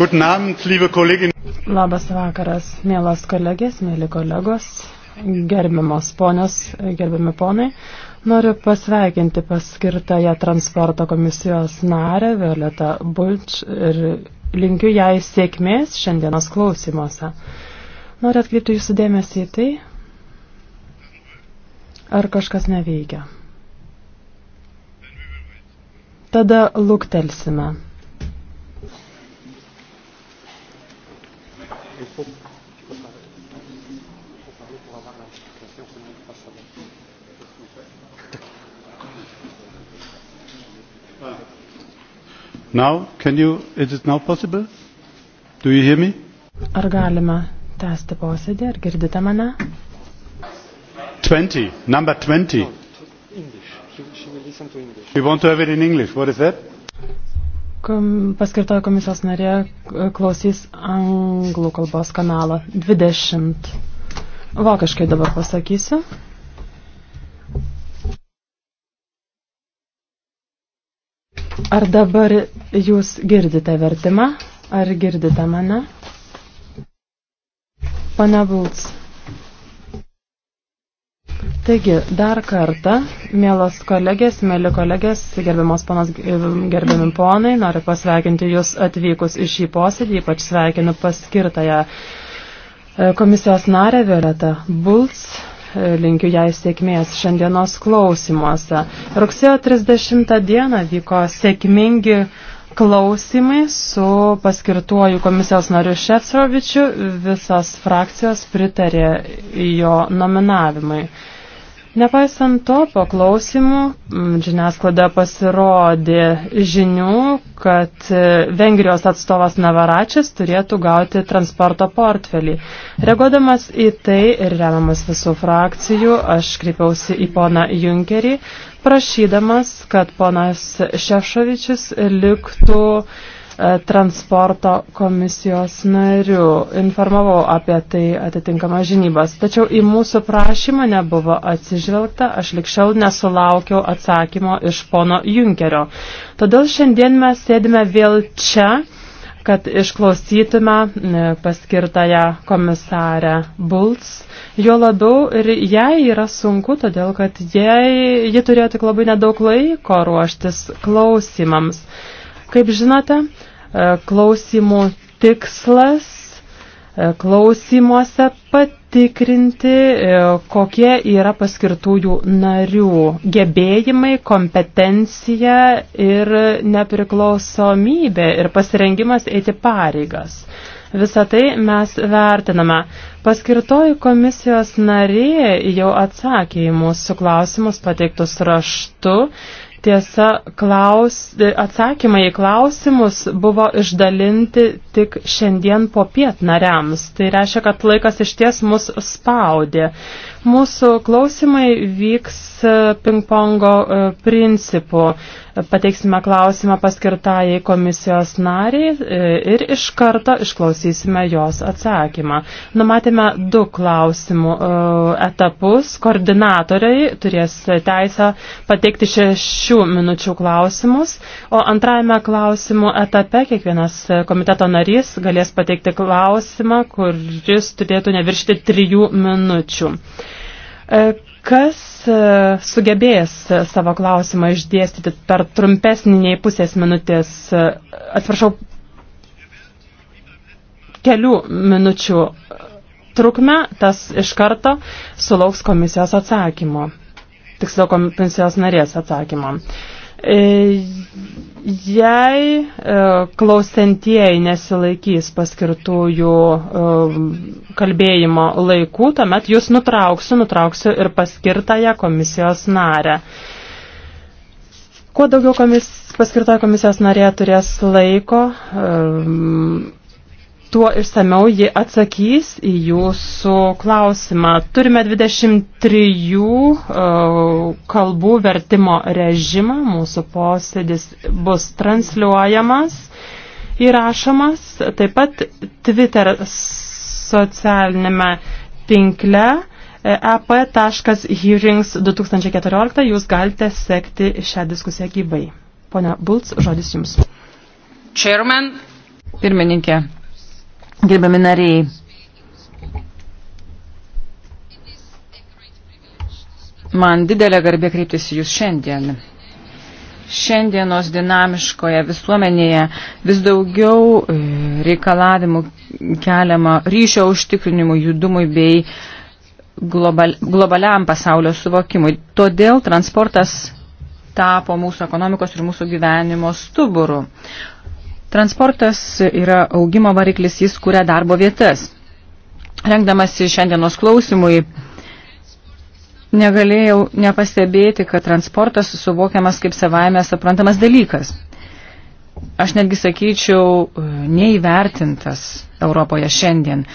Guten Abend, liebe Kolleginnen. Labas vakaras, mielas kolegės, mėly kolegos, gerbiamos ponios, gerbiami ponai. Noriu pasveikinti paskirtąją transporto komisijos narę Violetą Bulč ir linkiu jai sėkmės šiandienos klausimuose. Noriu atkreipti jūsų dėmesį į tai, ar kažkas neveikia. Tada luktelsime. Il faut, tu peux parler, il faut parler pour avoir la justification, sinon on ne passe pas. Ah. Now, can you, is it now possible? Do you hear me? Ar galima tęsti posėdį, ar girdite mane? 20, number 20. No, English. She, she will listen to English. You want to have it in English, what is that? Kom, paskirtojo komisijos narė klausys anglų kalbos kanalą 20. Vokiškai dabar pasakysiu. Ar dabar jūs girdite vertimą? Ar girdite mane? Pane Bulc. Taigi, dar kartą, mielos kolegės, mėly kolegės, gerbiamos panas, gerbiami ponai, noriu pasveikinti Jūs atvykus į šį posėdį, ypač sveikinu paskirtąją e, komisijos narę Violetą Bulc, e, linkiu jai sėkmės šiandienos klausimuose. Rugsėjo 30 dieną vyko sėkmingi klausimai su paskirtuoju komisijos nariu Šefsrovičiu. Visas frakcijos pritarė jo nominavimai. Nepaisant to, po klausimų žiniasklaida pasirodė žinių, kad e, Vengrijos atstovas Navaračis turėtų gauti transporto portfelį. Reaguodamas į tai ir remiamas visų frakcijų, aš kreipiausi į poną Junkerį, prašydamas, kad ponas Šešovičius liktų e, transporto komisijos nariu. Informavau apie tai atitinkamą žinybas. Tačiau į mūsų prašymą nebuvo atsižvelgta, aš likščiau nesulaukiau atsakymo iš pono Junkerio. Todėl šiandien mes sėdime vėl čia, kad išklausytume e, paskirtąją komisarę Bulc Jo labiau ir jai yra sunku, todėl kad jai, ji turėjo tik labai nedaug laiko ruoštis klausimams. Kaip žinote, e, klausimų tikslas e, klausimuose patikrinti, e, kokie yra paskirtųjų narių gebėjimai, kompetencija ir nepriklausomybė ir pasirengimas eiti pareigas. Visą tai mes vertiname. Paskirtoji komisijos narė jau atsakė į mūsų klausimus pateiktus raštu. Tiesa, klaus, atsakymai į klausimus buvo išdalinti tik šiandien po piet nariams. Tai reiškia, kad laikas iš ties mus spaudė. Mūsų klausimai vyks e, pingpongo e, principu. Pateiksime klausimą paskirtąjai komisijos nariai e, ir iš karto išklausysime jos atsakymą. Numatėme du klausimų etapus. Koordinatoriai turės teisę pateikti šešių minučių klausimus, o antrajame klausimų etape kiekvienas komiteto narys galės pateikti klausimą, kuris turėtų neviršti trijų minučių. E, kas e, sugebės e, savo klausimą išdėstyti per trumpesnį nei pusės minutės, atsiprašau, kelių minučių trukmę, tas iš karto sulauks komisijos atsakymo, tiksliau komisijos narės atsakymo. Uh, E, jei e, klausantieji nesilaikys paskirtųjų e, kalbėjimo laikų, tuomet jūs nutrauksiu, nutrauksiu ir paskirtąją komisijos narę. Kuo daugiau komis, paskirtoja komisijos narė turės laiko, tuo išsameu ji atsakys į jūsų klausimą. Turime 23 e, kalbų vertimo režimą, mūsų posėdis bus transliuojamas, įrašomas, taip pat Twitter socialinėme tinkle e, ep.hearings 2014 jūs galite sekti šią diskusiją gyvai. Pone Bulc, žodis jums. Chairman. Pirmininkė, Gerbiami nariai, man didelė garbė kreiptis jūs šiandien. Šiandienos dinamiškoje visuomenėje vis daugiau e, reikalavimų keliama ryšio užtikrinimui, judumui bei global, globaliam pasaulio suvokimui. Todėl transportas tapo mūsų ekonomikos ir mūsų gyvenimo stuburu. Transportas yra augimo variklis, jis kuria darbo vietas. Rengdamasi šiandienos klausimui, negalėjau nepastebėti, kad transportas suvokiamas kaip savaime suprantamas dalykas. Aš netgi sakyčiau, e, neįvertintas Europoje šiandien.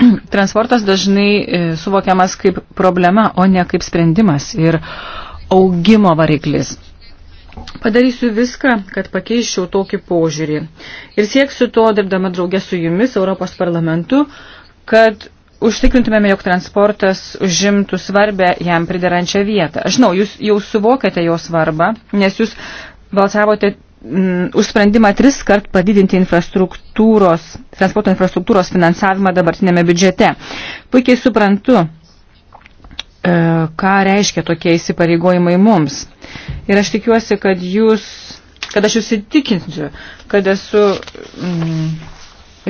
Transportas dažnai e, suvokiamas kaip problema, o ne kaip sprendimas ir augimo variklis. Padarysiu viską, kad pakeiščiau tokį požiūrį. Ir sieksiu to, dirbdama draugė su jumis, Europos parlamentu, kad užtikrintumėme, jog transportas užimtų svarbę jam pridarančią vietą. Aš žinau, jūs jau suvokiate jo svarbą, nes jūs balsavote mm, už sprendimą tris kart padidinti infrastruktūros, transporto infrastruktūros finansavimą dabartinėme biudžete. Puikiai suprantu, E, ką reiškia tokie įsipareigojimai mums. Ir aš tikiuosi, kad jūs, kad aš jūs įtikinsiu, kad esu mm,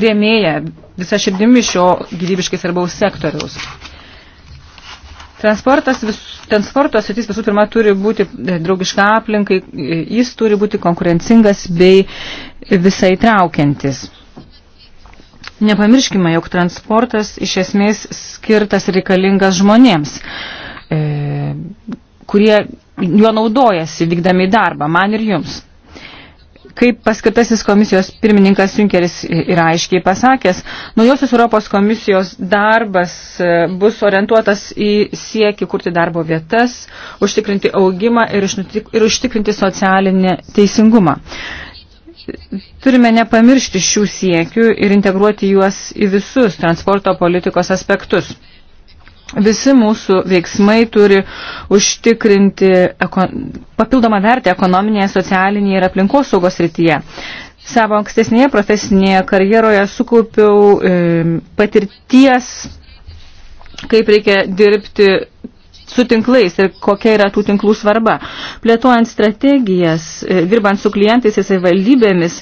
rėmėja visą širdimi šio gyvybiškai svarbaus sektoriaus. Transportas vis, transporto sritis visų pirma turi būti e, draugiška aplinkai, e, jis turi būti konkurencingas bei visai traukiantis. Nepamirškime, jog transportas iš esmės skirtas reikalingas žmonėms, e, kurie juo naudojasi vykdami darbą, man ir jums. Kaip paskatasis komisijos pirmininkas Junkeris yra aiškiai pasakęs, naujosios Europos komisijos darbas e, bus orientuotas į siekį kurti darbo vietas, užtikrinti augimą ir, išnutik, ir užtikrinti socialinį teisingumą turime nepamiršti šių siekių ir integruoti juos į visus transporto politikos aspektus. Visi mūsų veiksmai turi užtikrinti papildomą vertę ekonominėje, socialinėje ir aplinkos saugos rytyje. Savo ankstesnėje profesinėje karjeroje sukaupiau e, patirties, kaip reikia dirbti su tinklais ir kokia yra tų tinklų svarba. Plėtojant strategijas, e, dirbant su klientais ir savivaldybėmis,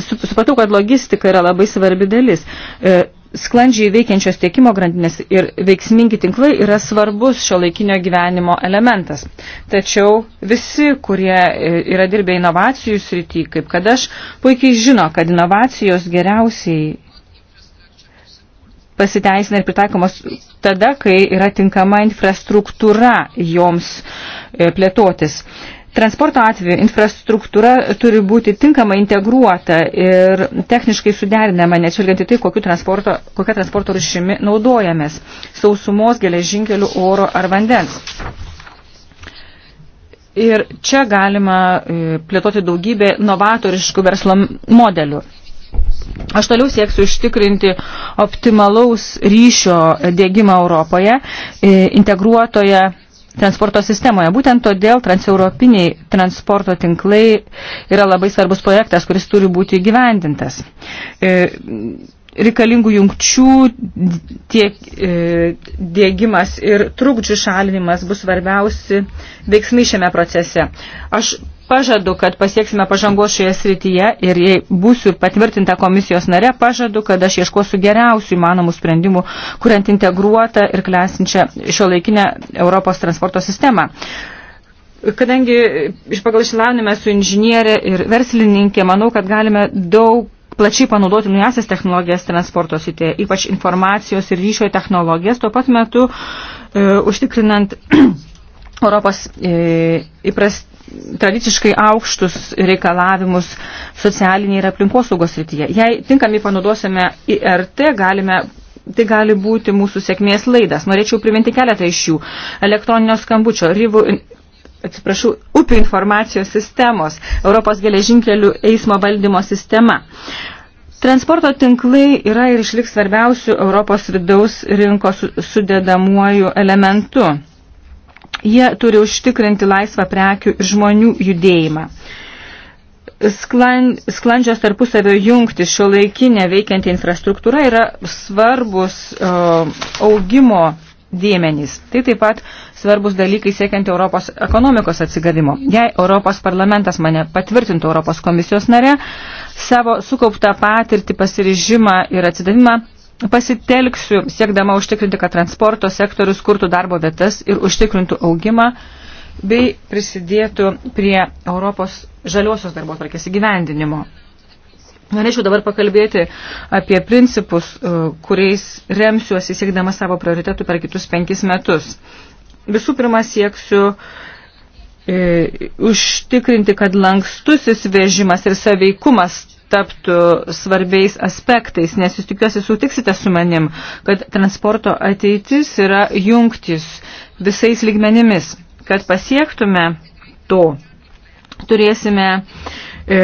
supratau, kad logistika yra labai svarbi dalis. E, sklandžiai veikiančios tiekimo grandinės ir veiksmingi tinklai yra svarbus šio laikinio gyvenimo elementas. Tačiau visi, kurie e, yra dirbę inovacijų srity, kaip kad aš, puikiai žino, kad inovacijos geriausiai pasiteisina ir pritaikomos tada, kai yra tinkama infrastruktūra joms e, plėtotis. Transporto atveju infrastruktūra turi būti tinkamai integruota ir techniškai suderinama, neatsižvelgiant į tai, transporto, kokią transporto rušimi naudojamės – sausumos, geležinkelių, oro ar vandens. Ir čia galima e, plėtoti daugybę novatoriškų verslo modelių. Aš toliau sieksiu užtikrinti optimalaus ryšio dėgymą Europoje, e, integruotoje transporto sistemoje. Būtent todėl transeuropiniai transporto tinklai yra labai svarbus projektas, kuris turi būti įgyvendintas. E, reikalingų jungčių tiek e, dėgymas ir trukdžių šalinimas bus svarbiausi veiksmai šiame procese. Aš pažadu, kad pasieksime pažangos šioje srityje ir jei būsiu patvirtinta komisijos nare, pažadu, kad aš ieškosiu geriausių įmanomų sprendimų, kuriant integruotą ir klesinčią šio laikinę Europos transporto sistemą. Kadangi iš pagal išsilavinimą esu inžinierė ir verslininkė, manau, kad galime daug plačiai panaudoti naujasias technologijas transporto sitėje, ypač informacijos ir ryšio technologijas, tuo pat metu e, užtikrinant Europos e, įprast, tradiciškai aukštus reikalavimus socialiniai ir aplinkosaugos srityje. Jei tinkami panaudosime IRT, galime tai gali būti mūsų sėkmės laidas. Norėčiau priminti keletą iš jų. Elektroninio skambučio, ryvų, atsiprašau, upių informacijos sistemos, Europos geležinkelių eismo valdymo sistema. Transporto tinklai yra ir išliks svarbiausių Europos vidaus rinkos sudėdamuoju elementu. Jie turi užtikrinti laisvą prekių ir žmonių judėjimą. Sklan, sklandžios tarpusavio jungti šio laikinė veikianti infrastruktūra yra svarbus uh, augimo dėmenys. Tai taip pat svarbus dalykai siekiant Europos ekonomikos atsigavimo. Jei Europos parlamentas mane patvirtintų Europos komisijos nare, savo sukauptą patirtį, pasirižimą ir atsidavimą pasitelksiu, siekdama užtikrinti, kad transporto sektorius kurtų darbo vietas ir užtikrintų augimą bei prisidėtų prie Europos žaliosios darbo tvarkės įgyvendinimo. Norėčiau dabar pakalbėti apie principus, e, kuriais remsiuosi siekdama savo prioritetų per kitus penkis metus. Visų pirma, sieksiu e, užtikrinti, kad lankstusis vežimas ir saveikumas taptų svarbiais aspektais, nes jūs tikiuosi sutiksite su manim, kad transporto ateitis yra jungtis visais lygmenimis. Kad pasiektume to, turėsime e,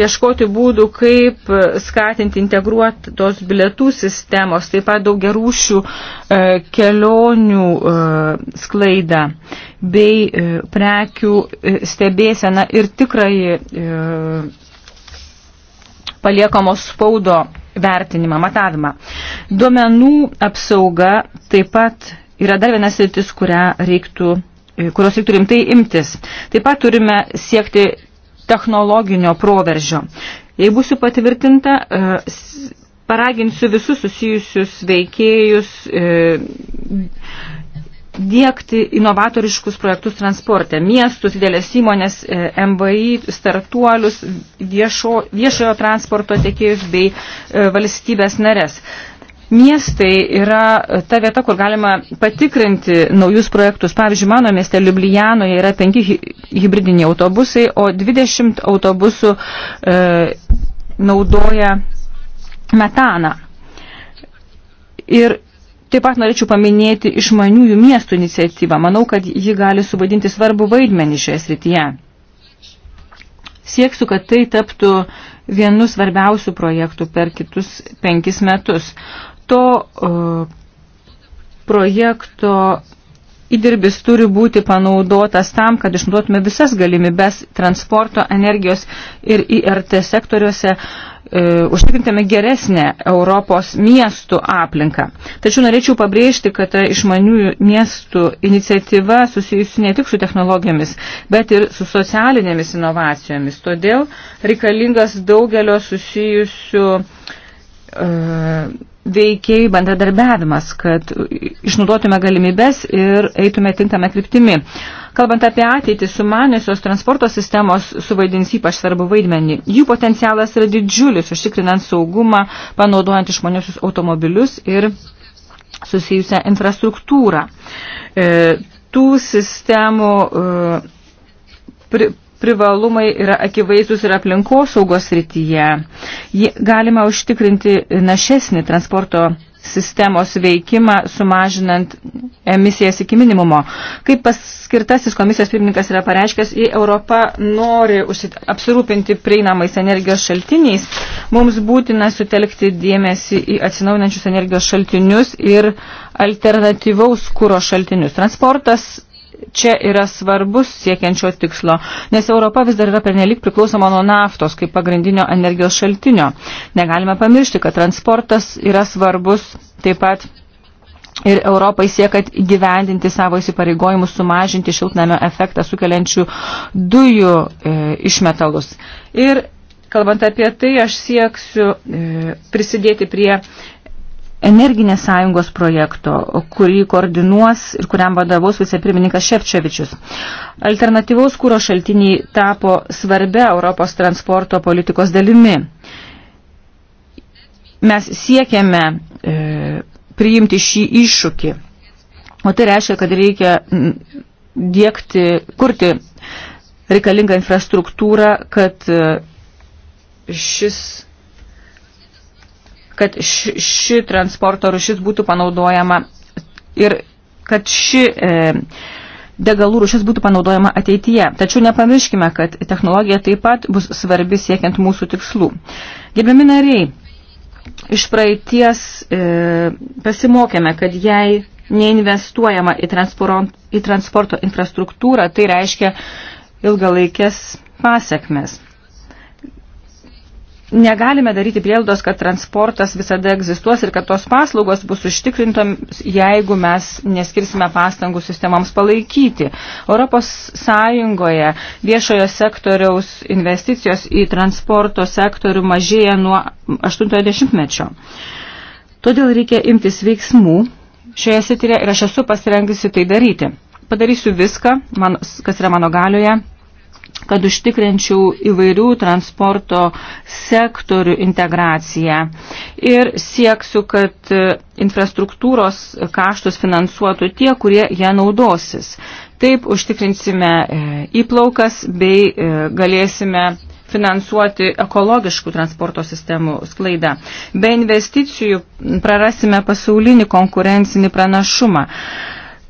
ieškoti būdų, kaip skatinti integruotos bilietų sistemos, taip pat daug gerūšių e, kelionių e, sklaidą bei e, prekių e, stebėseną ir tikrai e, paliekamos spaudo vertinimą, matavimą. Duomenų apsauga taip pat yra dar vienas sritis, reiktų, e, kurios reiktų rimtai imtis. Taip pat turime siekti technologinio proveržio. Jei būsiu patvirtinta, e, paraginsiu visus susijusius veikėjus e, dėkti inovatoriškus projektus transporte, miestus, didelės įmonės, e, MVI, startuolius, viešo, viešojo transporto tiekėjus bei e, valstybės narės. Miestai yra e, ta vieta, kur galima patikrinti naujus projektus. Pavyzdžiui, mano mieste Liublijanoje yra penki hybridiniai autobusai, o 20 autobusų e, naudoja metaną. Ir Taip pat norėčiau paminėti išmaniųjų miestų iniciatyvą. Manau, kad ji gali suvaidinti svarbu vaidmenį šioje srityje. Sieksiu, kad tai taptų vienu svarbiausių projektų per kitus penkis metus. To uh, projekto įdirbis turi būti panaudotas tam, kad išnaudotume visas galimybes transporto, energijos ir IRT sektoriuose uh, E, užtikrintame geresnę Europos miestų aplinką. Tačiau norėčiau pabrėžti, kad ta išmaniųjų miestų iniciatyva susijusi ne tik su technologijomis, bet ir su socialinėmis inovacijomis. Todėl reikalingas daugelio susijusių e, veikiai bandradarbiavimas, kad išnaudotume galimybės ir eitume tinkamą kryptimį. E, Kalbant apie ateitį, sumaniusios transporto sistemos suvaidins ypač svarbu vaidmenį. Jų potencialas yra didžiulis, užtikrinant saugumą, panaudojant išmaniosius automobilius ir susijusią infrastruktūrą. E, tų sistemų e, pri, privalumai yra akivaizdus ir aplinkosaugos srityje. Jį galima užtikrinti našesnį transporto sistemos veikimą, sumažinant emisijas iki minimumo. Kaip paskirtasis komisijos pirmininkas yra pareiškęs, jei Europa nori apsirūpinti prieinamais energijos šaltiniais, mums būtina sutelkti dėmesį į atsinaujinančius energijos šaltinius ir alternatyvaus kūro šaltinius. Transportas čia yra svarbus siekiančio tikslo, nes Europa vis dar yra pernelik priklausoma nuo naftos kaip pagrindinio energijos šaltinio. Negalime pamiršti, kad transportas yra svarbus taip pat ir Europai siekat gyvendinti savo įsipareigojimus, sumažinti šiltnamio efektą sukeliančių dujų e, išmetalus. Ir kalbant apie tai, aš sieksiu e, prisidėti prie energinės sąjungos projekto, kurį koordinuos ir kuriam vadovaus vicepirmininkas Ševčevičius. Alternatyvaus kūro šaltiniai tapo svarbia Europos transporto politikos dalimi. Mes siekiame e, priimti šį iššūkį, o tai reiškia, kad reikia dėkti, kurti reikalingą infrastruktūrą, kad e, šis kad ši, ši transporto rušis būtų panaudojama ir kad ši e, degalų rušis būtų panaudojama ateityje. Tačiau nepamirškime, kad technologija taip pat bus svarbi siekiant mūsų tikslų. Gerbiami nariai, iš praeities e, pasimokėme, kad jei neinvestuojama į, į transporto infrastruktūrą, tai reiškia ilgalaikės pasiekmes negalime daryti prielaidos, kad transportas visada egzistuos ir kad tos paslaugos bus užtikrintos, jeigu mes neskirsime pastangų sistemams palaikyti. Europos Sąjungoje viešojo sektoriaus investicijos į transporto sektorių mažėja nuo 80-mečio. Todėl reikia imtis veiksmų šioje sitirė ir aš esu pasirengusi tai daryti. Padarysiu viską, man, kas yra mano galioje, kad užtikrinčiau įvairių transporto sektorių integraciją ir sieksiu, kad e, infrastruktūros kaštus finansuotų tie, kurie ją naudosis. Taip užtikrinsime e, įplaukas bei e, galėsime finansuoti ekologiškų transporto sistemų sklaidą. Be investicijų prarasime pasaulinį konkurencinį pranašumą.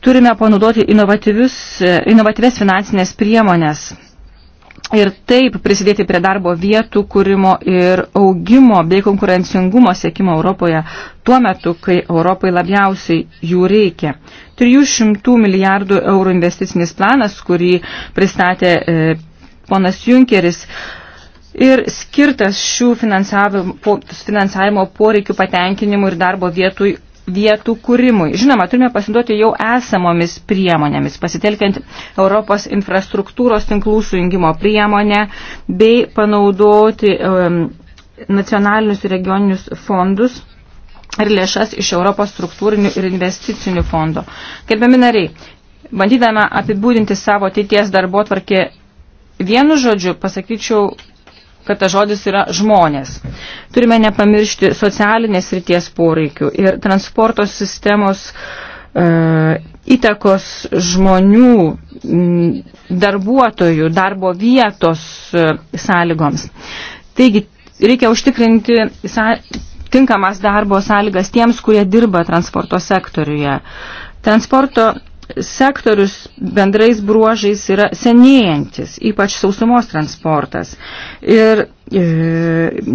Turime panaudoti inovatyves finansinės priemonės ir taip prisidėti prie darbo vietų kūrimo ir augimo bei konkurencingumo siekimo Europoje tuo metu, kai Europai labiausiai jų reikia. 300 milijardų eurų investicinis planas, kurį pristatė e, ponas Junkeris, ir skirtas šių finansavimo, po, finansavimo poreikių patenkinimui ir darbo vietui vietų kūrimui. Žinoma, turime pasiduoti jau esamomis priemonėmis, pasitelkiant Europos infrastruktūros tinklų sujungimo priemonę bei panaudoti um, nacionalinius ir regioninius fondus ir lėšas iš Europos struktūrinių ir investicinių fondo. Gerbiami nariai, bandydama apibūdinti savo ateities darbo tvarkį vienu žodžiu, pasakyčiau kad ta žodis yra žmonės. Turime nepamiršti socialinės ryties poreikių ir transporto sistemos e, įtakos žmonių, m, darbuotojų, darbo vietos e, sąlygoms. Taigi, reikia užtikrinti sa, tinkamas darbo sąlygas tiems, kurie dirba transporto sektoriuje. Transporto sektorius bendrais bruožais yra senėjantis, ypač sausumos transportas. Ir e,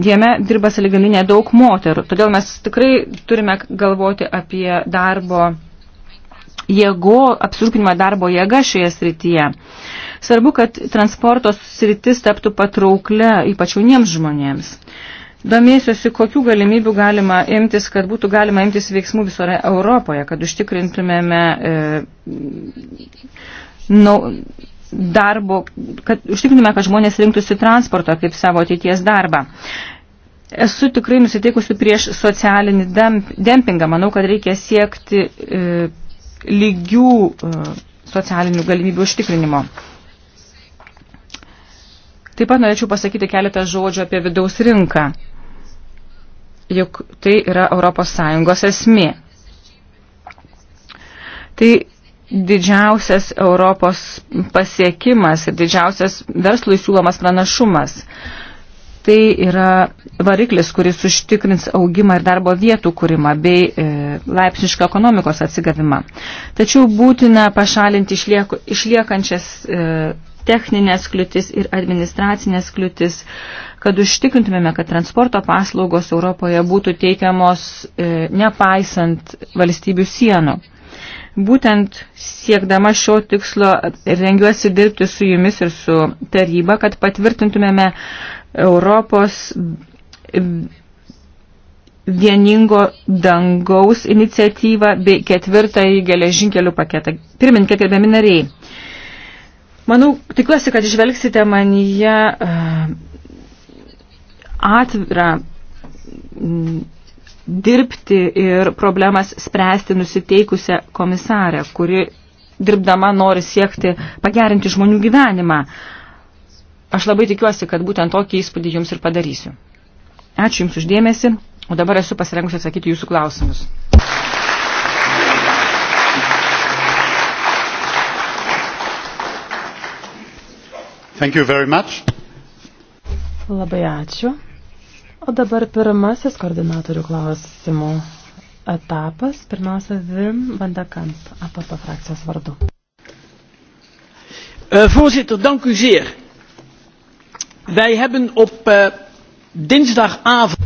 jame dirba saliginai nedaug moterų. Todėl mes tikrai turime galvoti apie darbo jėgo, apsirūpinimą darbo jėga šioje srityje. Svarbu, kad transporto sritis taptų patrauklę, ypač jauniems žmonėms. E, Domėsiuosi, kokių galimybių galima imtis, kad būtų galima imtis veiksmų visoje Europoje, kad užtikrintumėme e, nau, darbo, kad užtikrintume, kad žmonės rinktųsi transportą kaip savo ateities darbą. Esu tikrai nusiteikusi prieš socialinį dempingą. Manau, kad reikia siekti e, lygių e, socialinių galimybių užtikrinimo. Taip pat norėčiau pasakyti keletą žodžių apie vidaus rinką juk tai yra ES esmė. Tai didžiausias Europos pasiekimas ir didžiausias verslui siūlomas pranašumas. Tai yra variklis, kuris užtikrins augimą ir darbo vietų kūrimą bei e, laipsnišką ekonomikos atsigavimą. Tačiau būtina pašalinti išlieku, išliekančias e, techninės kliūtis ir administracinės kliūtis, kad užtikrintumėme, kad transporto paslaugos Europoje būtų teikiamos e, nepaisant valstybių sienų. Būtent siekdama šio tikslo rengiuosi dirbti su jumis ir su taryba, kad patvirtintumėme Europos vieningo dangaus iniciatyvą bei ketvirtąjį geležinkelių paketą. Pirminkė, gerbiami nariai. Manau, tikiuosi, kad išvelgsite manyje uh, atvirą mm, dirbti ir problemas spręsti nusiteikusią komisarę, kuri dirbdama nori siekti pagerinti žmonių gyvenimą. Aš labai tikiuosi, kad būtent tokį įspūdį jums ir padarysiu. Ačiū Jums uždėmesi, o dabar esu pasirengusi atsakyti Jūsų klausimus. Thank you very much. Labai ačiū. O dabar pirmasis koordinatorių klausimų etapas. Pirmiausia, Vim Vandekamp, APP frakcijos vardu. Uh, voorzitter, dank u zeer. Wij hebben op uh, dinsdagavond.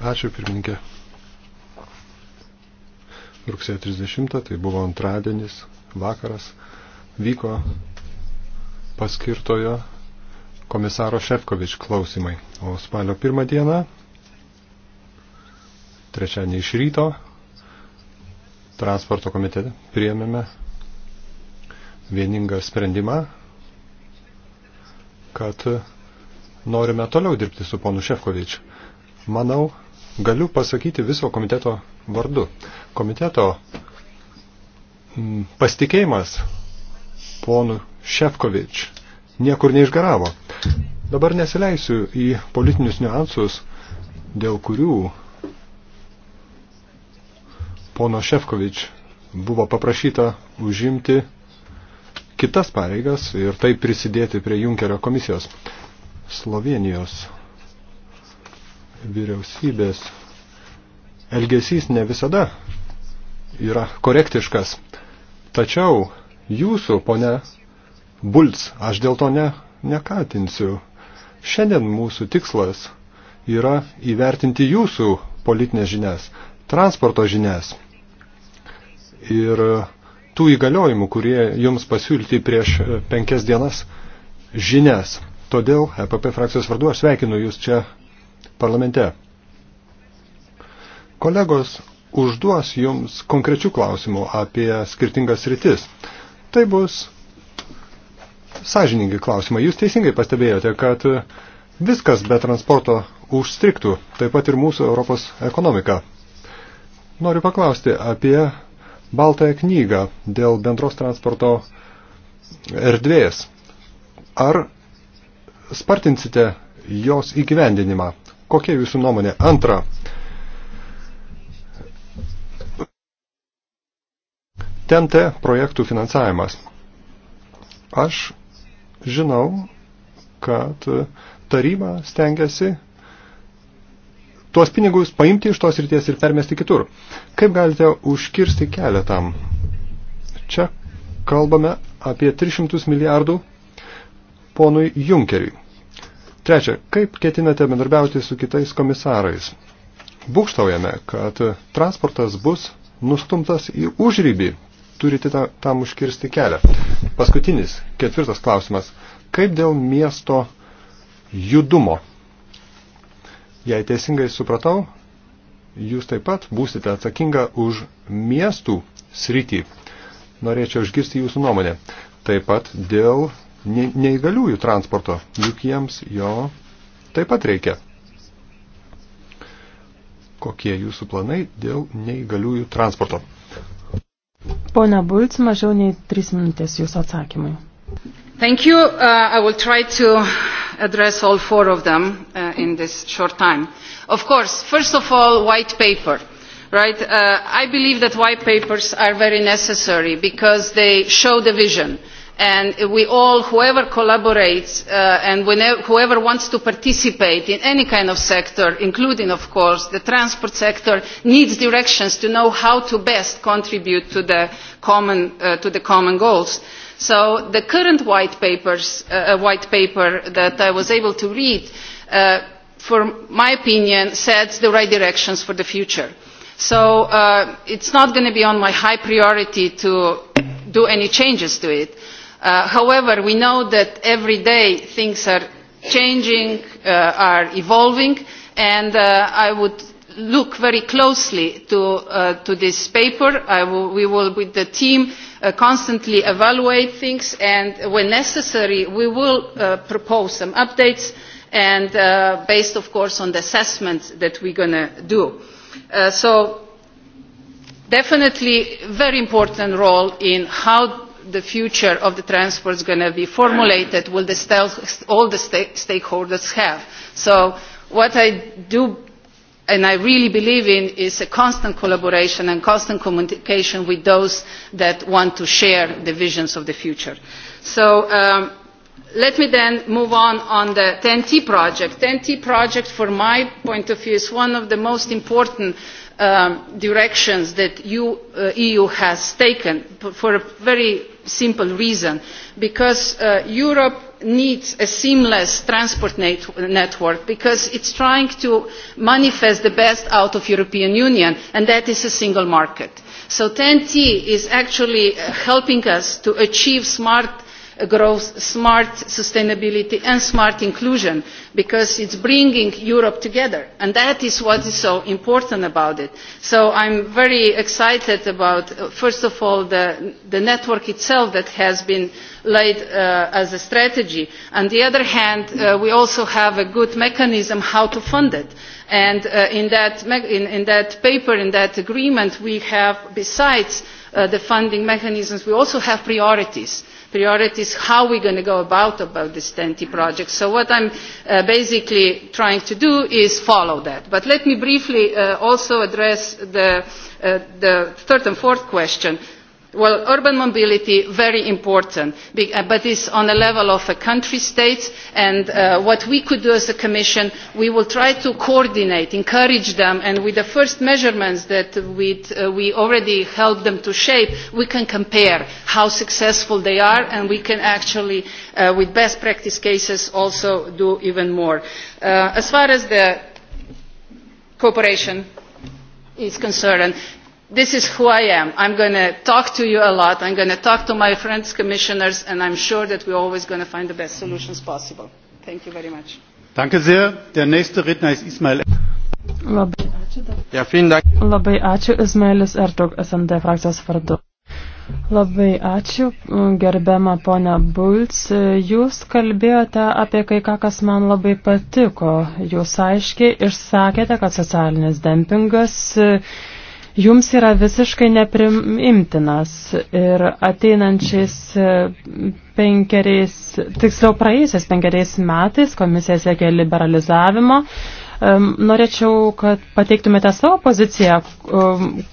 Ačiū pirmininkė. Rugsėjo 30, tai buvo antradienis, vakaras, vyko paskirtojo komisaro Šefkovič klausimai. O spalio pirmą dieną, trečiadienį iš ryto, transporto komitete priėmėme vieningą sprendimą, kad norime toliau dirbti su ponu Šefkovičiu. Manau, galiu pasakyti viso komiteto vardu. Komiteto mm, pasitikėjimas ponu Šefkovič niekur neišgaravo. Dabar nesileisiu į politinius niuansus, dėl kurių pono Šefkovič buvo paprašyta užimti kitas pareigas ir tai prisidėti prie Junkerio komisijos. Slovenijos vyriausybės elgesys ne visada yra korektiškas. Tačiau jūsų, pone Bulc, aš dėl to ne, nekaltinsiu. Šiandien mūsų tikslas yra įvertinti jūsų politinės žinias, transporto žinias ir tų įgaliojimų, kurie jums pasiūlyti prieš e, penkias dienas žinias. Todėl EPP frakcijos vardu aš sveikinu jūs čia parlamente. Kolegos užduos jums konkrečių klausimų apie skirtingas rytis. Tai bus sąžiningi klausimai. Jūs teisingai pastebėjote, kad viskas be transporto užstriktų, taip pat ir mūsų Europos ekonomika. Noriu paklausti apie Baltąją knygą dėl bendros transporto erdvės. Ar spartinsite jos įgyvendinimą? Kokia jūsų nuomonė? Antra. TNT projektų finansavimas. Aš Žinau, kad taryba stengiasi tuos pinigus paimti iš tos ryties ir permesti kitur. Kaip galite užkirsti kelią tam? Čia kalbame apie 300 milijardų ponui Junkeriui. Trečia, kaip ketinate bendarbiauti su kitais komisarais? Būkštaujame, kad transportas bus nustumtas į užrybį turite tam užkirsti kelią. Paskutinis, ketvirtas klausimas. Kaip dėl miesto judumo? Jei teisingai supratau, jūs taip pat būsite atsakinga už miestų sritį. Norėčiau išgirsti jūsų nuomonę. Taip pat dėl neįgaliųjų transporto, juk jiems jo taip pat reikia. Kokie jūsų planai dėl neįgaliųjų transporto? Pone Bulc, mažiau nei 3 minutės jūsų atsakymui. Thank you. Uh, I will try to address all four of them uh, in this short time. Of course, first of all, white paper. Right? Uh, I believe that white papers are very necessary because they show the vision. Uh, and we all whoever collaborates uh, and whenever, whoever wants to participate in any kind of sector including of course the transport sector needs directions to know how to best contribute to the common, uh, to the common goals. so the current white, papers, uh, uh white paper that i was able to read uh, in my opinion sets the right directions for the future. so uh, it is not going to be on my high priority to do any changes to it Uh, however, we know that every day things are changing, uh, are evolving, and uh, I would look very closely to, uh, to this paper. I will, we will, with the team, uh, constantly evaluate things, and when necessary, we will uh, propose some updates, and uh, based, of course, on the assessments that we're going to do. Uh, so, definitely, very important role in how the future of the transport is going to be formulated will the all the sta stakeholders have. So what I do and I really believe in is a constant collaboration and constant communication with those that want to share the visions of the future. So um, let me then move on on the TNT project. TNT project, from my point of view, is one of the most important uh, um, directions that the uh, eu has taken for a very simple reason because uh, europe needs a seamless transport net network because it is trying to manifest the best out of the european union and that is a single market. so ten t is actually uh, helping us to achieve smart growth smart sustainability and smart inclusion because it is bringing europe together and that is what is so important about it. so i am very excited about uh, first of all the, the network itself that has been laid uh, as a strategy. on the other hand uh, we also have a good mechanism how to fund it and uh, in, that in, in that paper in that agreement we have besides uh, the funding mechanisms we also have priorities priorities, how we're going to go about, about this 10T project. So what I'm uh, basically trying to do is follow that. But let me briefly uh, also address the, uh, the third and fourth question well urban mobility is very important uh, but it is on the level of a country state and uh, what we could do as a commission we will try to coordinate encourage them and with the first measurements that uh, we already helped them to shape we can compare how successful they are and we can actually uh, with best practice cases also do even more. Uh, as far as the cooperation is concerned this is who I am. I'm going to talk to you a lot. I'm going to talk to my friends, commissioners, and I'm sure that we're always going to find the best solutions possible. Thank you very much. Danke sehr. Der nächste Redner ist Ismail. Labai ačiū. Ja, Labai ačiū, Ismailis Ertug, SND frakcijos vardu. Labai ačiū, gerbiama ponia Bulc. Jūs kalbėjote apie kai ką, kas man labai patiko. Jūs aiškiai išsakėte, kad socialinis dempingas. Uh, jums yra visiškai neprimimtinas ir ateinančiais e, penkeriais, tiksliau praėjusiais penkeriais metais komisija siekė liberalizavimo, Norėčiau, kad pateiktumėte savo poziciją,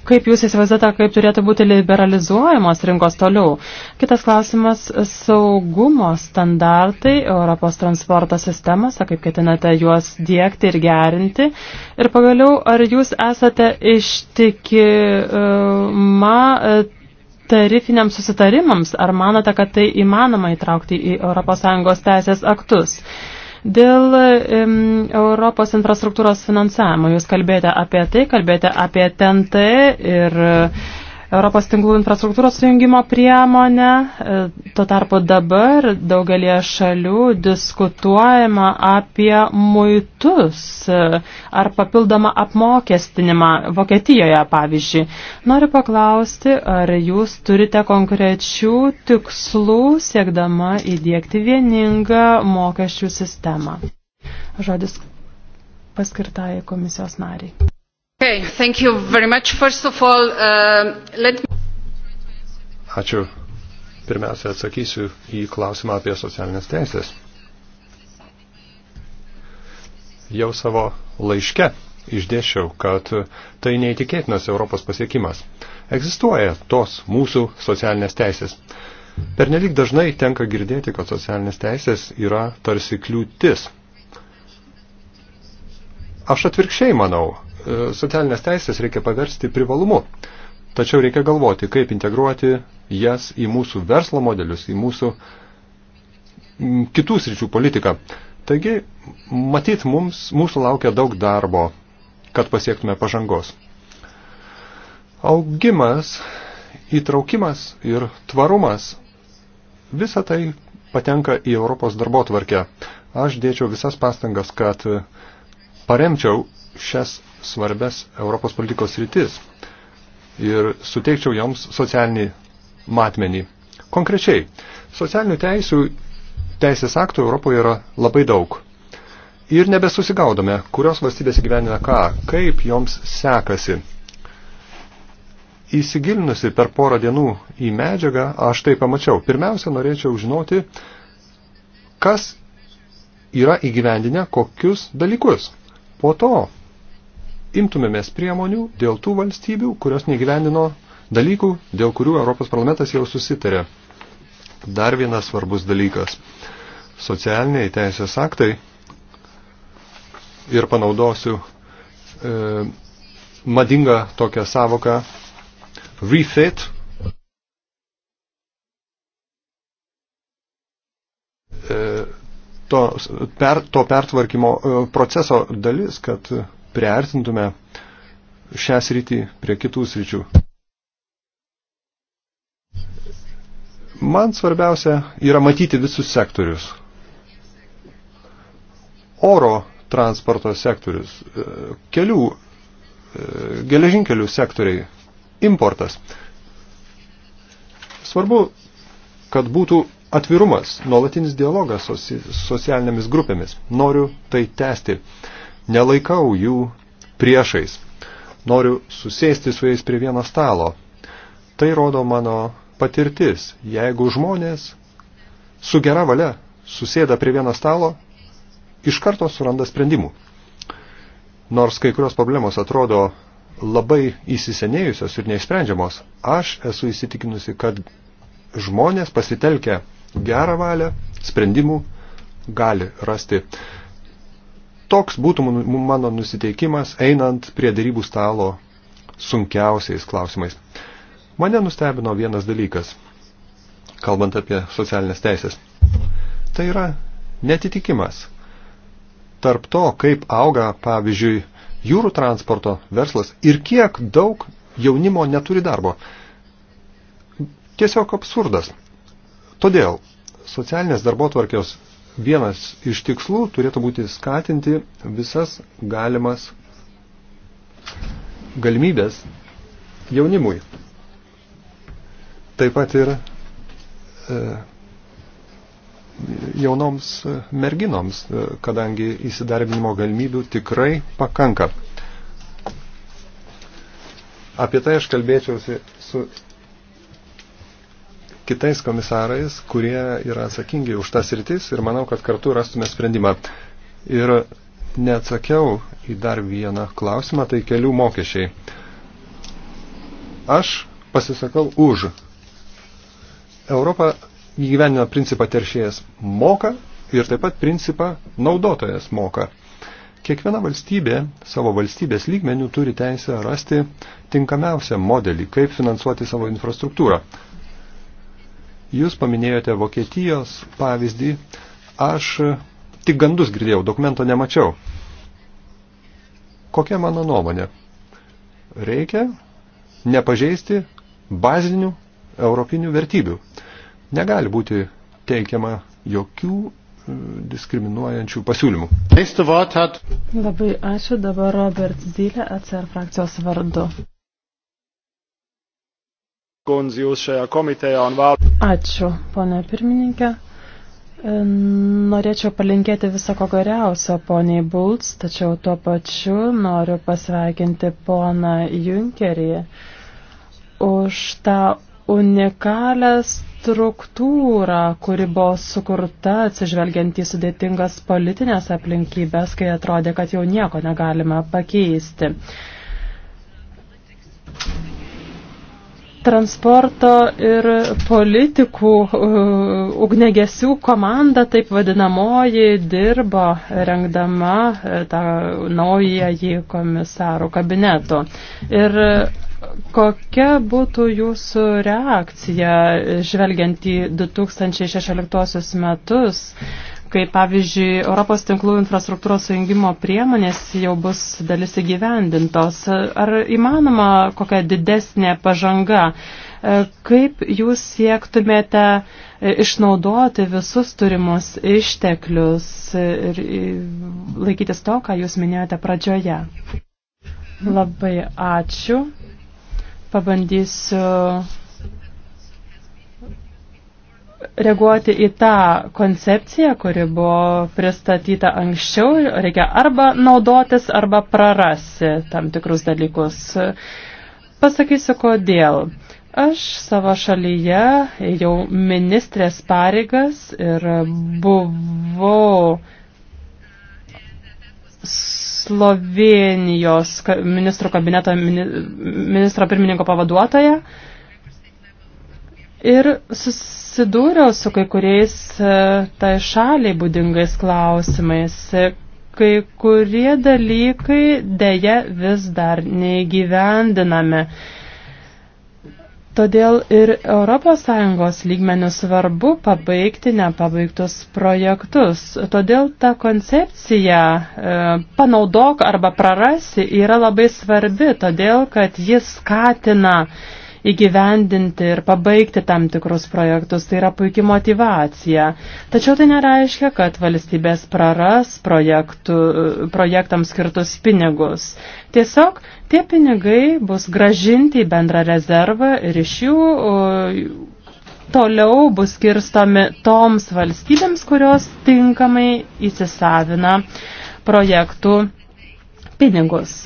kaip jūs įsivaizduojate, kaip turėtų būti liberalizuojamos rinkos toliau. Kitas klausimas – saugumo standartai Europos transporto sistemose, kaip ketinate juos dėkti ir gerinti. Ir pagaliau, ar jūs esate ištikima e, tarifiniams susitarimams, ar manote, kad tai įmanoma įtraukti į ES teisės aktus? Dėl um, Europos infrastruktūros finansavimo jūs kalbėjote apie tai, kalbėjote apie TNT ir uh, Europos tinklų infrastruktūros sujungimo priemonę. E, tuo tarpu dabar daugelie šalių diskutuojama apie muitus e, ar papildomą apmokestinimą Vokietijoje, pavyzdžiui. Noriu paklausti, ar jūs turite konkrečių tikslų siekdama įdėkti vieningą mokesčių sistemą. Žodis paskirtai komisijos nariai. Okay, thank you very much. First of all, uh, let me... Ačiū. Pirmiausia, atsakysiu į klausimą apie socialinės teisės. Jau savo laiške išdėšiau, kad tai neįtikėtinas Europos pasiekimas. Egzistuoja tos mūsų socialinės teisės. Per nelik dažnai tenka girdėti, kad socialinės teisės yra tarsi kliūtis. Aš atvirkščiai manau, socialinės teisės reikia paversti privalumu. Tačiau reikia galvoti, kaip integruoti jas į mūsų verslo modelius, į mūsų kitų sričių politiką. Taigi, matyt, mums, mūsų laukia daug darbo, kad pasiektume pažangos. Augimas, įtraukimas ir tvarumas – visa tai patenka į Europos darbo tvarkę. Aš dėčiau visas pastangas, kad paremčiau šias svarbes Europos politikos rytis ir suteikčiau joms socialinį matmenį. Konkrečiai, socialinių teisių teisės aktų Europoje yra labai daug. Ir nebesusigaudome, kurios valstybės įgyvenina ką, kaip joms sekasi. Įsigilinusi per porą dienų į medžiagą, aš tai pamačiau. Pirmiausia, norėčiau žinoti, kas yra įgyvendinę kokius dalykus. Po to imtumėmės priemonių dėl tų valstybių, kurios negyvendino dalykų, dėl kurių Europos parlamentas jau susitarė. Dar vienas svarbus dalykas. Socialiniai teisės aktai ir panaudosiu e, madingą tokią savoką refit. E, to, per, to pertvarkymo e, proceso dalis, kad priartintume šią sritį prie kitų sričių. Man svarbiausia yra matyti visus sektorius. Oro transporto sektorius, kelių, geležinkelių sektoriai, importas. Svarbu, kad būtų atvirumas, nuolatinis dialogas soci, socialinėmis grupėmis. Noriu tai tęsti. Nelaikau jų priešais. Noriu susėsti su jais prie vieno stalo. Tai rodo mano patirtis. Jeigu žmonės su gera valia susėda prie vieno stalo, iš karto suranda sprendimų. Nors kai kurios problemos atrodo labai įsisenėjusios ir neišsprendžiamos, aš esu įsitikinusi, kad žmonės pasitelkę gerą valią sprendimų gali rasti. Toks būtų mano nusiteikimas einant prie darybų stalo sunkiausiais klausimais. Mane nustebino vienas dalykas, kalbant apie socialinės teisės. Tai yra netitikimas tarp to, kaip auga, pavyzdžiui, jūrų transporto verslas ir kiek daug jaunimo neturi darbo. Tiesiog absurdas. Todėl socialinės darbotvarkės Vienas iš tikslų turėtų būti skatinti visas galimas galimybės jaunimui. Taip pat ir e, jaunoms e, merginoms, e, kadangi įsidarbinimo galimybių tikrai pakanka. Apie tai aš kalbėčiausi su kitais komisarais, kurie yra atsakingi už tas rytis ir manau, kad kartu rastume sprendimą. Ir neatsakiau į dar vieną klausimą, tai kelių mokesčiai. Aš pasisakau už. Europą įgyvenina principą teršėjas moka ir taip pat principą naudotojas moka. Kiekviena valstybė savo valstybės lygmenių turi teisę rasti tinkamiausią modelį, kaip finansuoti savo infrastruktūrą. Jūs paminėjote Vokietijos pavyzdį. Aš tik gandus girdėjau, dokumento nemačiau. Kokia mano nuomonė? Reikia nepažeisti bazinių europinių vertybių. Negali būti teikiama jokių e, diskriminuojančių pasiūlymų. Labai ačiū dabar Robert Zylė atsar frakcijos vardu kundz jūs šajā komitejā un vēl. Ačiū, ponė pirmininkė. E, norėčiau palinkėti visą ko geriausio poniai Bulc, tačiau tuo pačiu noriu pasveikinti poną Junkerį už tą unikalią struktūrą, kuri buvo sukurta atsižvelgiant į sudėtingas politinės aplinkybės, kai atrodė, kad jau nieko negalime pakeisti transporto ir politikų uh, ugnegesių komanda, taip vadinamoji, dirbo rengdama uh, tą naująjį komisarų kabineto. Ir uh, kokia būtų jūsų reakcija, žvelgiant į 2016 metus? kaip pavyzdžiui Europos tinklų infrastruktūros sujungimo priemonės jau bus dalis įgyvendintos. Ar įmanoma kokia didesnė pažanga? E, kaip jūs siektumėte e, išnaudoti visus turimus išteklius ir e, laikytis to, ką jūs minėjote pradžioje? Labai ačiū. Pabandysiu reaguoti į tą koncepciją, kuri buvo pristatyta anksčiau. Reikia arba naudotis, arba prarasti tam tikrus dalykus. Pasakysiu, kodėl. Aš savo šalyje jau ministrės pareigas ir buvau Slovenijos ministro kabineto ministro pirmininko pavaduotoja ir susidūriau su kai kuriais e, tai šaliai būdingais klausimais. Kai kurie dalykai dėja vis dar neįgyvendinami. Todėl ir ES lygmenių svarbu pabaigti nepabaigtus projektus. Todėl ta koncepcija e, panaudok arba prarasi yra labai svarbi, todėl kad jis skatina e, įgyvendinti ir pabaigti tam tikrus projektus. Tai yra puikia motivacija. Tačiau tai nereiškia, kad valstybės praras projektų, projektams skirtus pinigus. Tiesiog tie pinigai bus gražinti į bendrą rezervą ir iš jų toliau bus skirstomi toms valstybėms, kurios tinkamai įsisavina projektų pinigus.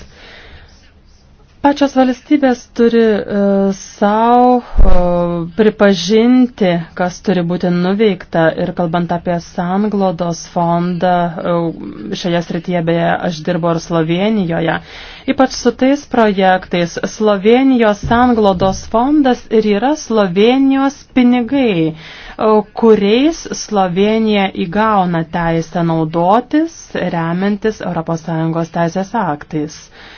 Pačios valstybės turi uh, e, savo uh, e, pripažinti, kas turi būti nuveikta. Ir kalbant apie Sanglodos fondą, uh, šioje srityje beje aš dirbu ir Slovenijoje. Ypač su tais projektais Slovenijos Sanglodos fondas ir yra Slovenijos pinigai, uh, kuriais Slovenija įgauna teisę naudotis, remiantis ES teisės aktais. Uh,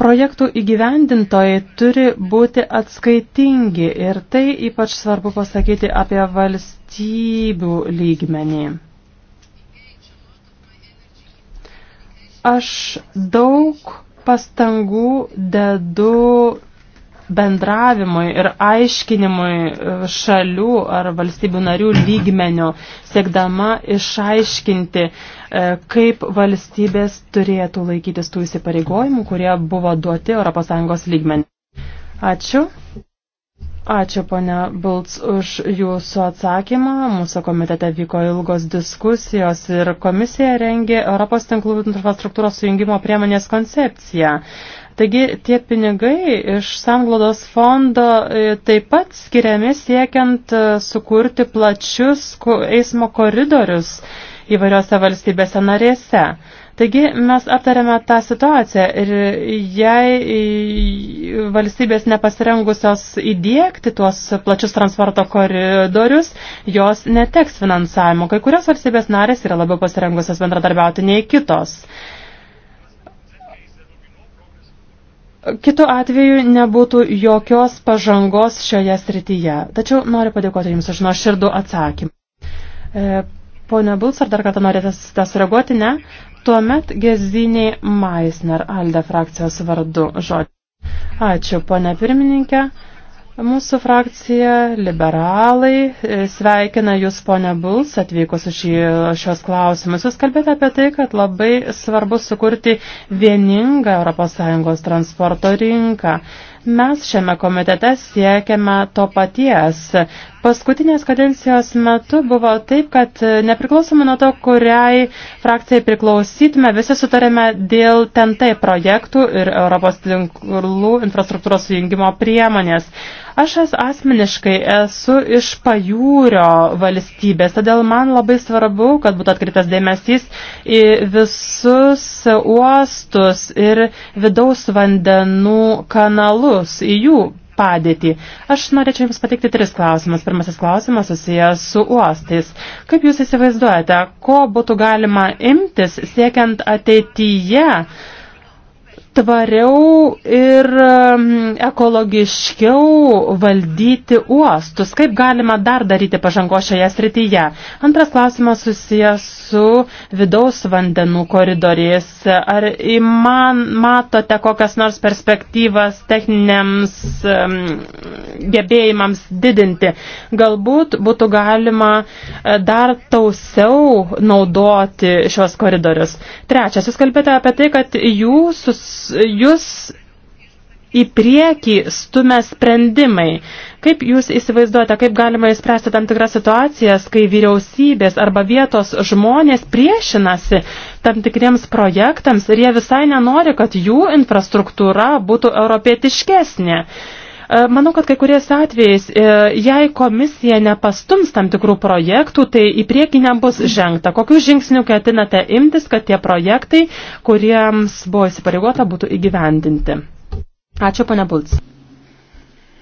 Projektų įgyvendintojai turi būti atskaitingi ir tai ypač svarbu pasakyti apie valstybių lygmenį. Aš daug pastangų dedu bendravimui ir aiškinimui e, šalių ar valstybių narių lygmenių, siekdama išaiškinti, e, kaip valstybės turėtų laikytis tų įsipareigojimų, kurie buvo duoti ES lygmenį. Ačiū. Ačiū, ponia Bulc, už jūsų atsakymą. Mūsų komitete vyko ilgos diskusijos ir komisija rengė Europos tinklų infrastruktūros sujungimo priemonės koncepciją. Taigi tie pinigai iš sanglodos fondo e, taip pat skiriami siekiant e, sukurti plačius eismo koridorius įvairiose valstybėse narėse. Taigi mes aptarėme tą situaciją ir jei valstybės nepasirengusios įdėkti tuos plačius transporto koridorius, jos neteks finansavimo. Kai kurios valstybės narės yra labiau pasirengusios bendradarbiauti nei kitos. Kitu atveju nebūtų jokios pažangos šioje srityje. Tačiau noriu padėkoti Jums už nuoširdų atsakymą. E, Pone Bulc, ar dar kartą norite sureaguoti? Ne. Tuomet Geziniai Maisner, Alde frakcijos vardu žodžiu. Ačiū, pone pirmininkė. Mūsų frakcija, liberalai, e, sveikina Jūs, ponia Buls, atvykus už šios klausimus. Jūs kalbėte apie tai, kad labai svarbu sukurti vieningą ES transporto rinką. Mes šiame komitete siekiame to paties. Paskutinės kadencijos metu buvo taip, kad e, nepriklausomai nuo to, kuriai frakcijai priklausytume, visi sutarėme dėl tentai projektų ir Europos tinklų infrastruktūros sujungimo priemonės. Aš es asmeniškai esu iš pajūrio valstybės, todėl man labai svarbu, kad būtų atkritas dėmesys į visus uostus ir vidaus vandenų kanalus, į jų padėtį. Aš norėčiau Jums pateikti tris klausimus. Pirmasis klausimas susijęs su uostais. Kaip Jūs įsivaizduojate, ko būtų galima imtis siekiant ateityje? tvariau ir ekologiškiau valdyti uostus? Kaip galima dar daryti pažango šioje srityje? Antras klausimas susijęs su vidaus vandenų koridoriais. Ar man matote kokias nors perspektyvas techniniams gebėjimams didinti? Galbūt būtų galima e, dar tausiau naudoti šios koridorius. Trečias, jūs kalbėte apie tai, kad jūsų jūs į priekį stumia sprendimai. Kaip jūs įsivaizduojate, kaip galima įspręsti tam tikras situacijas, kai vyriausybės arba vietos žmonės priešinasi tam tikriems projektams ir jie visai nenori, kad jų infrastruktūra būtų europietiškesnė? E, manau, kad kai kuriais atvejais, e, jei komisija nepastums tam tikrų projektų, tai į priekį nebus žengta. Kokių žingsnių ketinate imtis, kad tie projektai, kuriems buvo įsipareigota, būtų įgyvendinti? Ačiū, pane Bulc.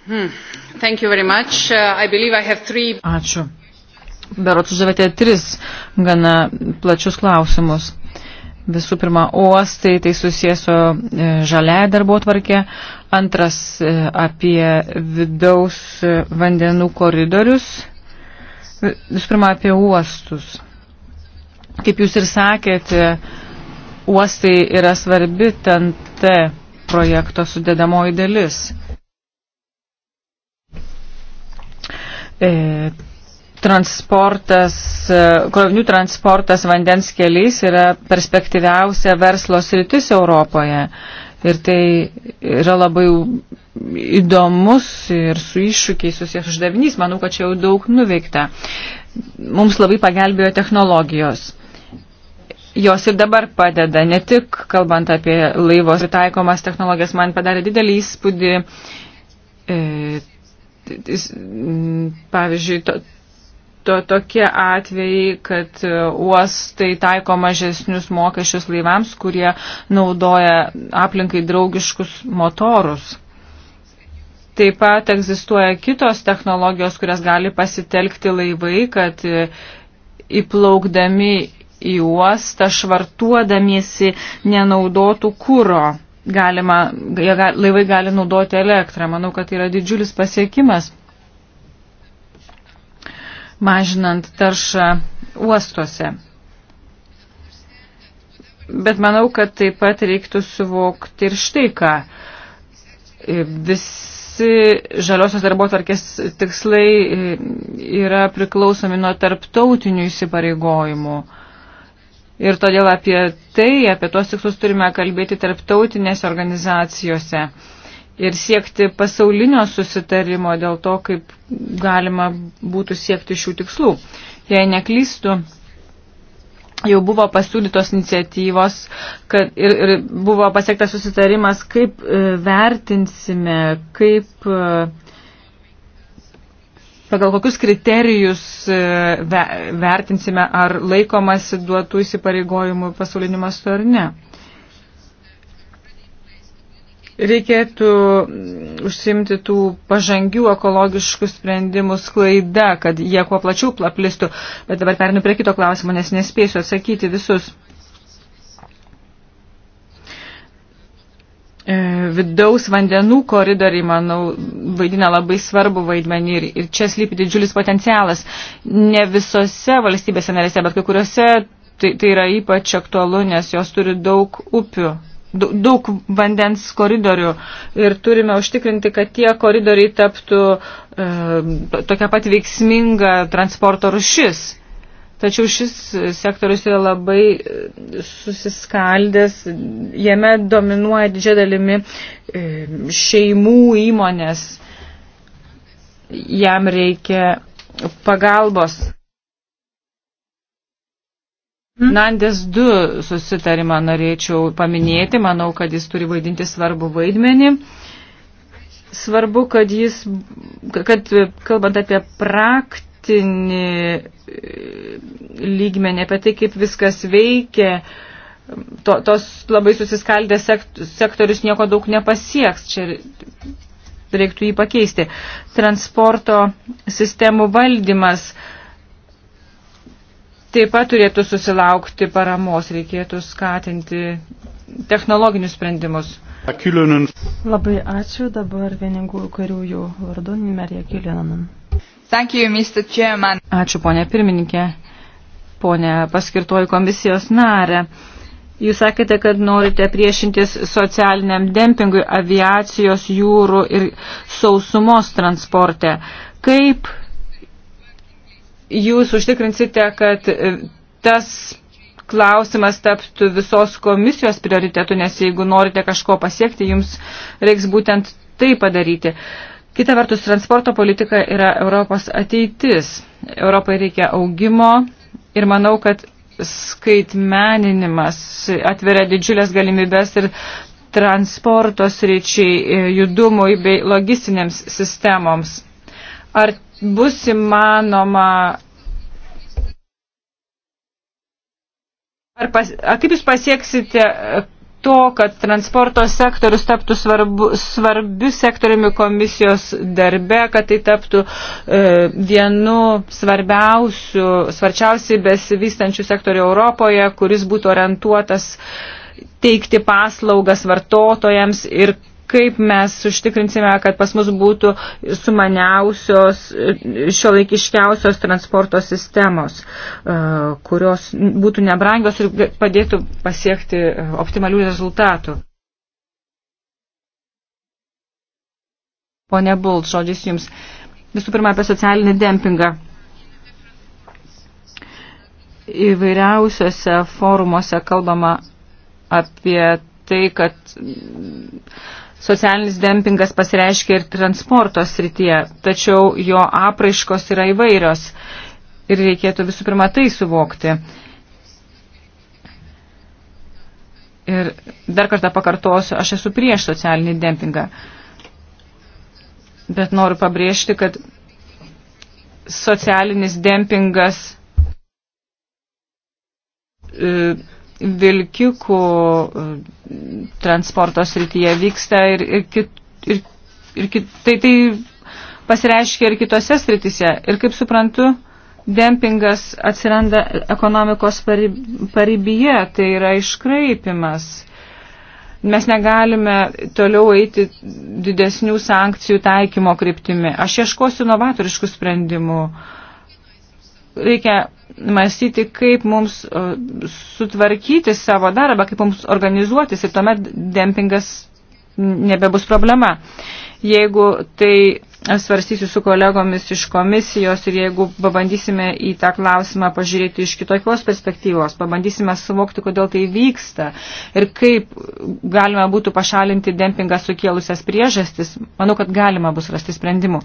Hmm. Thank you very much. Uh, I believe I have three... Ačiū. Berots uždavėte tris gana plačius klausimus. Visų pirma, uostai, tai susijęs su e, žalia darbo tvarkė. Antras e, apie vidaus vandenų koridorius. Visų pirma, apie uostus. Kaip jūs ir sakėte, uostai yra svarbi TNT projekto sudėdamoji dalis. E, transportas, e, krovinių transportas vandens keliais yra perspektyviausia verslo sritis Europoje. Ir tai yra labai įdomus ir su iššūkiai susijęs uždavinys. Manau, kad čia jau daug nuveikta. Mums labai pagelbėjo technologijos. Jos ir dabar padeda, ne tik kalbant apie laivos pritaikomas technologijas, man padarė didelį įspūdį. E, pavyzdžiui, to, to, tokie atvejai, kad e, uostai taiko mažesnius mokesčius laivams, kurie naudoja aplinkai draugiškus motorus. Taip pat egzistuoja kitos technologijos, kurias gali pasitelkti laivai, kad e, įplaukdami į uostą, švartuodamiesi nenaudotų kūro. Galima, laivai gali naudoti elektrą. Manau, kad tai yra didžiulis pasiekimas mažinant taršą uostuose. Bet manau, kad taip pat reiktų suvokti ir štai ką. Visi žaliosios darbo tvarkės tikslai yra priklausomi nuo tarptautinių įsipareigojimų. Ir todėl apie tai, apie tuos tikslus turime kalbėti tarptautinėse organizacijose ir siekti pasaulinio susitarimo dėl to, kaip galima būtų siekti šių tikslų. Jei neklystu, jau buvo pasiūlytos iniciatyvos kad, ir, ir buvo pasiektas susitarimas, kaip e, vertinsime, kaip e, pagal kokius kriterijus e, vertinsime, ar laikomasi duotų įsipareigojimų pasauliniu mastu ar ne reikėtų užsimti tų pažangių ekologiškų sprendimų sklaida, kad jie kuo plačiau plaplistų. Bet dabar perinu prie kito klausimo, nes nespėsiu atsakyti visus. E, vidaus vandenų koridoriai, manau, vaidina labai svarbu vaidmenį ir, ir čia slypi didžiulis potencialas. Ne visose valstybėse narėse, bet kai kuriuose tai, tai yra ypač aktualu, nes jos turi daug upių daug vandens koridorių ir turime užtikrinti, kad tie koridoriai taptų e, tokia pat veiksminga transporto rušis. Tačiau šis sektorius yra labai e, susiskaldęs, jame dominuoja didžia dalimi e, šeimų įmonės, jam reikia pagalbos. Hmm? Nandės 2 susitarimą norėčiau paminėti, manau, kad jis turi vaidinti svarbų vaidmenį. Svarbu, kad jis, kad kalbant apie praktinį e, lygmenį, apie tai, kaip viskas veikia, to, tos labai susiskaldė sektorius nieko daug nepasieks. Čia reiktų jį pakeisti. Transporto sistemų valdymas taip pat turėtų susilaukti paramos, reikėtų skatinti technologinius sprendimus. Labai ačiū dabar vieningų kairiųjų vardu Marija Kilinanan. Ačiū, ponė pirmininkė, ponė paskirtoji komisijos narė. Jūs sakėte, kad norite priešintis socialiniam dempingui aviacijos, jūrų ir sausumos transporte. Kaip jūs užtikrinsite, kad e, tas klausimas taptų visos komisijos prioritetu, nes jeigu norite kažko pasiekti, jums reiks būtent tai padaryti. Kita vertus, transporto politika yra Europos ateitis. Europai reikia augimo ir manau, kad skaitmeninimas atveria didžiulės galimybės ir transporto sričiai, e, judumui bei logistinėms sistemoms. Ar bus įmanoma. Ar pas, a, kaip jūs pasieksite e, to, kad transporto sektorius taptų svarbu, svarbiu sektoriumi komisijos darbe, kad tai taptų e, vienu svarbiausių, svarčiausiai besivystančių sektorių Europoje, kuris būtų orientuotas teikti paslaugas vartotojams ir kaip mes užtikrinsime, kad pas mus būtų sumaniausios, šiolaikiškiausios transporto sistemos, e, kurios būtų nebrangios ir padėtų pasiekti e, optimalių rezultatų. Pone Bult, žodis jums. Visų pirma, apie socialinį dempingą. Įvairiausiose forumuose kalbama apie tai, kad Socialinis dempingas pasireiškia ir transporto srityje, tačiau jo apraiškos yra įvairios ir reikėtų visų pirma tai suvokti. Ir dar kartą pakartosiu, aš esu prieš socialinį dempingą, bet noriu pabrėžti, kad socialinis dempingas e, vilkikų e, transporto srityje vyksta ir, ir, kit, ir, ir kit, tai, tai pasireiškia ir kitose srityse. Ir kaip suprantu, dempingas atsiranda ekonomikos paribyje, tai yra iškraipimas mes negalime toliau eiti didesnių sankcijų taikymo kryptimi. Aš ieškosiu novatoriškų sprendimų. Reikia mąstyti, kaip mums sutvarkyti savo darbą, kaip mums organizuotis ir tuomet dempingas nebebus problema. Jeigu tai svarstysiu su kolegomis iš komisijos ir jeigu pabandysime į tą klausimą pažiūrėti iš kitokios perspektyvos, pabandysime suvokti, kodėl tai vyksta ir kaip galima būtų pašalinti dempingą sukėlusias priežastis, manau, kad galima bus rasti sprendimų.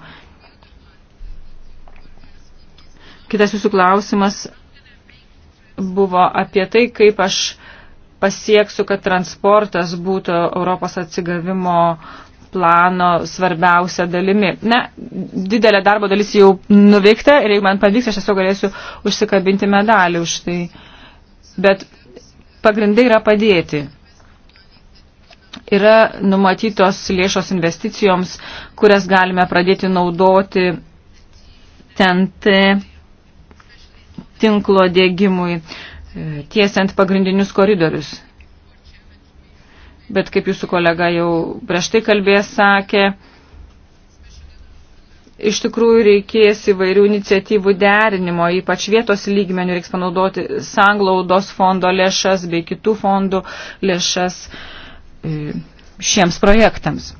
Kitas jūsų klausimas buvo apie tai, kaip aš pasieksiu, kad transportas būtų Europos atsigavimo plano svarbiausia dalimi. Na, didelė darbo dalis jau nuveikta ir jeigu man pavyks, aš tiesiog galėsiu užsikabinti medalį už tai. Bet pagrindai yra padėti. Yra numatytos lėšos investicijoms, kurias galime pradėti naudoti TNT tinklo dėgymui, e, tiesiant pagrindinius koridorius. Bet kaip jūsų kolega jau prieš tai kalbės sakė, iš tikrųjų reikės įvairių iniciatyvų derinimo, ypač vietos lygmenių reiks panaudoti sanglaudos fondo lėšas bei kitų fondų lėšas e, šiems projektams.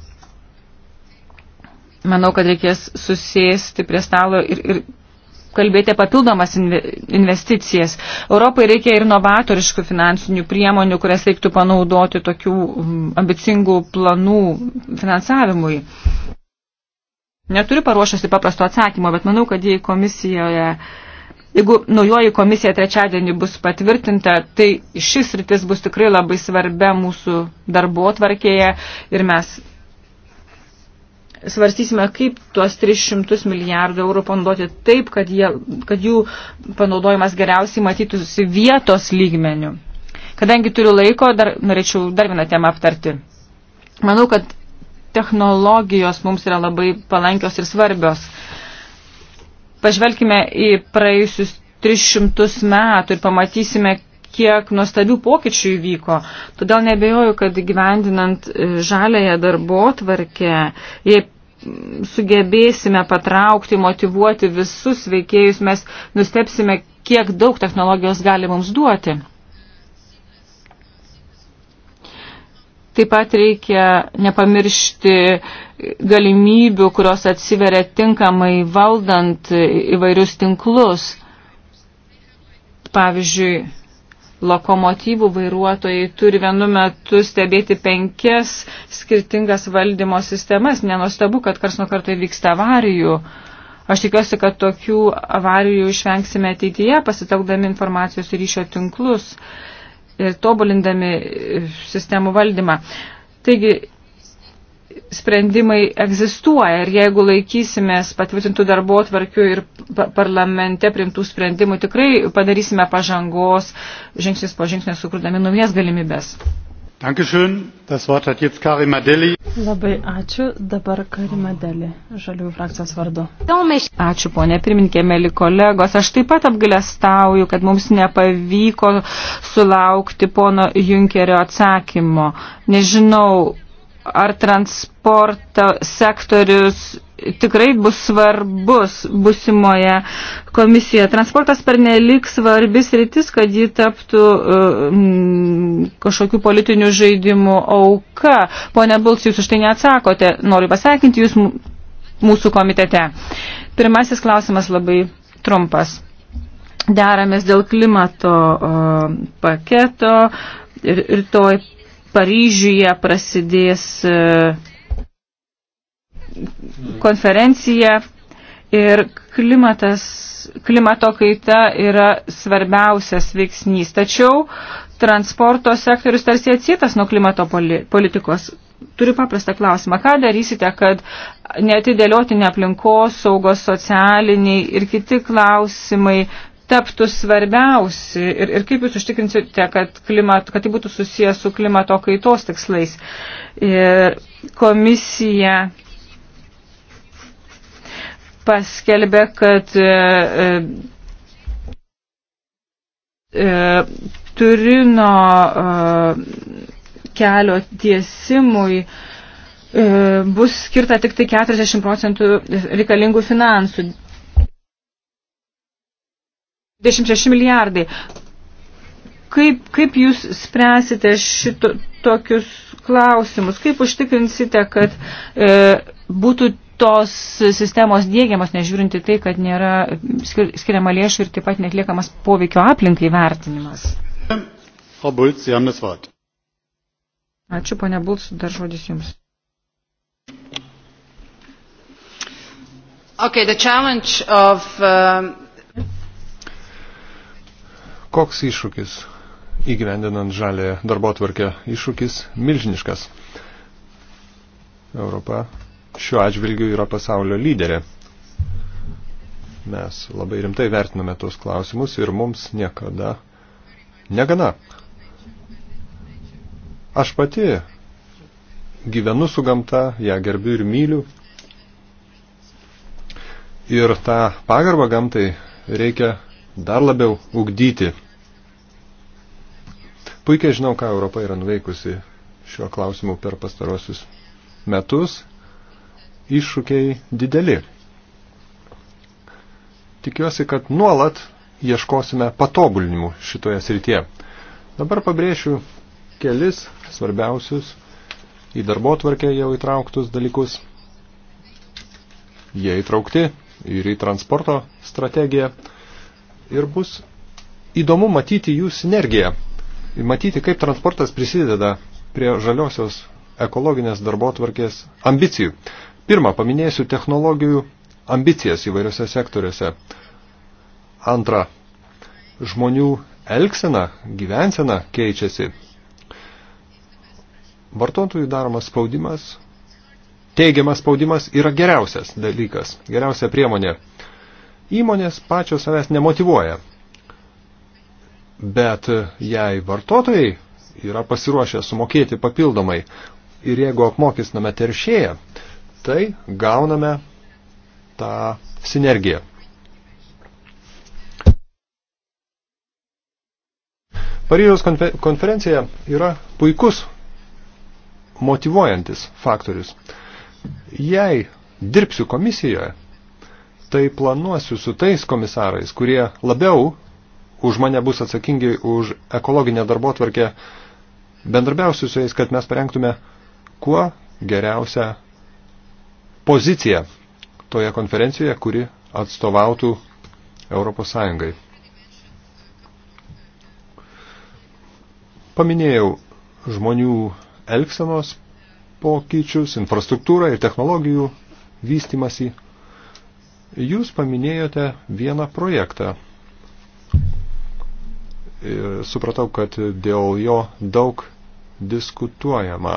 Manau, kad reikės susėsti prie stalo ir, ir kalbėti papildomas investicijas. Europai reikia ir novatoriškų finansinių priemonių, kurias reiktų panaudoti tokių ambicingų planų finansavimui. Neturiu paruošęsi paprasto atsakymo, bet manau, kad jei komisijoje, jeigu naujoji komisija trečiadienį bus patvirtinta, tai šis rytis bus tikrai labai svarbia mūsų darbo tvarkėje ir mes svarstysime, kaip tuos 300 milijardų eurų panaudoti taip, kad, jie, kad jų panaudojimas geriausiai matytųsi vietos lygmenių. Kadangi turiu laiko, dar, norėčiau dar vieną temą aptarti. Manau, kad technologijos mums yra labai palankios ir svarbios. Pažvelkime į praėjusius 300 metų ir pamatysime, kiek nuostabių pokyčių įvyko. Todėl nebejoju, kad gyvendinant e, žalėje darbo tvarkę, jei sugebėsime patraukti, motivuoti visus veikėjus, mes nustepsime, kiek daug technologijos gali mums duoti. Taip pat reikia nepamiršti galimybių, kurios atsiveria tinkamai valdant įvairius tinklus. Pavyzdžiui, lokomotyvų vairuotojai turi vienu metu stebėti penkias skirtingas valdymo sistemas. Nenostabu, kad kars nuo karto vyksta avarijų. Aš tikiuosi, kad tokių avarijų išvengsime ateityje, pasitelkdami informacijos ir ryšio tinklus ir tobulindami e, sistemų valdymą. Taigi, sprendimai egzistuoja ir jeigu laikysimės patvirtintų darbo atvarkių ir parlamente primtų sprendimų, tikrai padarysime pažangos žingsnis po žingsnio sukurdami naujas galimybės. Dankeschön. Das Wort hat jetzt Karim Adeli. Labai ačiū. Dabar Karim Adeli, Žaliųjų frakcijos vardu. Ačiū, ponė pirminkė, mėly kolegos. Aš taip pat apgalėstauju, kad mums nepavyko sulaukti pono Junkerio atsakymo. Nežinau, ar transporto sektorius tikrai bus svarbus busimoje komisijoje. Transportas per nelik svarbis rytis, kad ji taptų mm, e, kažkokių politinių žaidimų auka. Pone Bulks, jūs už tai neatsakote. Noriu pasveikinti jūs mūsų komitete. Pirmasis klausimas labai trumpas. Deramės dėl klimato o, e, paketo ir, ir toj Paryžiuje prasidės e, konferencija ir klimatas, klimato kaita yra svarbiausias veiksnys. Tačiau transporto sektorius tarsi atsietas nuo klimato politikos. Turiu paprastą klausimą. Ką darysite, kad netidėliotini aplinkos, saugos, socialiniai ir kiti klausimai taptų svarbiausi ir, ir kaip jūs užtikrinsite, kad, klimat, kad tai būtų susijęs su klimato kaitos tikslais. Ir komisija paskelbė, kad e, e, Turino e, kelio tiesimui e, bus skirta tik tai 40 procentų reikalingų finansų. 26 milijardai. Kaip, kaip jūs spręsite šito, tokius klausimus? Kaip užtikrinsite, kad e, būtų tos sistemos dėgiamas, nežiūrinti tai, kad nėra skir, skiriama lėšų ir taip pat netliekamas poveikio aplinkai vertinimas? Frau Bulc, Sie haben das Wort. Ačiū, ponia Bulc, dar žodis Jums. Okay, the challenge of um, Koks iššūkis įgyvendinant žalę darbo tvarkę? Iššūkis milžiniškas. Europa šiuo atžvilgiu yra pasaulio lyderė. Mes labai rimtai vertiname tuos klausimus ir mums niekada negana. Aš pati gyvenu su gamta, ją gerbiu ir myliu. Ir tą pagarbą gamtai reikia dar labiau ugdyti. Puikiai žinau, ką Europa yra nuveikusi šiuo klausimu per pastarosius metus. Iššūkiai dideli. Tikiuosi, kad nuolat ieškosime patobulinimų šitoje srityje. Dabar pabrėšiu kelis svarbiausius į darbo tvarkę jau įtrauktus dalykus. Jie įtraukti ir į transporto strategiją ir bus įdomu matyti jų sinergiją, matyti, kaip transportas prisideda prie žaliosios ekologinės darbotvarkės ambicijų. Pirma, paminėsiu technologijų ambicijas įvairiose sektoriuose. Antra, žmonių elgsena, gyvensena keičiasi. Vartotojų daromas spaudimas, teigiamas spaudimas yra geriausias dalykas, geriausia priemonė Įmonės pačios savęs nemotivuoja. Bet jei vartotojai yra pasiruošę sumokėti papildomai ir jeigu apmokestiname teršėją, tai gauname tą sinergiją. Paryžiaus konferencija yra puikus motivuojantis faktorius. Jei dirbsiu komisijoje, tai planuosiu su tais komisarais, kurie labiau už mane bus atsakingi už ekologinę darbotvarkę, bendrabiausiu su jais, kad mes parengtume kuo geriausią poziciją toje konferencijoje, kuri atstovautų Europos Sąjungai. Paminėjau žmonių elgsenos pokyčius, infrastruktūrą ir technologijų vystimasi Jūs paminėjote vieną projektą. Ir supratau, kad dėl jo daug diskutuojama.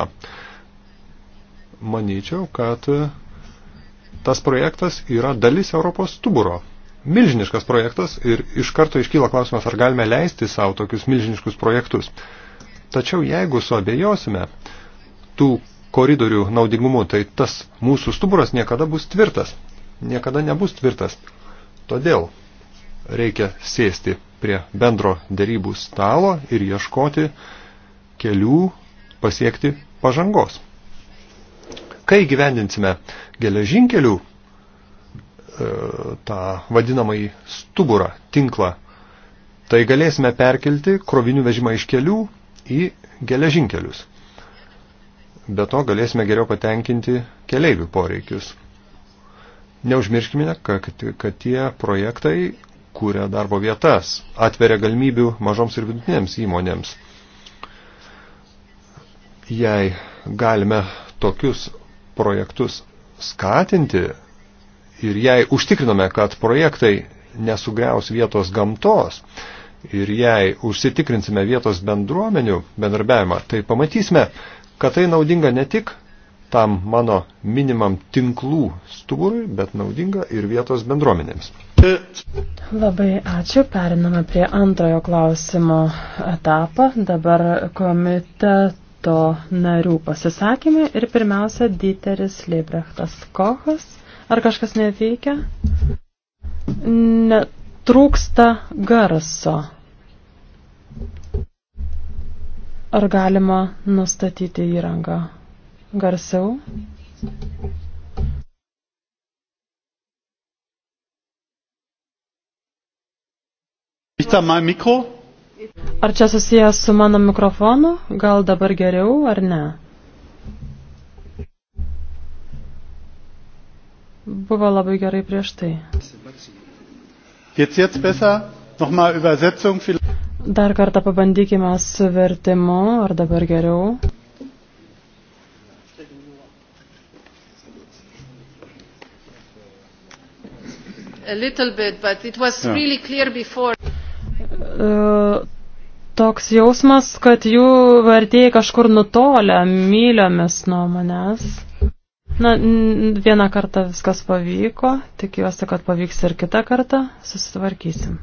Manyčiau, kad tas projektas yra dalis Europos stuburo. Milžiniškas projektas ir iš karto iškyla klausimas, ar galime leisti savo tokius milžiniškus projektus. Tačiau jeigu suabejosime tų koridorių naudingumu, tai tas mūsų stuburas niekada bus tvirtas niekada nebus tvirtas. Todėl reikia sėsti prie bendro dėrybų stalo ir ieškoti kelių pasiekti pažangos. Kai gyvendinsime geležinkelių e, tą vadinamąjį stuburą, tinklą, tai galėsime perkelti krovinių vežimą iš kelių į geležinkelius. Be to galėsime geriau patenkinti keleivių poreikius. Neužmirškime, kad, kad tie projektai kūrė darbo vietas, atveria galimybių mažoms ir vidutinėms įmonėms. Jei galime tokius projektus skatinti ir jei užtikriname, kad projektai nesugriaus vietos gamtos ir jei užsitikrinsime vietos bendruomenių bendarbiavimą, tai pamatysime, kad tai naudinga ne tik tam mano minimam tinklų stuburui, bet naudinga ir vietos bendruomenėms. Labai ačiū. Periname prie antrojo klausimo etapą. Dabar komiteto narių pasisakymai ir pirmiausia Dieteris Liebrechtas Kochas. Ar kažkas neveikia? Netrūksta garso. Ar galima nustatyti įrangą? garsiau. Ar čia susijęs su mano mikrofonu? Gal dabar geriau ar ne? Buvo labai gerai prieš tai. Jetzt, jetzt besser. Nochmal Übersetzung. Dar kartą pabandykime su vertimu, ar dabar geriau. a little bit, but it was yeah. really clear before. Uh, toks jausmas, kad jų vertėjai kažkur nutolia myliomis nuo manęs. Na, vieną kartą viskas pavyko, tikiuosi, kad pavyks ir kitą kartą, susitvarkysim.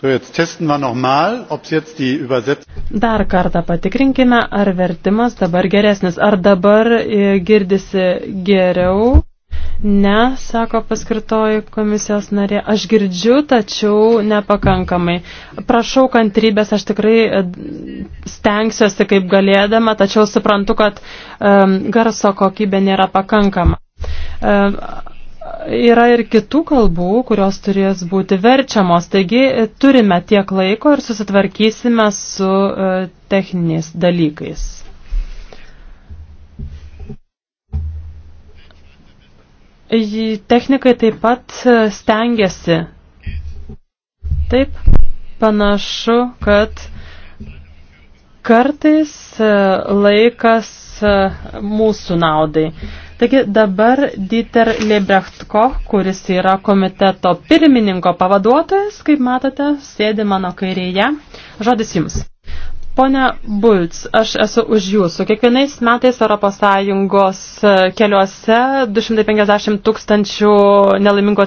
So, jetzt testen wir nochmal, ob jetzt die Übersetzung. Dar kartą patikrinkime, ar vertimas dabar geresnis, ar dabar e, girdisi geriau. Ne, sako paskirtoji komisijos narė, aš girdžiu, tačiau nepakankamai. Prašau kantrybės, aš tikrai e, stengsiuosi kaip galėdama, tačiau suprantu, kad um, garso kokybė nėra pakankama. Um, yra ir kitų kalbų, kurios turės būti verčiamos, taigi turime tiek laiko ir susitvarkysime su uh, techniniais dalykais. Technikai taip pat e, stengiasi. Taip, panašu, kad kartais e, laikas e, mūsų naudai. Taigi dabar Dieter Lebrechtko, kuris yra komiteto pirmininko pavaduotojas, kaip matote, sėdi mano kairėje. Žodis jums. Pone Bulc, aš esu už jūsų. Kiekvienais metais ES e, keliuose 250 tūkstančių nelaimingų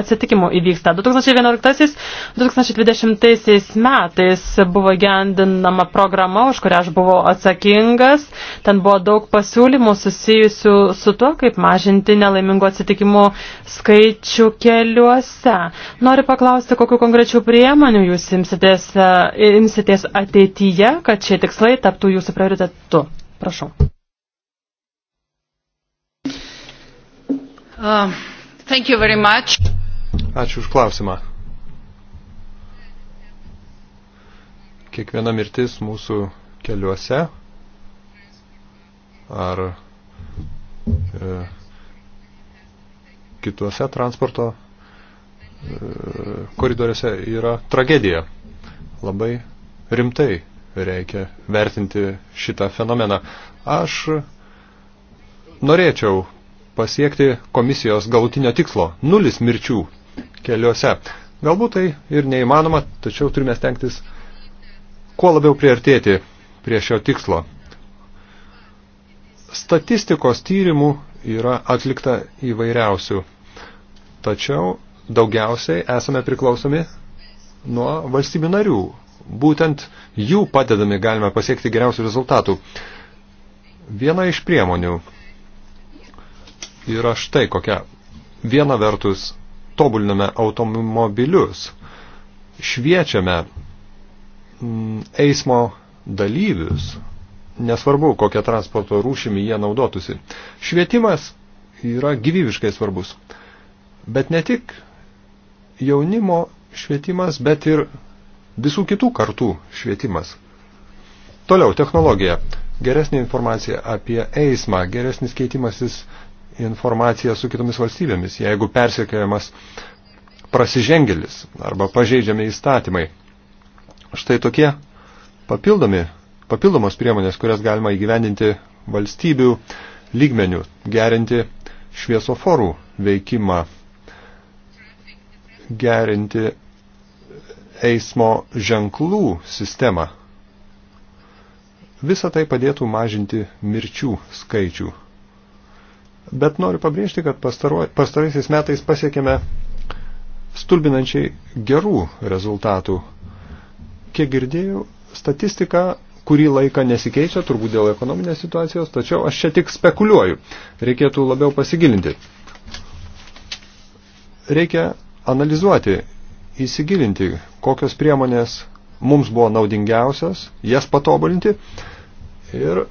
atsitikimų įvyksta. 2011-2020 metais buvo gendinama programa, už kurią aš buvau atsakingas. Ten buvo daug pasiūlymų susijusių su tuo, kaip mažinti nelaimingų atsitikimų skaičių keliuose. Noriu paklausti, kokiu konkrečių priemonių jūs imsitės, e, imsitės ateityje ateityje, kad šie tikslai taptų jūsų prioritetu? Prašau. Uh, thank you very much. Ačiū už klausimą. Kiekviena mirtis mūsų keliuose ar e, kituose transporto e, koridoriuose yra tragedija. Labai rimtai reikia vertinti šitą fenomeną. Aš norėčiau pasiekti komisijos galutinio tikslo – nulis mirčių keliuose. Galbūt tai ir neįmanoma, tačiau turime stengtis kuo labiau priartėti prie šio tikslo. Statistikos tyrimų yra atlikta įvairiausių, tačiau daugiausiai esame priklausomi nuo valstybių narių Būtent jų padedami galime pasiekti geriausių rezultatų. Viena iš priemonių yra štai kokia. Viena vertus tobuliname automobilius, šviečiame mm, eismo dalyvius, nesvarbu, kokią transporto rūšimi jie naudotųsi. Švietimas yra gyvybiškai svarbus. Bet ne tik jaunimo švietimas, bet ir visų kitų kartų švietimas. Toliau technologija. Geresnė informacija apie eismą, geresnis keitimasis informacija su kitomis valstybėmis, jeigu persiekėjamas prasižengelis arba pažeidžiami įstatymai. Štai tokie papildomi, papildomos priemonės, kurias galima įgyvendinti valstybių lygmenių, gerinti šviesoforų veikimą, gerinti eismo ženklų sistemą. Visa tai padėtų mažinti mirčių skaičių. Bet noriu pabrėžti, kad pastaraisiais metais pasiekėme stulbinančiai gerų rezultatų. Kiek girdėjau, statistika kurį laiką nesikeičia, turbūt dėl ekonominės situacijos, tačiau aš čia tik spekuliuoju. Reikėtų labiau pasigilinti. Reikia analizuoti įsigilinti, kokios priemonės mums buvo naudingiausias, jas patobulinti ir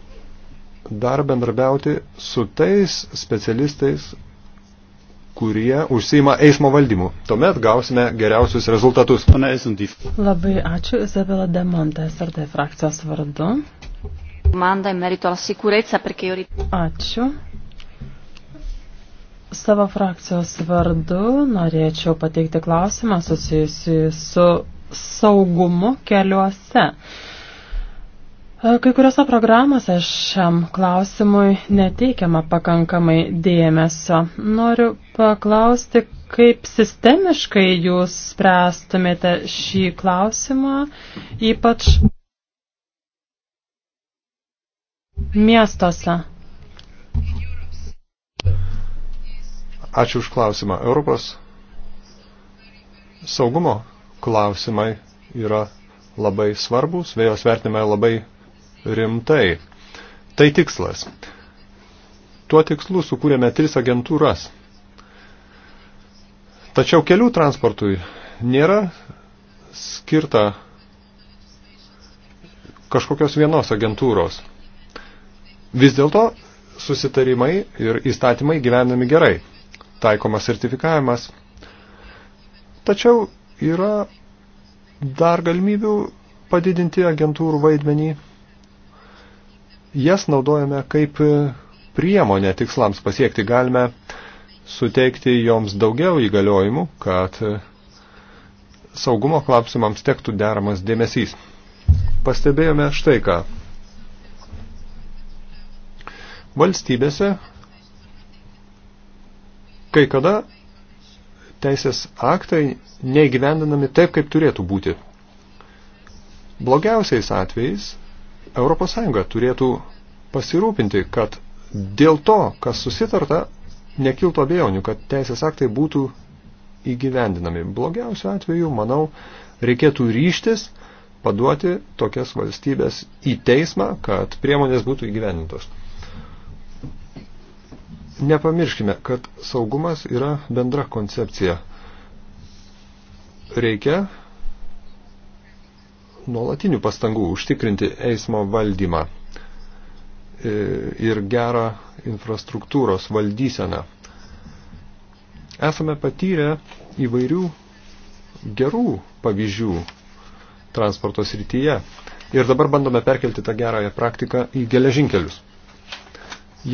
dar bendrabiauti su tais specialistais, kurie užsima eismo valdymu. Tuomet gausime geriausius rezultatus. Labai ačiū Izabela Demonte, SRT frakcijos vardu. Ačiū. Savo frakcijos vardu norėčiau pateikti klausimą susijusi su saugumu keliuose. E, kai kuriuose programuose šiam klausimui neteikiama pakankamai dėmesio. Noriu paklausti, kaip sistemiškai jūs spręstumėte šį klausimą, ypač miestuose. Ačiū už klausimą. Europos saugumo klausimai yra labai svarbus, vėjos vertinime labai rimtai. Tai tikslas. Tuo tikslu sukūrėme tris agentūras. Tačiau kelių transportui nėra skirta kažkokios vienos agentūros. Vis dėlto susitarimai ir įstatymai gyvenami gerai taikomas sertifikavimas. Tačiau yra dar galimybių padidinti agentūrų vaidmenį. Jas naudojame kaip priemonę tikslams pasiekti. Galime suteikti joms daugiau įgaliojimų, kad saugumo klausimams tektų deramas dėmesys. Pastebėjome štai ką. Valstybėse kai kada teisės aktai neįgyvendinami taip, kaip turėtų būti. Blogiausiais atvejais ES turėtų pasirūpinti, kad dėl to, kas susitarta, nekiltų abejonių, kad teisės aktai būtų įgyvendinami. Blogiausiu atveju, manau, reikėtų ryštis paduoti tokias valstybės į teismą, kad priemonės būtų įgyvendintos. Nepamirškime, kad saugumas yra bendra koncepcija. Reikia nuolatinių pastangų užtikrinti eismo valdymą e, ir gerą infrastruktūros valdyseną. Esame patyrę įvairių gerų pavyzdžių transporto srityje ir dabar bandome perkelti tą gerąją praktiką į geležinkelius.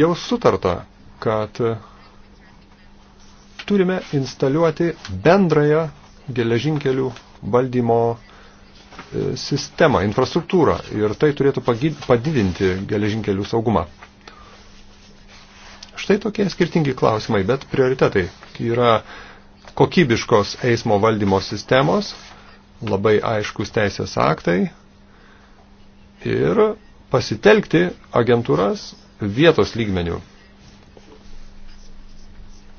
Jau sutarta, kad e, turime instaliuoti bendrąją geležinkelių valdymo e, sistemą, infrastruktūrą ir tai turėtų padidinti geležinkelių saugumą. Štai tokie skirtingi klausimai, bet prioritetai yra kokybiškos eismo valdymo sistemos, labai aiškus teisės aktai ir pasitelkti agentūras vietos lygmenių.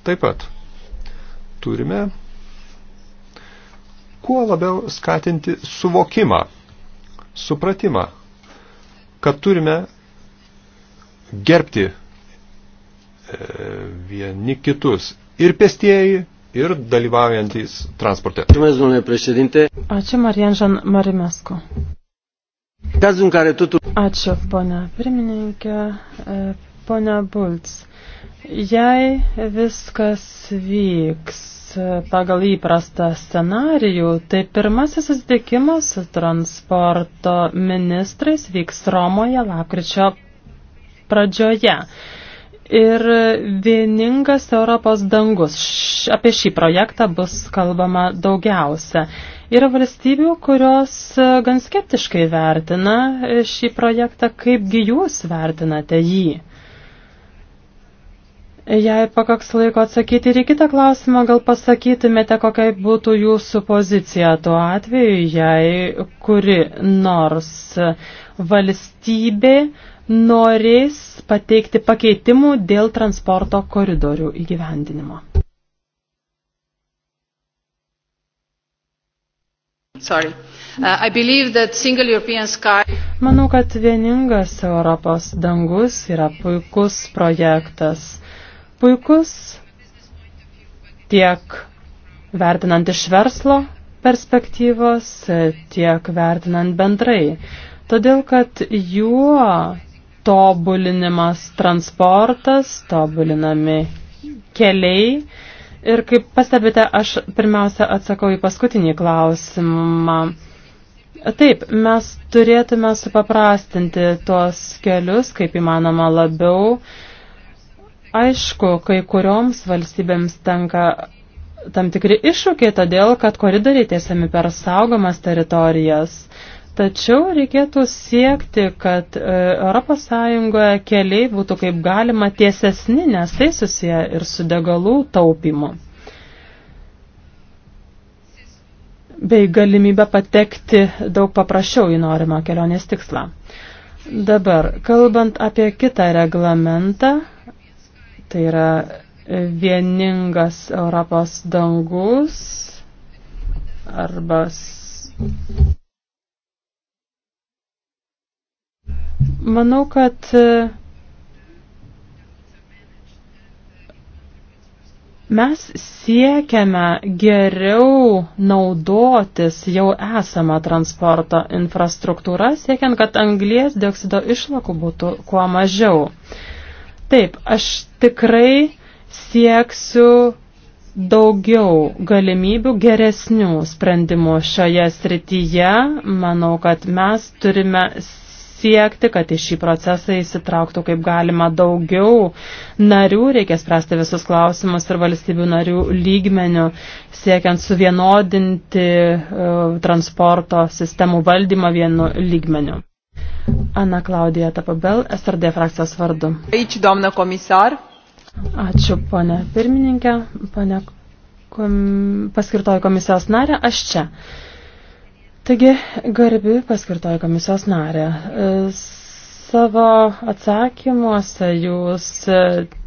Taip pat turime kuo labiau skatinti suvokimą, supratimą, kad turime gerbti e, vieni kitus ir pėstieji, ir dalyvaujantys transporte. Ačiū, Marijan Marimesko. Ačiū, ponia pirmininkė, e, ponia Bulc. Jei viskas vyks pagal įprastą scenarijų, tai pirmasis susitikimas su transporto ministrais vyks Romoje lapkričio pradžioje. Ir vieningas Europos dangus. Š, apie šį projektą bus kalbama daugiausia. Yra valstybių, kurios gan skeptiškai vertina šį projektą, kaipgi jūs vertinate jį. Jei pakaks laiko atsakyti ir į kitą klausimą, gal pasakytumėte, kokia būtų jūsų pozicija tuo atveju, jei kuri nors valstybė norės pateikti pakeitimų dėl transporto koridorių įgyvendinimo. Sorry. Uh, Manau, kad vieningas Europos dangus yra puikus projektas puikus tiek vertinant iš verslo perspektyvos, tiek vertinant bendrai. Todėl, kad juo tobulinimas transportas, tobulinami keliai. Ir kaip pastebite, aš pirmiausia atsakau į paskutinį klausimą. Taip, mes turėtume supaprastinti tuos kelius, kaip įmanoma labiau. Uh, Aišku, kai kurioms valstybėms tenka tam tikri iššūkiai, todėl kad koridoriai tiesiami per saugomas teritorijas. Tačiau reikėtų siekti, kad ES keliai būtų kaip galima tiesesni, nes tai susiję ir su degalų taupimu. Bei galimybę patekti daug paprasčiau į norimą kelionės tikslą. Dabar, kalbant apie kitą reglamentą, Tai yra vieningas Europos dangus arba Manau, kad e, mes siekiame geriau naudotis jau esamą transporto infrastruktūrą, siekiant, kad anglies dioksido išlakų būtų kuo mažiau. Uh, Taip, aš tikrai sieksiu daugiau galimybių, geresnių sprendimų šioje srityje. Manau, kad mes turime siekti, kad į šį procesą įsitrauktų kaip galima daugiau narių, reikia spręsti visus klausimus ir valstybių narių lygmenių, siekiant suvienodinti uh, transporto sistemų valdymą vienu lygmeniu. Ana Klaudija Tapabel, SRD frakcijos vardu. Ačiū, domna komisar. Ačiū, ponė pirmininkė, ponė kom... paskirtoji komisijos narė, aš čia. Taigi, garbi paskirtoji komisijos narė. E, savo atsakymuose jūs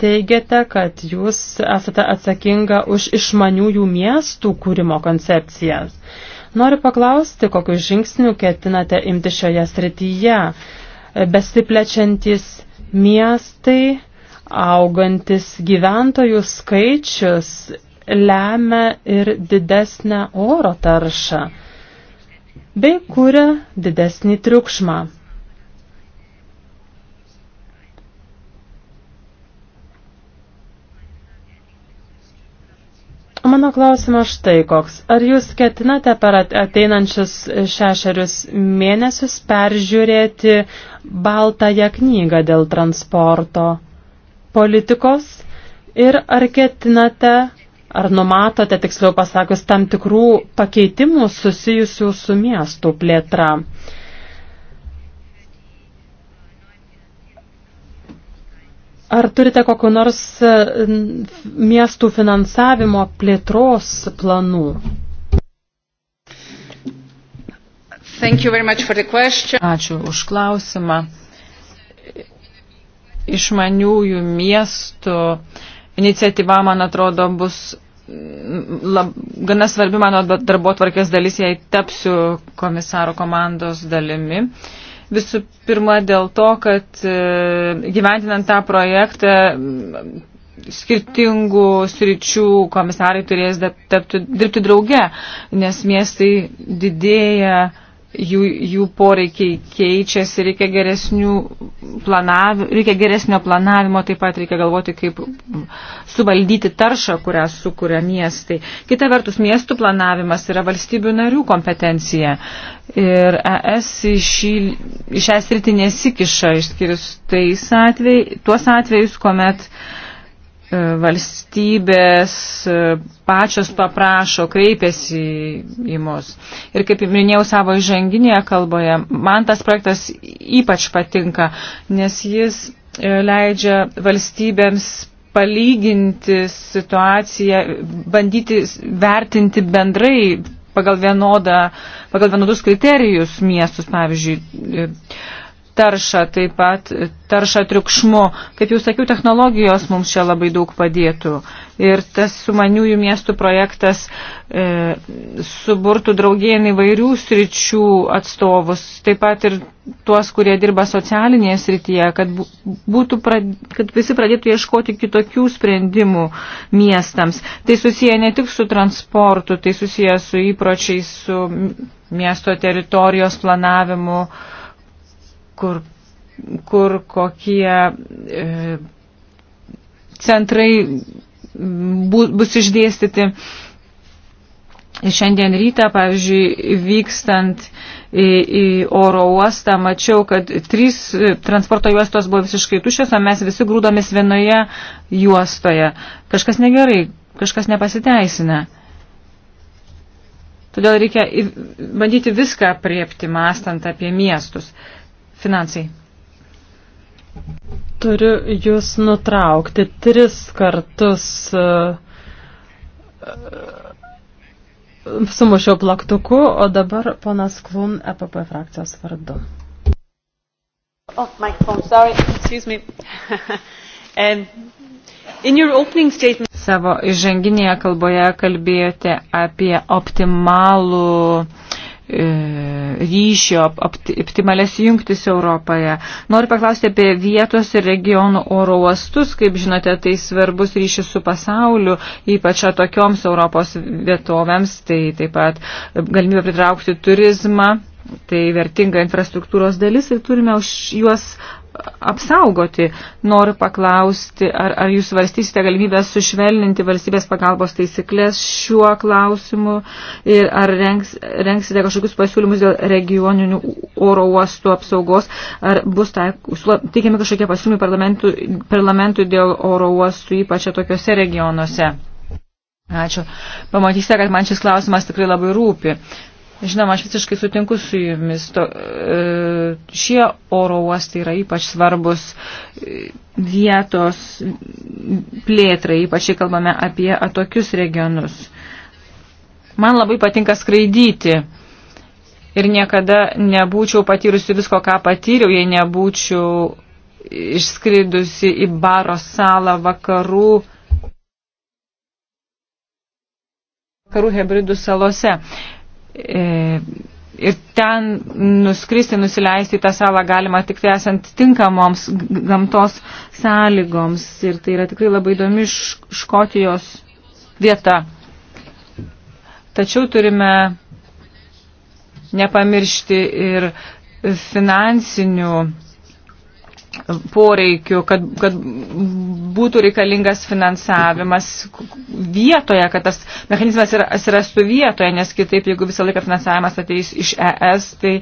teigiate, kad jūs esate atsakinga už išmaniųjų miestų kūrimo koncepcijas. Noriu paklausti, kokius žingsnių ketinate imti šioje srityje. Besiplečiantis miestai, augantis gyventojų skaičius lemia ir didesnę oro taršą bei kuria didesnį triukšmą. Mano klausimas štai koks. Ar jūs ketinate per ateinančius šešerius mėnesius peržiūrėti baltąją knygą dėl transporto politikos? Ir ar ketinate, ar numatote, tiksliau pasakius, tam tikrų pakeitimų susijusių su miestų plėtra? Uh, Ar turite kokiu nors e, miestų finansavimo plėtros planų? Thank you very much for the question. Ačiū už klausimą. Išmaniųjų miestų iniciatyva, man atrodo, bus lab, gana svarbi mano darbo tvarkės dalis, jei tapsiu komisaro komandos dalimi. Uh, Visų pirma, dėl to, kad e, gyventinant tą projektą skirtingų sričių komisarai turės tapti, dirbti drauge, nes miestai didėja jų, jų poreikiai keičiasi, reikia, planav, reikia geresnio planavimo, taip pat reikia galvoti, kaip suvaldyti taršą, kurią sukuria miestai. Kita vertus, miestų planavimas yra valstybių narių kompetencija. Ir ES į šią sritį nesikiša, išskirius tais atvej, tuos atvejus, kuomet uh, E, valstybės e, pačios paprašo, kreipiasi į mus. Ir kaip minėjau savo įžanginėje kalboje, man tas projektas ypač patinka, nes jis e, leidžia valstybėms palyginti situaciją, bandyti vertinti bendrai pagal, vienodą, pagal vienodus kriterijus miestus, pavyzdžiui, taršą, taip pat e, taršą triukšmu. Kaip jau sakiau, technologijos mums čia labai daug padėtų. Ir tas sumaniųjų miestų projektas e, suburtų draugien įvairių sričių atstovus, taip pat ir tuos, kurie dirba socialinėje srityje, kad, būtų, prad, kad visi pradėtų ieškoti kitokių sprendimų miestams. Tai susiję ne tik su transportu, tai susiję su įpročiais, su miesto teritorijos planavimu. E, kur, kur kokie e, centrai bu, bus išdėstyti. Šiandien rytą, pavyzdžiui, vykstant į, į oro uostą, mačiau, kad trys transporto juostos buvo visiškai tušios, o mes visi grūdomis vienoje juostoje. Kažkas negerai, kažkas nepasiteisina. Todėl reikia bandyti viską priepti, mastant apie miestus. Finansai. Turiu jūs nutraukti tris kartus. E, e, sumušiau plaktuku, o dabar ponas Klun EPP frakcijos vardu. Oh, my phone, sorry, excuse me. And um, Savo įžanginėje kalboje kalbėjote apie optimalų E, ryšio, optimales jungtis Europoje. Noriu paklausti apie vietos ir regionų oro uostus, kaip žinote, tai svarbus ryšis su pasauliu, ypač atokioms Europos vietovėms, tai taip pat galimybė pritraukti turizmą, tai vertinga infrastruktūros dalis ir turime už juos apsaugoti. Noriu paklausti, ar, ar jūs svarstysite galimybę sušvelninti valstybės pagalbos taisyklės šiuo klausimu ir ar rengs, rengsite kažkokius pasiūlymus dėl regioninių oro uostų apsaugos, ar bus teikiami kažkokie pasiūlymai parlamentui, parlamentui dėl oro uostų, ypač tokiuose regionuose. Ačiū. Pamatysite, kad man šis klausimas tikrai labai rūpi. Uh, Žinoma, aš visiškai sutinku su jumis. To, e, šie oro uostai yra ypač svarbus e, vietos plėtrai, ypač jei kalbame apie atokius regionus. Man labai patinka skraidyti ir niekada nebūčiau patyrusi visko, ką patyriau, jei nebūčiau išskridusi į baro salą vakarų vakarų hebridų salose. E, ir ten nuskristi, nusileisti į tą salą galima tik tai esant tinkamoms gamtos sąlygoms. Ir tai yra tikrai labai įdomi Škotijos vieta. Tačiau turime nepamiršti ir finansinių poreikių, kad, kad būtų reikalingas finansavimas vietoje, kad tas mechanizmas atsirastų vietoje, nes kitaip, jeigu visą laiką finansavimas ateis iš ES, tai,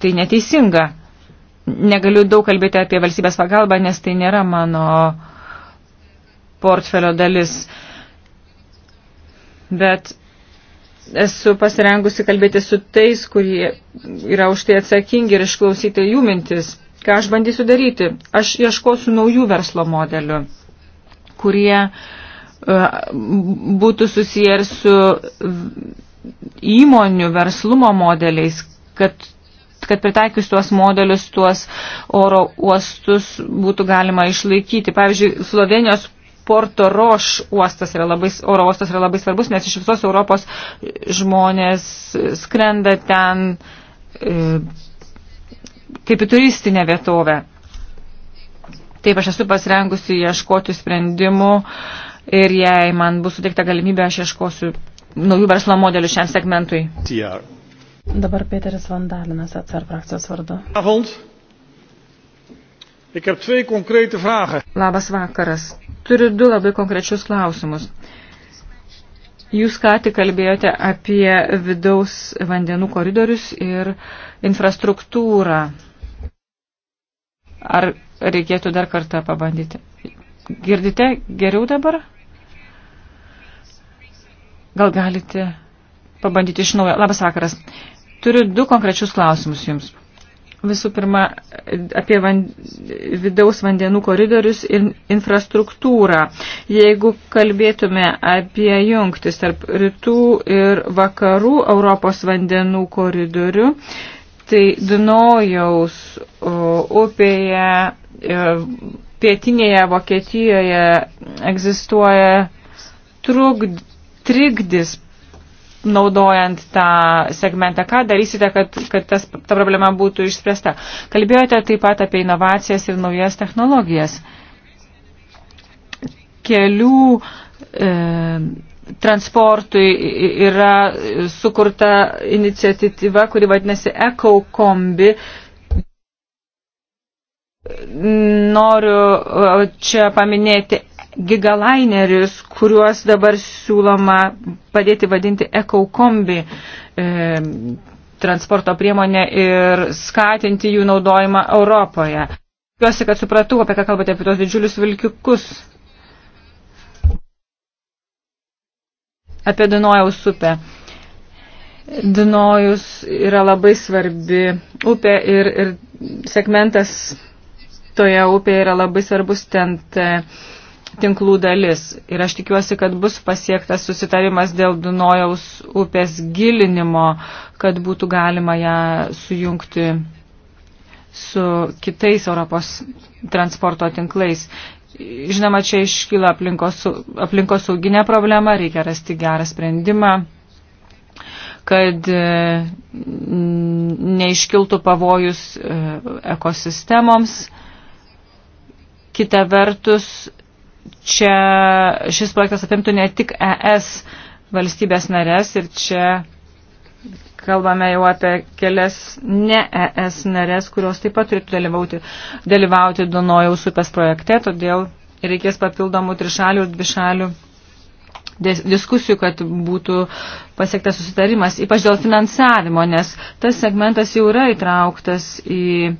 tai neteisinga. Negaliu daug kalbėti apie valstybės pagalbą, nes tai nėra mano portfelio dalis. Bet esu pasirengusi kalbėti su tais, kurie yra už tai atsakingi ir išklausyti jų mintis ką aš bandysiu daryti. Aš ieškosiu naujų verslo modelių, kurie e, būtų susiję ir su įmonių verslumo modeliais, kad, kad pritaikius tuos modelius, tuos oro uostus būtų galima išlaikyti. Pavyzdžiui, Slovenijos Porto Roš uostas yra labai, oro uostas yra labai svarbus, nes iš visos Europos žmonės skrenda ten. E, kaip į turistinę vietovę. Taip, aš esu pasirengusi ieškoti sprendimų ir jei man bus suteikta galimybė, aš ieškosiu naujų verslo modelių šiam segmentui. TR. Dabar Peteris Vandalinas atsar frakcijos vardu. Avond. Ik heb twee concrete vragen. Labas vakaras. Turiu du labai konkrečius klausimus. Jūs ką tik kalbėjote apie vidaus vandenų koridorius ir infrastruktūrą. Ar reikėtų dar kartą pabandyti? Girdite geriau dabar? Gal galite pabandyti iš naujo? Labas vakaras. Turiu du konkrečius klausimus jums. Visų pirma, apie van, vidaus vandenų koridorius ir infrastruktūrą. Jeigu kalbėtume apie jungtis tarp rytų ir vakarų Europos vandenų koridorių, tai Dunojaus upėje e, pietinėje Vokietijoje egzistuoja trukd, trikdis naudojant tą segmentą? Ką darysite, kad, kad tas, ta problema būtų išspręsta? Kalbėjote taip pat apie inovacijas ir naujas technologijas. Kelių e, transportui yra sukurta iniciatyva, kuri vadinasi Eco Kombi. Noriu e, čia paminėti gigalainerius, kuriuos dabar siūloma padėti vadinti ekokombi e, transporto priemonę ir skatinti jų naudojimą Europoje. Tikiuosi, kad supratau, apie ką kalbate, apie tos didžiulius vilkikus. Apie Dunojaus upę. Dunojus yra labai svarbi upė ir, ir segmentas toje upėje yra labai svarbus ten. T, tinklų dalis. Ir aš tikiuosi, kad bus pasiektas susitarimas dėl Dunojaus upės gilinimo, kad būtų galima ją sujungti su kitais Europos transporto tinklais. Žinoma, čia iškyla aplinkos, aplinkos sauginė problema, reikia rasti gerą sprendimą kad e, neiškiltų pavojus e, ekosistemoms. Kita vertus, čia šis projektas apimtų ne tik ES valstybės narės ir čia kalbame jau apie kelias ne ES narės, kurios taip pat turėtų dalyvauti, dalyvauti Dunojaus upės projekte, todėl reikės papildomų trišalių ir dvišalių diskusijų, kad būtų pasiektas susitarimas, ypač dėl finansavimo, nes tas segmentas jau yra įtrauktas į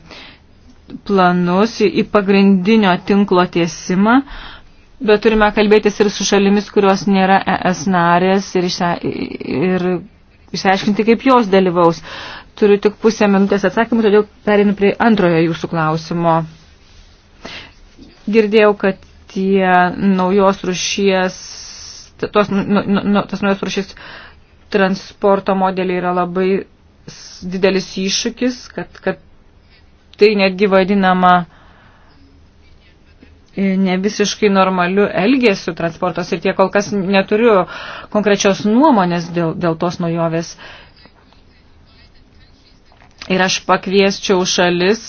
planus, į pagrindinio tinklo tiesimą. Uh, Bet turime kalbėtis ir su šalimis, kurios nėra ES narės ir, išsia, ir išsiaiškinti, kaip jos dalyvaus. Turiu tik pusę minutės atsakymų, todėl perinu prie antrojo jūsų klausimo. Girdėjau, kad tie naujos rušies, tos, nu, nu, nu tos naujos rušies transporto modeliai yra labai didelis iššūkis, kad, kad tai netgi vadinama uh, ne visiškai normaliu elgesiu transporto srityje. Kol kas neturiu konkrečios nuomonės dėl, dėl tos naujovės. Ir aš pakviesčiau šalis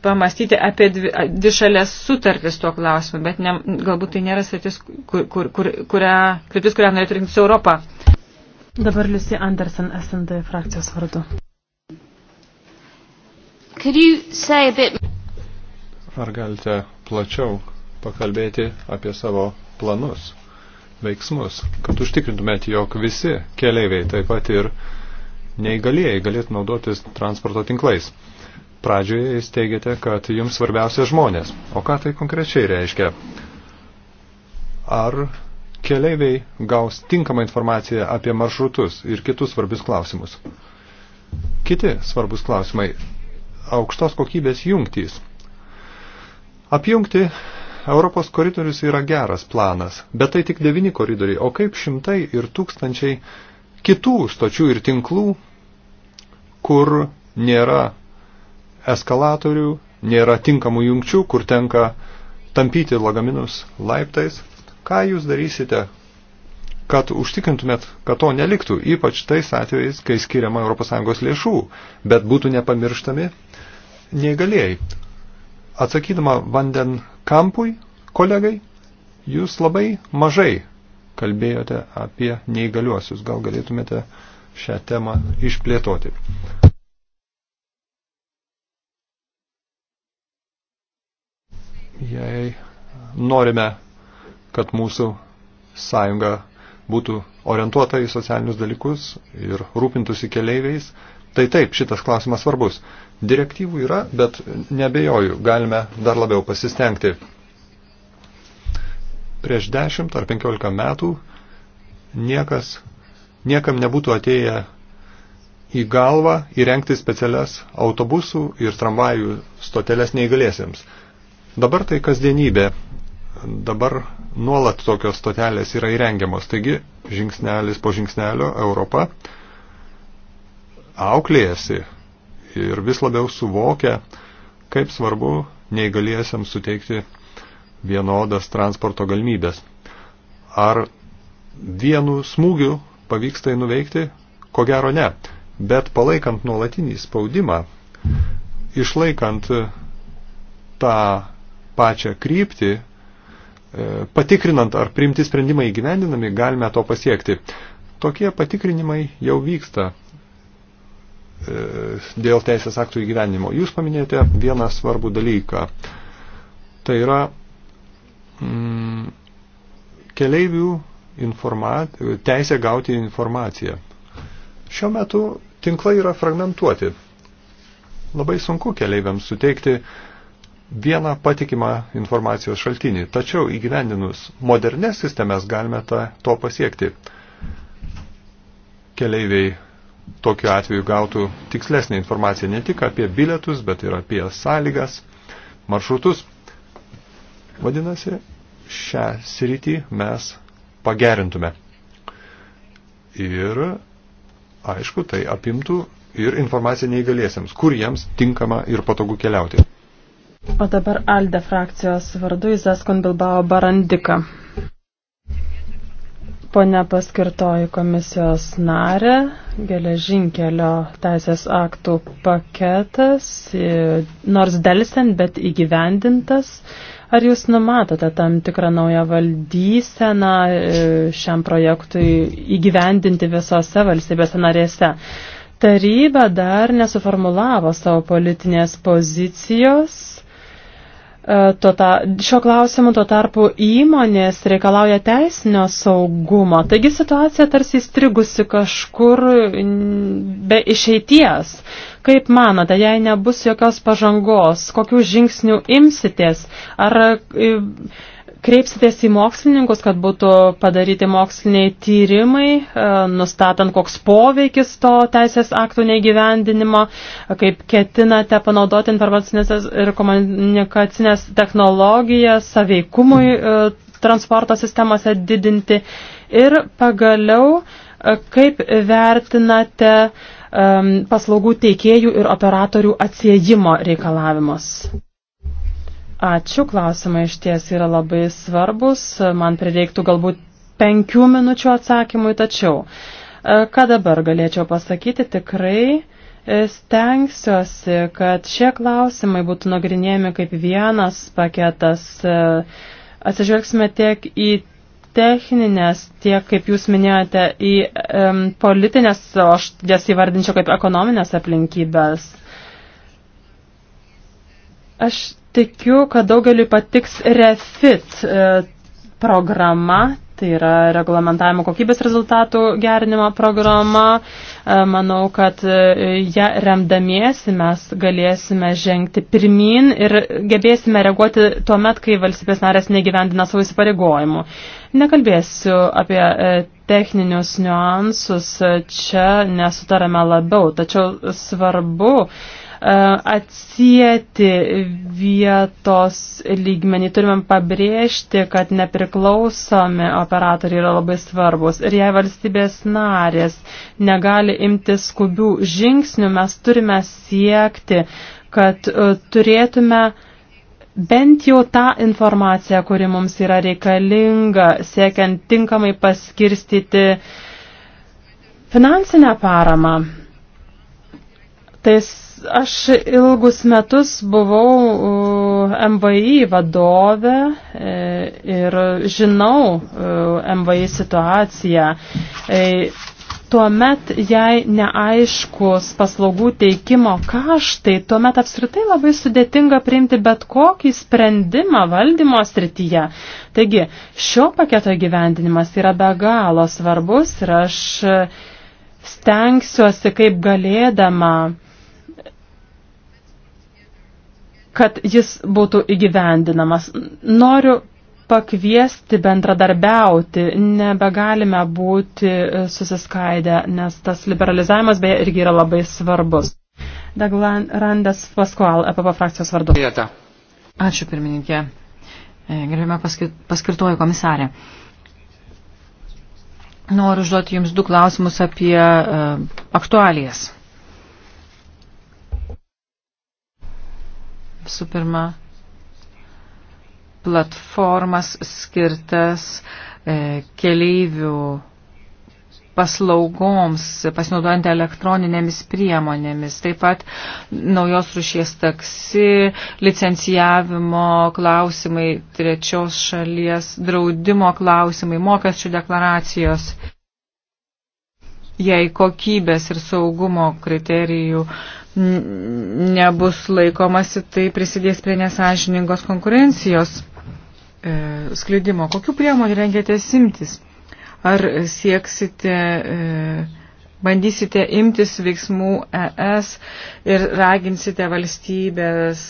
pamastyti apie dvi, dišalės sutartis tuo klausimu, bet ne, galbūt tai nėra sritis, kur, kur, kur, kurią, kryptis, kurią norėtų rinktis Europą. Dabar Liusi Andersen, SND frakcijos vardu. Bit... Ar galite plačiau pakalbėti apie savo planus, veiksmus, kad užtikrintumėte, jog visi keleiviai, taip pat ir neįgalieji, galėtų naudotis transporto tinklais? Pradžioje jūs teigiate, kad jums svarbiausia žmonės. O ką tai konkrečiai reiškia? Ar keleiviai gaus tinkamą informaciją apie maršrutus ir kitus svarbius klausimus? Kiti svarbus klausimai aukštos kokybės jungtys. Apjungti Europos koridorius yra geras planas, bet tai tik devini koridoriai, o kaip šimtai ir tūkstančiai kitų stočių ir tinklų, kur nėra eskalatorių, nėra tinkamų jungčių, kur tenka tampyti lagaminus laiptais. Ką jūs darysite, kad užtikrintumėt, kad to neliktų, ypač tais atvejais, kai skiriama ES lėšų, bet būtų nepamirštami neįgalėjai. Atsakydama Vanden Kampui, kolegai, jūs labai mažai kalbėjote apie neįgaliuosius. Gal galėtumėte šią temą išplėtoti. Jei norime, kad mūsų sąjunga būtų orientuota į socialinius dalykus ir rūpintųsi keleiviais, tai taip, šitas klausimas svarbus. Direktyvų yra, bet nebejoju, galime dar labiau pasistengti. Prieš 10 ar 15 metų niekas, niekam nebūtų atėję į galvą įrengti specialias autobusų ir tramvajų stoteles neįgalėsiams. Dabar tai kasdienybė. Dabar nuolat tokios stotelės yra įrengiamos. Taigi, žingsnelis po žingsnelio Europa auklėjasi ir vis labiau suvokia, kaip svarbu neįgaliesiams suteikti vienodas transporto galimybės. Ar vienu smūgiu pavyks tai nuveikti? Ko gero ne. Bet palaikant nuolatinį spaudimą, išlaikant tą pačią kryptį, e, patikrinant ar priimti sprendimai įgyvendinami, galime to pasiekti. Tokie patikrinimai jau vyksta E, dėl teisės aktų įgyvenimo. Jūs paminėjote vieną svarbų dalyką. Tai yra mm, keleivių informat, teisė gauti informaciją. Šiuo metu tinklai yra fragmentuoti. Labai sunku keleiviams suteikti vieną patikimą informacijos šaltinį. Tačiau įgyvendinus modernės sistemas galime ta, to pasiekti. Keleiviai tokiu atveju gautų tikslesnį informaciją ne tik apie bilietus, bet ir apie sąlygas, maršrutus. Vadinasi, šią sritį mes pagerintume. Ir, aišku, tai apimtų ir informaciją neįgalėsiams, kur jiems tinkama ir patogu keliauti. O dabar Alde frakcijos vardu Izaskon Bilbao Barandika. Pone paskirtoji komisijos narė, geležinkelio teisės aktų paketas, nors delsiant, bet įgyvendintas. Ar jūs numatote tam tikrą naują valdyseną e, šiam projektui įgyvendinti visose valstybėse narėse? Taryba dar nesuformulavo savo politinės pozicijos E, tota, šio klausimu tuo tarpu įmonės reikalauja teisinio saugumo. Taigi situacija tarsi įstrigusi kažkur be išeities. Kaip manote, jei nebus jokios pažangos, kokių žingsnių imsitės? Ar e, kreipsitės į mokslininkus, kad būtų padaryti moksliniai tyrimai, e, nustatant, koks poveikis to teisės aktų neįgyvendinimo, kaip ketinate panaudoti informacinės ir komunikacinės technologijas saveikumui e, transporto sistemose didinti ir pagaliau, e, kaip vertinate paslaugų teikėjų ir operatorių atsiejimo reikalavimus. Ačiū, klausimai iš ties yra labai svarbus. Man prireiktų galbūt penkių minučių atsakymui, tačiau e, ką dabar galėčiau pasakyti, tikrai e, stengsiuosi, kad šie klausimai būtų nagrinėjami kaip vienas paketas. E, atsižvelgsime tiek į techninės, tiek, kaip jūs minėjote, į um, politinės, o aš jas įvardinčiau kaip ekonominės aplinkybės. Aš Tikiu, kad daugeliu patiks refit e, programa, tai yra reglamentavimo kokybės rezultatų gerinimo programa. E, manau, kad e, ją remdamiesi mes galėsime žengti pirmin ir gebėsime reaguoti tuo met, kai valstybės narės negyvendina savo įsipareigojimų. Nekalbėsiu apie techninius niuansus, čia nesutarame labiau, tačiau svarbu E, atsijėti vietos lygmenį. Turime pabrėžti, kad nepriklausomi operatoriai yra labai svarbus. Ir jei valstybės narės negali imti skubių žingsnių, mes turime siekti, kad e, turėtume bent jau tą informaciją, kuri mums yra reikalinga, siekiant tinkamai paskirstyti finansinę paramą. Tais Aš ilgus metus buvau uh, MVI vadovė uh, ir žinau uh, MVI situaciją. Tuomet, jei neaiškus paslaugų teikimo kaštai, tuomet apskritai labai sudėtinga priimti bet kokį sprendimą valdymo srityje. Taigi, šio paketo gyvendinimas yra be galo svarbus ir aš stengsiuosi kaip galėdama uh, kad jis būtų įgyvendinamas. Noriu pakviesti bendradarbiauti, nebegalime būti susiskaidę, nes tas liberalizavimas beje irgi yra labai svarbus. Daglan Randas Paskual, EPP frakcijos vardu. Vieta. Ačiū pirmininkė. E, Gerbime paskirtuoju komisarė. Noriu užduoti Jums du klausimus apie uh, aktualijas. Visų pirma, platformas skirtas e, keleivių paslaugoms, pasinaudojant elektroninėmis priemonėmis, taip pat naujos rušies taksi, licencijavimo klausimai, trečios šalies draudimo klausimai, mokesčių deklaracijos jei kokybės ir saugumo kriterijų nebus laikomasi, tai prisidės prie nesažiningos konkurencijos e, sklidimo. Kokiu priemonių rengėtės imtis? Ar sieksite, e, bandysite imtis veiksmų ES ir raginsite valstybės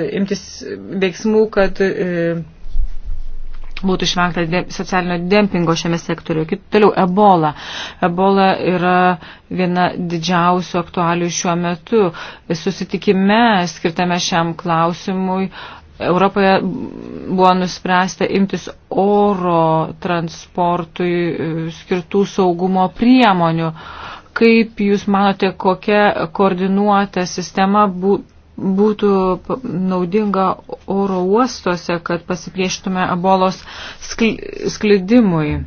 imtis veiksmų, kad e, būtų išvengta de, socialinio dempingo šiame sektoriu. Kaip toliau, ebola. Ebola yra viena didžiausių aktualių šiuo metu. Susitikime skirtame šiam klausimui. Europoje buvo nuspręsta imtis oro transportui e, skirtų saugumo priemonių. Kaip Jūs manote, kokia koordinuota sistema būtų būtų naudinga oro uostuose, kad pasiprieštume ebolos skl sklidimui.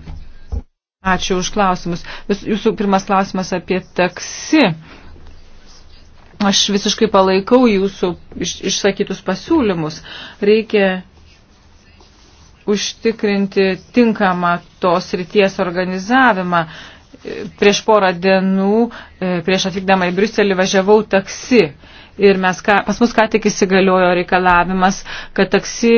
Ačiū už klausimus. Jūsų pirmas klausimas apie taksi. Aš visiškai palaikau jūsų išsakytus pasiūlymus. Reikia užtikrinti tinkamą tos ryties organizavimą. Prieš porą dienų, e, prieš atvykdama į Briuselį, važiavau taksi Ir mes, ką, pas mus ką tik įsigaliojo reikalavimas, kad taksi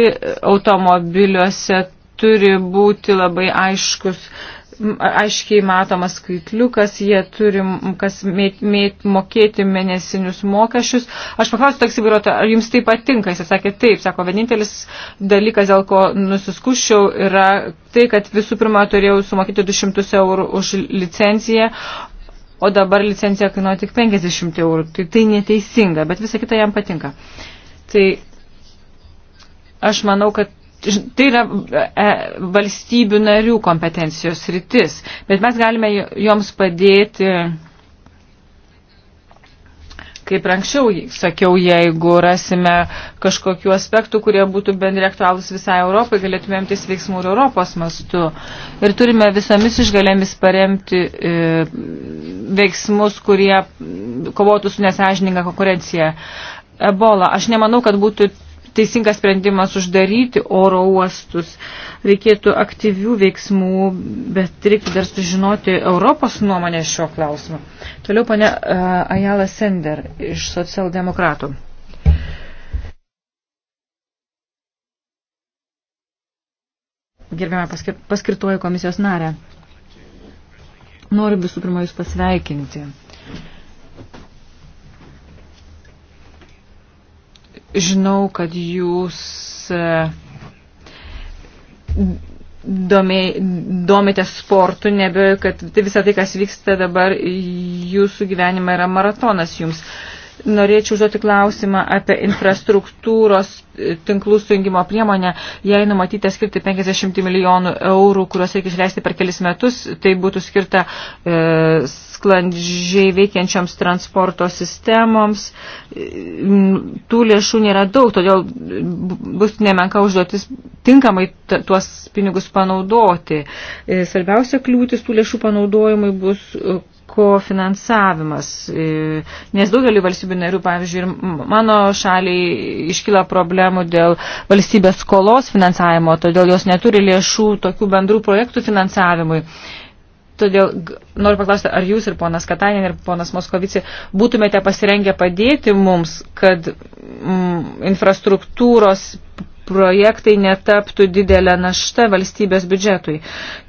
automobiliuose turi būti labai aiškus aiškiai matomas skaitliukas, jie turi kas mėt, mėt, mokėti mėnesinius mokesčius. Aš paklausiu taksi vairuotojo, ar jums tai patinka? Jis atsakė taip, sako, vienintelis dalykas, dėl ko nusiskuščiau, yra tai, kad visų pirma turėjau sumokėti 200 eurų už licenciją, o dabar licencija kainuoja tik 50 eurų. Tai, tai neteisinga, bet visa kita jam patinka. Tai aš manau, kad tai yra e, valstybių narių kompetencijos rytis, bet mes galime joms padėti Kaip anksčiau sakiau, jeigu rasime kažkokiu aspektų, kurie būtų bendri aktualūs visai Europai, galėtume imtis veiksmų ir Europos mastu. Ir turime visomis išgalėmis paremti e, veiksmus, kurie kovotų su nesažininga konkurencija. Ebola. Aš nemanau, kad būtų teisingas sprendimas uždaryti oro uostus. Reikėtų aktyvių veiksmų, bet reiktų dar sužinoti Europos nuomonę šio klausimu. Toliau pane uh, Ajala Sender iš socialdemokratų. Gerbiamą paskirtuoju komisijos narę. Noriu visų pirma Jūs pasveikinti. Žinau, kad jūs e, domė, domite sportu, nebejoju, kad visą tai, kas vyksta dabar, jūsų gyvenime yra maratonas jums. Uh, norėčiau užduoti klausimą apie infrastruktūros e, tinklų sujungimo priemonę. Jei numatyta skirti 50 milijonų eurų, kuriuos reikia išleisti per kelis metus, tai būtų skirta e, sklandžiai veikiančioms transporto sistemoms. E, tų lėšų nėra daug, todėl bus nemenka užduotis tinkamai tuos pinigus panaudoti. E, svarbiausia kliūtis tų lėšų panaudojimui bus kofinansavimas. E, nes daugeliu valstybių narių, pavyzdžiui, ir mano šaliai iškyla problemų dėl valstybės skolos finansavimo, todėl jos neturi lėšų tokių bendrų projektų finansavimui. Todėl noriu paklausti, ar jūs ir ponas Katanin ir ponas Moskovici būtumėte pasirengę padėti mums, kad mm, infrastruktūros projektai netaptų didelę naštą valstybės biudžetui.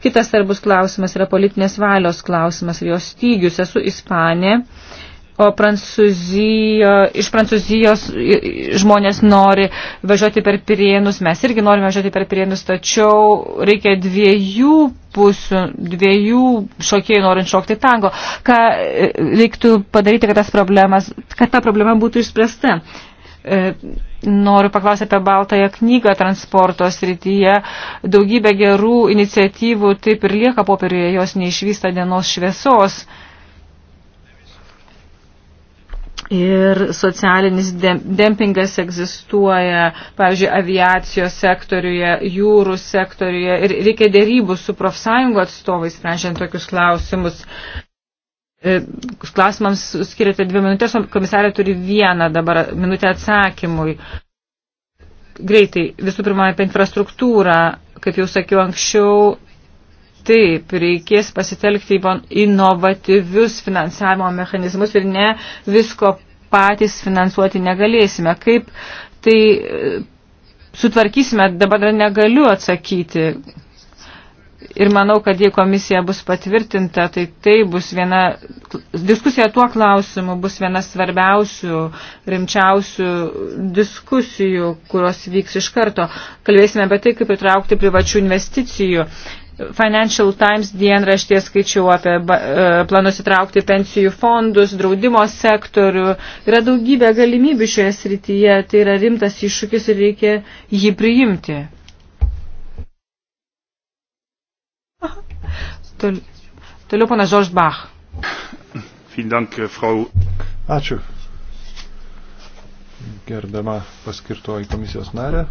Kitas svarbus klausimas yra politinės valios klausimas ir jos stygius. Esu Ispanė. O Prancūzijo, iš Prancūzijos žmonės nori važiuoti per Pirienus, mes irgi norime važiuoti per Pirienus, tačiau reikia dviejų pusių, dviejų šokėjų norint šokti tango. Ką e, reiktų padaryti, kad, tas problemas, kad ta problema būtų išspręsta? E, noriu paklausyti apie baltąją knygą transporto srityje. Daugybė gerų iniciatyvų taip ir lieka popieriuje, jos neišvysta dienos šviesos. Ir socialinis dempingas egzistuoja, pavyzdžiui, aviacijos sektoriuje, jūrų sektoriuje ir reikia dėrybų su profsąjungo atstovais, sprendžiant tokius klausimus. E, klausimams skiriate dvi minutės, o komisarė turi vieną dabar minutę atsakymui. Greitai, visų pirma, apie infrastruktūrą, kaip jau sakiau anksčiau, taip, reikės pasitelkti inovatyvius finansavimo mechanizmus ir ne visko patys finansuoti negalėsime. Kaip tai e, sutvarkysime, dabar negaliu atsakyti Ir manau, kad jei komisija bus patvirtinta, tai tai bus viena, diskusija tuo klausimu bus viena svarbiausių, rimčiausių diskusijų, kurios vyks iš karto. Kalbėsime apie tai, kaip pritraukti privačių investicijų. Financial Times dienraštė skaičiau apie e, planus įtraukti pensijų fondus, draudimo sektorių. Yra daugybė galimybių šioje srityje, tai yra rimtas iššūkis ir reikia jį priimti. Tol, toliau pana Žorž Bach. Äh, Ačiū. Gerbiama paskirtoji komisijos narė.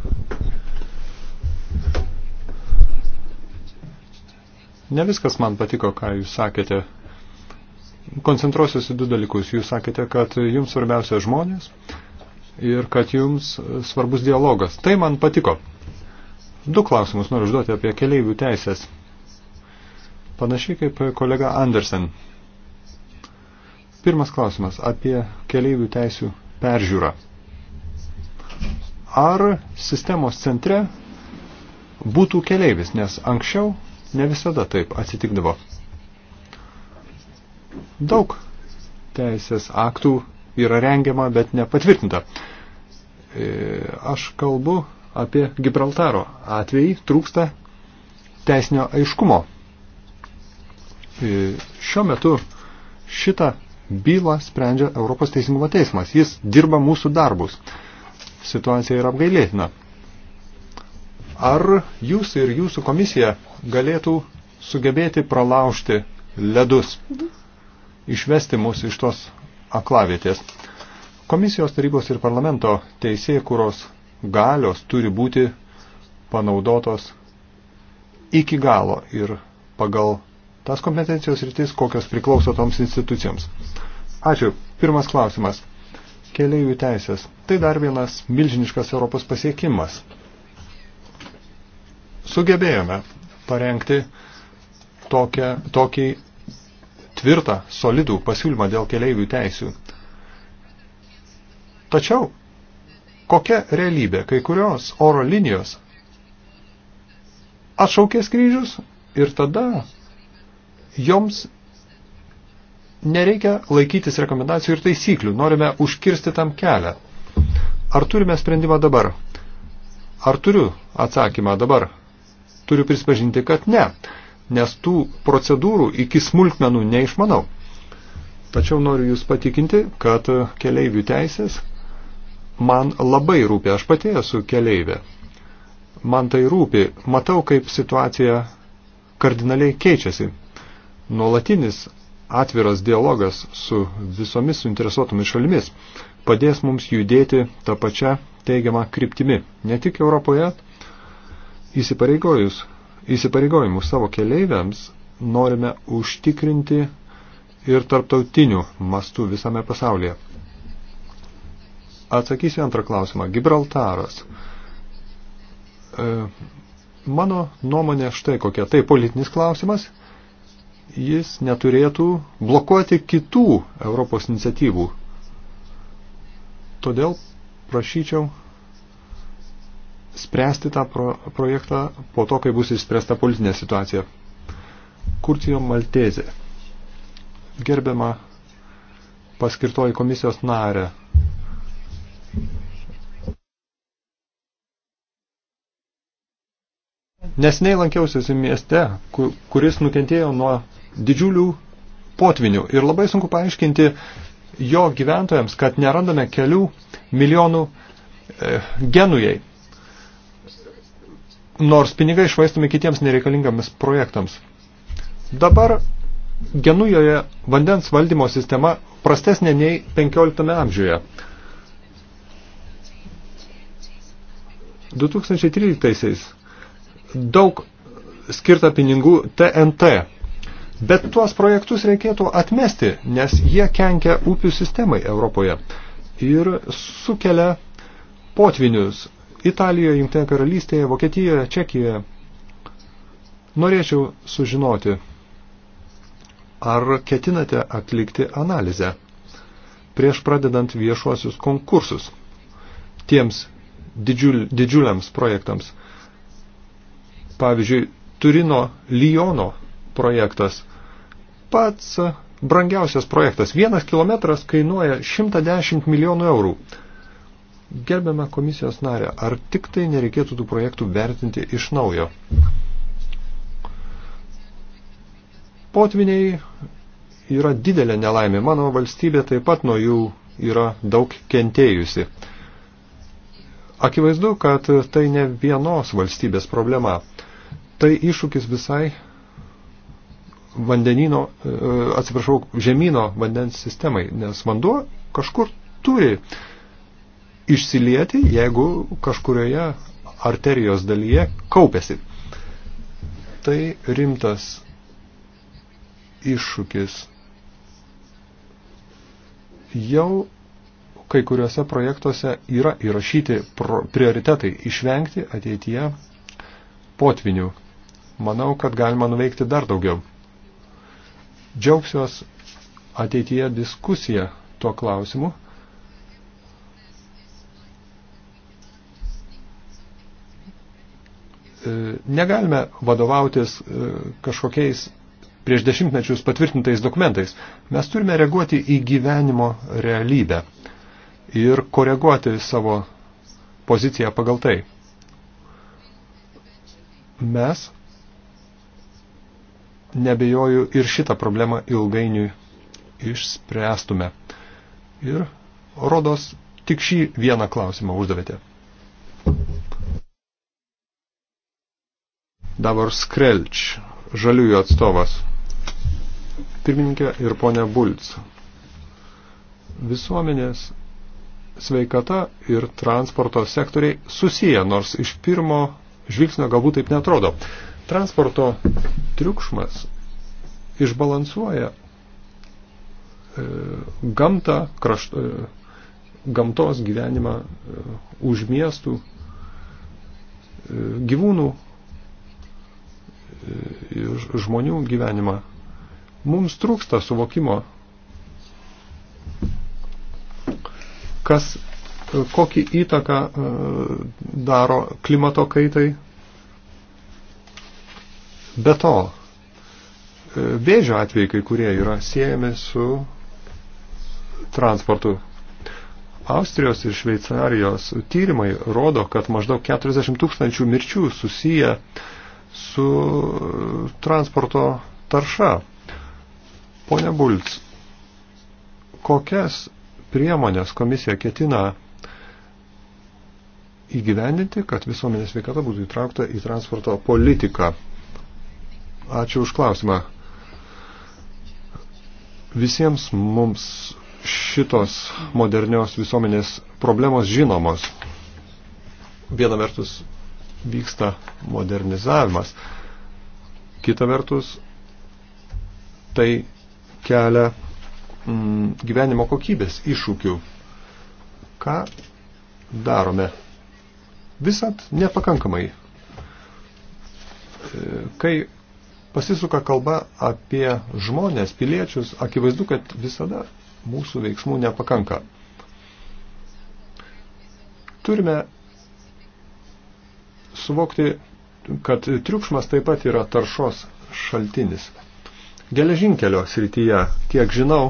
Ne viskas man patiko, ką jūs sakėte. Koncentruosiuosi du dalykus. Jūs sakėte, kad jums svarbiausia žmonės ir kad jums svarbus dialogas. Tai man patiko. Du klausimus noriu užduoti apie keleivių teisės. Panašiai kaip kolega Andersen. Pirmas klausimas apie keleivių teisių peržiūrą. Ar sistemos centre būtų keleivis, nes anksčiau ne visada taip atsitikdavo. Daug teisės aktų yra rengiama, bet nepatvirtinta. E, aš kalbu apie Gibraltaro atvejį, trūksta teisinio aiškumo. E, šiuo metu šitą bylą sprendžia Europos teisingumo teismas. Jis dirba mūsų darbus. Situacija yra apgailėtina. Ar jūs ir jūsų komisija galėtų sugebėti pralaužti ledus, išvesti mus iš tos aklavietės? Komisijos tarybos ir parlamento teisėjai, kuros galios turi būti panaudotos iki galo ir pagal tas kompetencijos rytis, kokios priklauso toms institucijoms. Ačiū. Pirmas klausimas. Keliaivių teisės. Tai dar vienas milžiniškas Europos pasiekimas. Sugebėjome parengti tokią, tokį tvirtą, solidų pasiūlymą dėl keliaivių teisių. Tačiau, kokia realybė, kai kurios oro linijos atšaukė skrydžius ir tada joms nereikia laikytis rekomendacijų ir taisyklių. Norime užkirsti tam kelią. Ar turime sprendimą dabar? Ar turiu atsakymą dabar? Turiu prispažinti, kad ne, nes tų procedūrų iki smulkmenų neišmanau. Tačiau noriu Jūs patikinti, kad keleivių teisės man labai rūpi, aš pati esu keleivė. Man tai rūpi, matau, kaip situacija kardinaliai keičiasi nuolatinis atviras dialogas su visomis suinteresuotomis šalimis padės mums judėti tą pačią teigiamą kryptimi. Ne tik Europoje, įsipareigojus, įsipareigojimus savo keleiviams norime užtikrinti ir tarptautinių mastų visame pasaulyje. Atsakysiu antrą klausimą. Gibraltaras. E, mano nuomonė štai kokia. Tai politinis klausimas jis neturėtų blokuoti kitų Europos iniciatyvų. Todėl prašyčiau spręsti tą pro projektą po to, kai bus išspręsta politinė situacija. Kurcijo Maltezė. Gerbiama paskirtoji komisijos narė. Nesnei lankiausiasi mieste, kuris nukentėjo nuo didžiulių potvinių ir labai sunku paaiškinti jo gyventojams, kad nerandame kelių milijonų e, genujai, nors pinigai išvaistami kitiems nereikalingams projektams. Dabar Genujoje vandens valdymo sistema prastesnė nei 15 amžiuje. 2013 daug skirta pinigų TNT Bet tuos projektus reikėtų atmesti, nes jie kenkia upių sistemai Europoje ir sukelia potvinius Italijoje, Jungtinė karalystėje, Vokietijoje, Čekijoje. Norėčiau sužinoti, ar ketinate atlikti analizę prieš pradedant viešuosius konkursus tiems didžiul, didžiuliams projektams. Pavyzdžiui, Turino Liono projektas. Pats brangiausias projektas. Vienas kilometras kainuoja 110 milijonų eurų. Gerbiame komisijos narę, ar tik tai nereikėtų tų projektų vertinti iš naujo? Potviniai yra didelė nelaimė. Mano valstybė taip pat nuo jų yra daug kentėjusi. Akivaizdu, kad tai ne vienos valstybės problema. Tai iššūkis visai vandenino, e, atsiprašau, žemino vandens sistemai, nes vanduo kažkur turi išsilieti, jeigu kažkurioje arterijos dalyje kaupiasi. Tai rimtas iššūkis. Jau kai kuriuose projektuose yra įrašyti prioritetai išvengti ateityje potvinių. Manau, kad galima nuveikti dar daugiau. Džiaugsiuos ateityje diskusiją tuo klausimu. E, negalime vadovautis e, kažkokiais prieš dešimtmečius patvirtintais dokumentais. Mes turime reaguoti į gyvenimo realybę ir koreguoti savo poziciją pagal tai. Mes nebejoju ir šitą problemą ilgainiui išspręstume. Ir rodos tik šį vieną klausimą uždavėte. Davor Skrelč, žaliųjų atstovas. Pirmininkė ir ponia Bulc. Visuomenės sveikata ir transporto sektoriai susiję, nors iš pirmo žvilgsnio galbūt taip netrodo. Transporto triukšmas išbalansuoja e, gamtą, krašto, e, gamtos gyvenimą e, už miestų, gyvūnų ir žmonių gyvenimą. Mums trūksta suvokimo, kas, kokį įtaką daro klimato kaitai Be to, e, vėžio atvejai, kai kurie yra siejami su transportu. Austrijos ir Šveicarijos tyrimai rodo, kad maždaug 40 tūkstančių mirčių susiję su transporto tarša. Pone Bulc, kokias priemonės komisija ketina įgyvendinti, kad visuomenės sveikata būtų įtraukta į transporto politiką? Ačiū už klausimą. Visiems mums šitos modernios visuomenės problemos žinomos. Viena vertus vyksta modernizavimas, kita vertus tai kelia mm, gyvenimo kokybės iššūkių. Ką darome? Visat nepakankamai. E, kai pasisuka kalba apie žmonės, piliečius, akivaizdu, kad visada mūsų veiksmų nepakanka. Turime suvokti, kad triukšmas taip pat yra taršos šaltinis. Geležinkelio srityje, kiek žinau,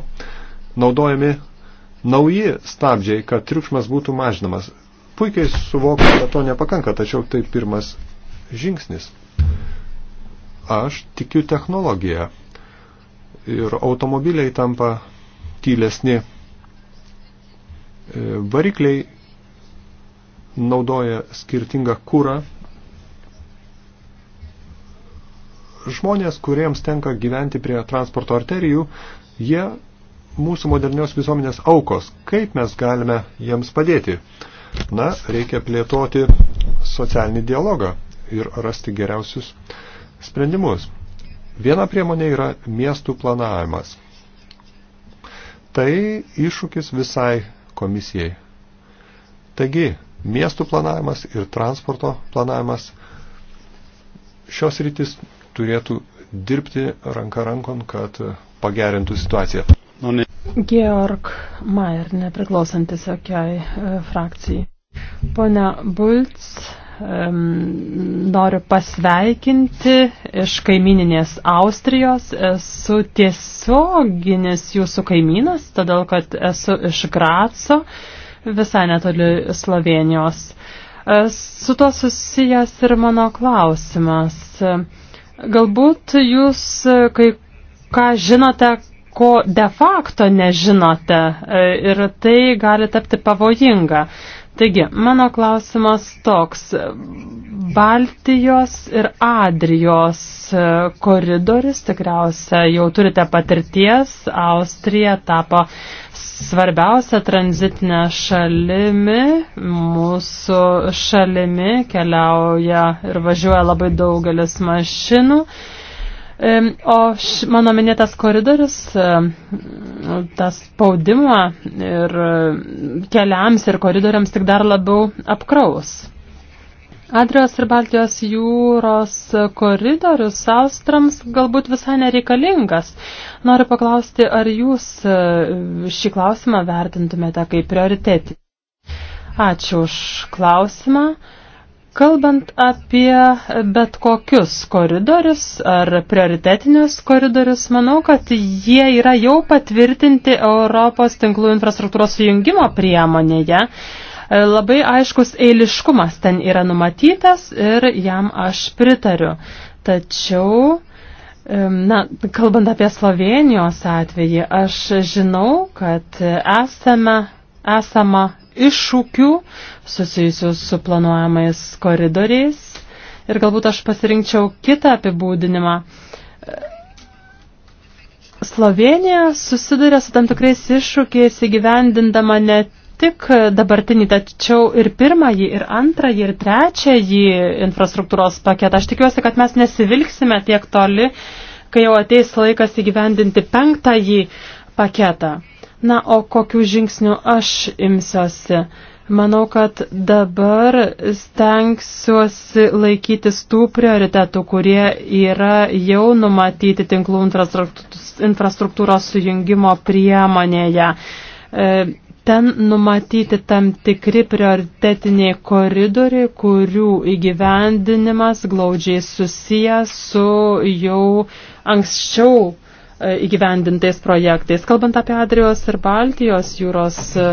naudojami nauji stabdžiai, kad triukšmas būtų mažinamas. Puikiai suvokiu, kad to nepakanka, tačiau tai pirmas žingsnis. Aš tikiu technologiją. Ir automobiliai tampa tylesni. E, varikliai naudoja skirtingą kūrą. Žmonės, kuriems tenka gyventi prie transporto arterijų, jie mūsų modernios visuomenės aukos. Kaip mes galime jiems padėti? Na, reikia plėtoti socialinį dialogą ir rasti geriausius sprendimus. Viena priemonė yra miestų planavimas. Tai iššūkis visai komisijai. Taigi, miestų planavimas ir transporto planavimas šios rytis turėtų dirbti ranka rankon, kad pagerintų situaciją. Nu, Georg Mayer, nepriklausantis jokiai e, frakcijai. Pone Bulc, noriu pasveikinti iš kaimininės Austrijos. Esu tiesioginis jūsų kaimynas, todėl kad esu iš Graco, visai netoli Slovenijos. Su tuo susijęs ir mano klausimas. Galbūt jūs kai ką žinote, ko de facto nežinote e, ir tai gali tapti pavojinga. Taigi, mano klausimas toks. Baltijos ir Adrijos koridorius tikriausia jau turite patirties. Austrija tapo svarbiausia tranzitinė šalimi, mūsų šalimi keliauja ir važiuoja labai daugelis mašinų. Uh, O š, mano minėtas koridorius, tas spaudimą ir keliams ir koridoriams tik dar labiau apkraus. Adrijos ir Baltijos jūros koridorius austrams galbūt visai nereikalingas. Noriu paklausti, ar jūs šį klausimą vertintumėte kaip prioritetį? Ačiū už klausimą. Kalbant apie bet kokius koridorius ar prioritetinius koridorius, manau, kad jie yra jau patvirtinti Europos tinklų infrastruktūros sujungimo priemonėje. Labai aiškus eiliškumas ten yra numatytas ir jam aš pritariu. Tačiau Na, kalbant apie Slovenijos atvejį, aš žinau, kad esame, esama iššūkių susijusių su planuojamais koridoriais. Ir galbūt aš pasirinkčiau kitą apibūdinimą. Slovenija susiduria su tam tikrais iššūkiais įgyvendindama ne tik dabartinį, tačiau ir pirmąjį, ir antrąjį, ir trečiąjį infrastruktūros paketą. Aš tikiuosi, kad mes nesivilksime tiek toli, kai jau ateis laikas įgyvendinti penktąjį paketą. Na, o kokių žingsnių aš imsiuosi? Manau, kad dabar stengsiuosi laikytis tų prioritetų, kurie yra jau numatyti tinklų infrastruktūros sujungimo priemonėje. E, ten numatyti tam tikri prioritetiniai koridoriai, kurių įgyvendinimas glaudžiai susijęs su jau anksčiau E, įgyvendintais projektais. Kalbant apie Adrijos ir Baltijos jūros e,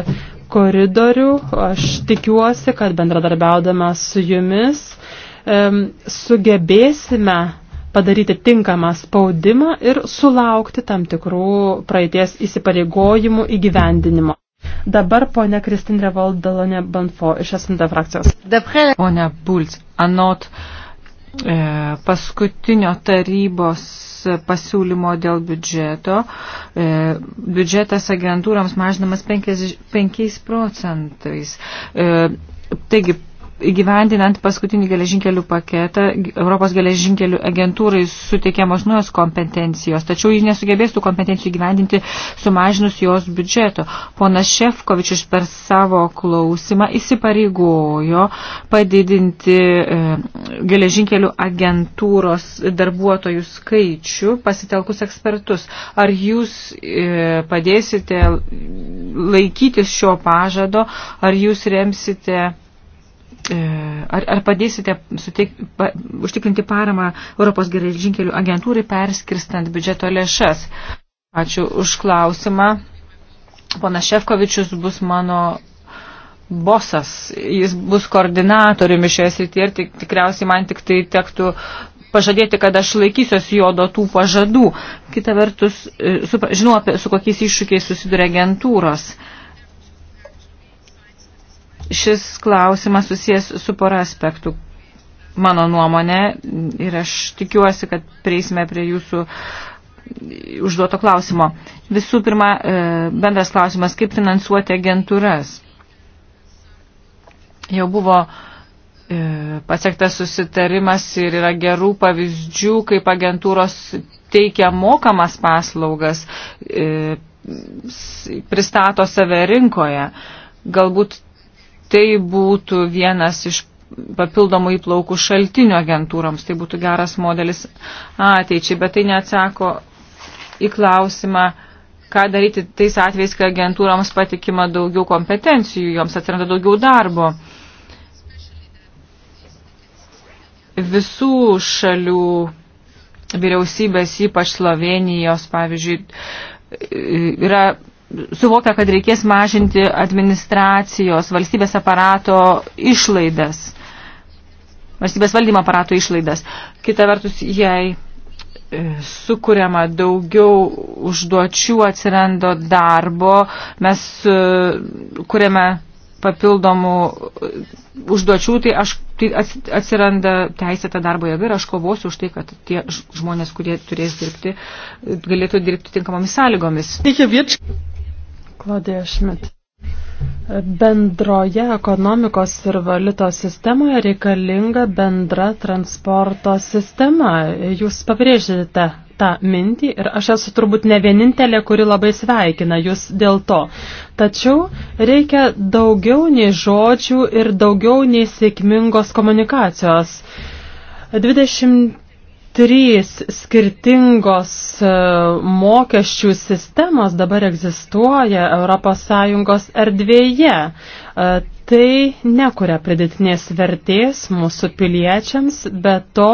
koridorių, aš tikiuosi, kad bendradarbiaudama su jumis e, sugebėsime padaryti tinkamą spaudimą ir sulaukti tam tikrų praeities įsipareigojimų įgyvendinimo. Dabar ponia Kristin Revoldalonė Banfo iš SND frakcijos. Pone Bulc, anot uh, E, paskutinio tarybos pasiūlymo dėl biudžeto. E, biudžetas agentūrams mažinamas 5 procentais. E, taigi, įgyvendinant paskutinį geležinkelių paketą, Europos geležinkelių agentūrai suteikiamos nuos kompetencijos, tačiau jis nesugebės tų kompetencijų įgyvendinti sumažinus jos biudžeto. Ponas Šefkovičius per savo klausimą įsipareigojo padidinti e, geležinkelių agentūros darbuotojų skaičių pasitelkus ekspertus. Ar jūs e, padėsite laikytis šio pažado, ar jūs remsite E, ar, ar padėsite suteik, pa, užtikrinti paramą Europos geležinkelių agentūrai perskirstant biudžeto lėšas? Ačiū už klausimą. Pana Šefkovičius bus mano bosas, jis bus koordinatoriumi šioje srityje ir tik, tikriausiai man tik tai tektų pažadėti, kad aš laikysiuosi jo duotų pažadų. Kita vertus, e, su, žinau, apie, su kokiais iššūkiais susiduria agentūros. Uh, Šis klausimas susijęs su pora aspektų. Mano nuomonė ir aš tikiuosi, kad prieisime prie jūsų užduoto klausimo. Visų pirma, e, bendras klausimas, kaip finansuoti agentūras. Jau buvo e, pasiektas susitarimas ir yra gerų pavyzdžių, kaip agentūros teikia mokamas paslaugas, e, pristato save rinkoje. Galbūt tai būtų vienas iš papildomų įplaukų šaltinių agentūroms. Tai būtų geras modelis ateičiai, bet tai neatsako į klausimą, ką daryti tais atvejais, kai agentūroms patikima daugiau kompetencijų, joms atsiranda daugiau darbo. Visų šalių vyriausybės, ypač Slovenijos, pavyzdžiui, yra suvokia, kad reikės mažinti administracijos, valstybės aparato išlaidas, valstybės valdymo aparato išlaidas. Kita vertus, jei e, sukuriama daugiau užduočių, atsirando darbo, mes e, kuriame papildomų e, užduočių, tai, aš, tai atsiranda teisėta darbo jėga ir aš kovosiu už tai, kad tie žmonės, kurie turės dirbti, galėtų dirbti tinkamomis sąlygomis. Klaudija Šmit. Bendroje ekonomikos ir valiutos sistemoje reikalinga bendra transporto sistema. Jūs pabrėžėte tą mintį ir aš esu turbūt ne vienintelė, kuri labai sveikina jūs dėl to. Tačiau reikia daugiau nei žodžių ir daugiau nei sėkmingos komunikacijos. 20 trys skirtingos e, mokesčių sistemos dabar egzistuoja ES erdvėje. E, tai nekuria pridėtinės vertės mūsų piliečiams, bet to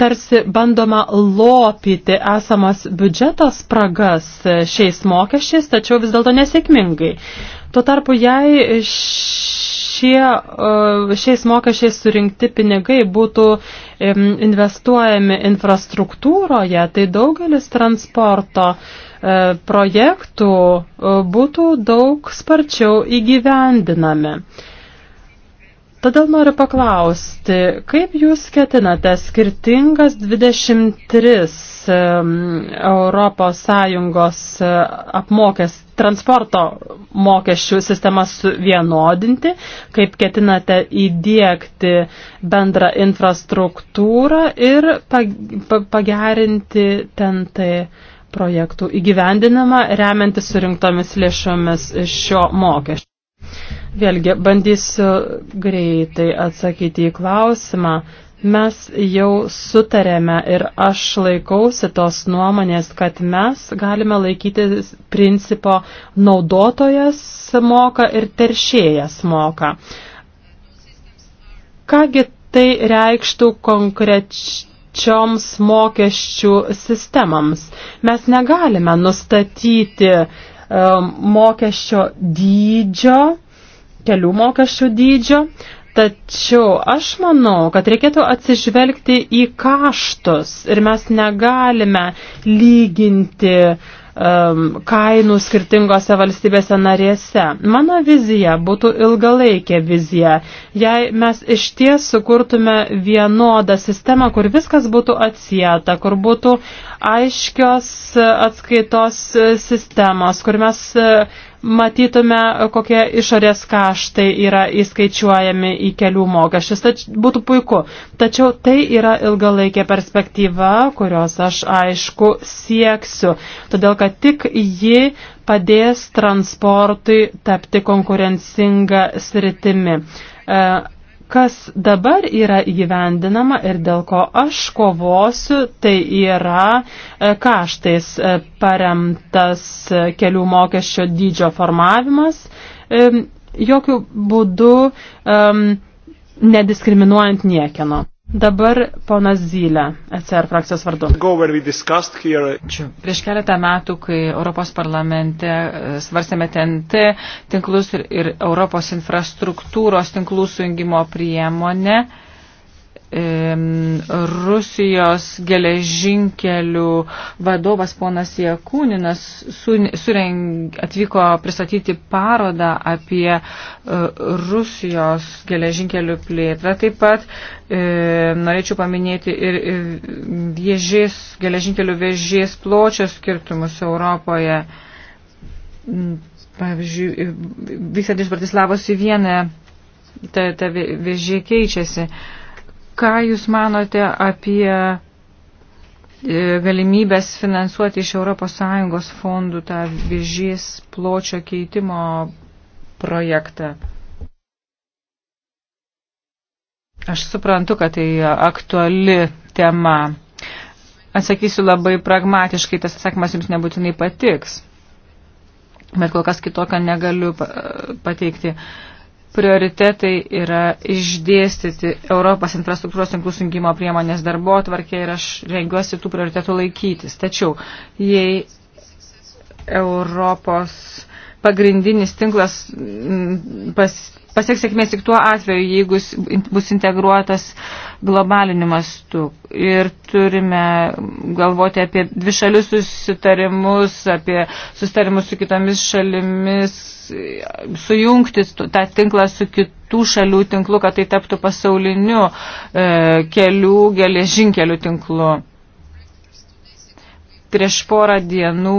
tarsi bandoma lopyti esamas biudžeto spragas šiais mokesčiais, tačiau vis dėlto nesėkmingai. Tuo tarpu, jei š šie, e, šiais mokesčiais surinkti pinigai būtų investuojami infrastruktūroje, tai daugelis transporto e, projektų e, būtų daug sparčiau įgyvendinami. Todėl noriu paklausti, kaip jūs ketinate skirtingas 23 Europos Sąjungos e, apmokės transporto mokesčių sistemas vienodinti, kaip ketinate įdėkti bendrą infrastruktūrą ir pagerinti ten tai projektų įgyvendinimą, remiantis surinktomis lėšomis šio mokesčio. Vėlgi, bandysiu greitai atsakyti į klausimą. Mes jau sutarėme ir aš laikausi tos nuomonės, kad mes galime laikyti principo naudotojas moka ir teršėjas moka. Kągi tai reikštų konkrečioms mokesčių sistemams? Mes negalime nustatyti um, mokesčio dydžio, kelių mokesčių dydžio, tačiau aš manau, kad reikėtų atsižvelgti į kaštus ir mes negalime lyginti um, kainų skirtingose valstybėse narėse. Mano vizija būtų ilgalaikė vizija, jei mes iš ties sukurtume vienodą sistemą, kur viskas būtų atsieta, kur būtų aiškios atskaitos sistemos, kur mes uh, matytume, kokie išorės kaštai yra įskaičiuojami į kelių mokesčius. Tač, būtų puiku. Tačiau tai yra ilgalaikė perspektyva, kurios aš aišku sieksiu. Todėl, kad tik ji padės transportui tapti konkurencinga sritimi. E, kas dabar yra įgyvendinama ir dėl ko aš kovosiu, tai yra e, kaštais e, paremtas e, kelių mokesčio dydžio formavimas, jokių būdų um, nediskriminuojant niekieno. Dabar ponas Zylė, ECR frakcijos vardu. Ačiū. Prieš keletą metų, kai Europos parlamente e, svarstėme TNT tinklus ir, ir Europos infrastruktūros tinklų sujungimo priemonę, Rusijos geležinkelių vadovas ponas Jakūninas sureng, atvyko pristatyti parodą apie e, Rusijos geležinkelių plėtrą. Taip pat e, norėčiau paminėti ir viežės, geležinkelių viežės pločio skirtumus Europoje. Mm, pavyzdžiui, vykstant iš Bratislavos į vieną, ta, ta viežė keičiasi. E, Ką Jūs manote apie e, galimybės finansuoti iš ES fondų tą viežys pločio keitimo projektą? Aš suprantu, kad tai aktuali tema. Atsakysiu labai pragmatiškai, tas atsakymas jums nebūtinai patiks. Bet kol kas kitokio negaliu pateikti. Uh, prioritetai yra išdėstyti Europos infrastruktūros tinklų sungimo priemonės darbo atvarkė ir aš rengiuosi tų prioritetų laikytis. Tačiau, jei Europos pagrindinis tinklas mm, pas, pasieks sėkmės tik tuo atveju, jeigu bus integruotas globaliniu mastu. Ir turime galvoti apie dvišalius susitarimus, apie susitarimus su kitomis šalimis, sujungti tą tinklą su kitų šalių tinklu, kad tai taptų pasauliniu e, kelių, geležinkelių tinklu. Prieš porą dienų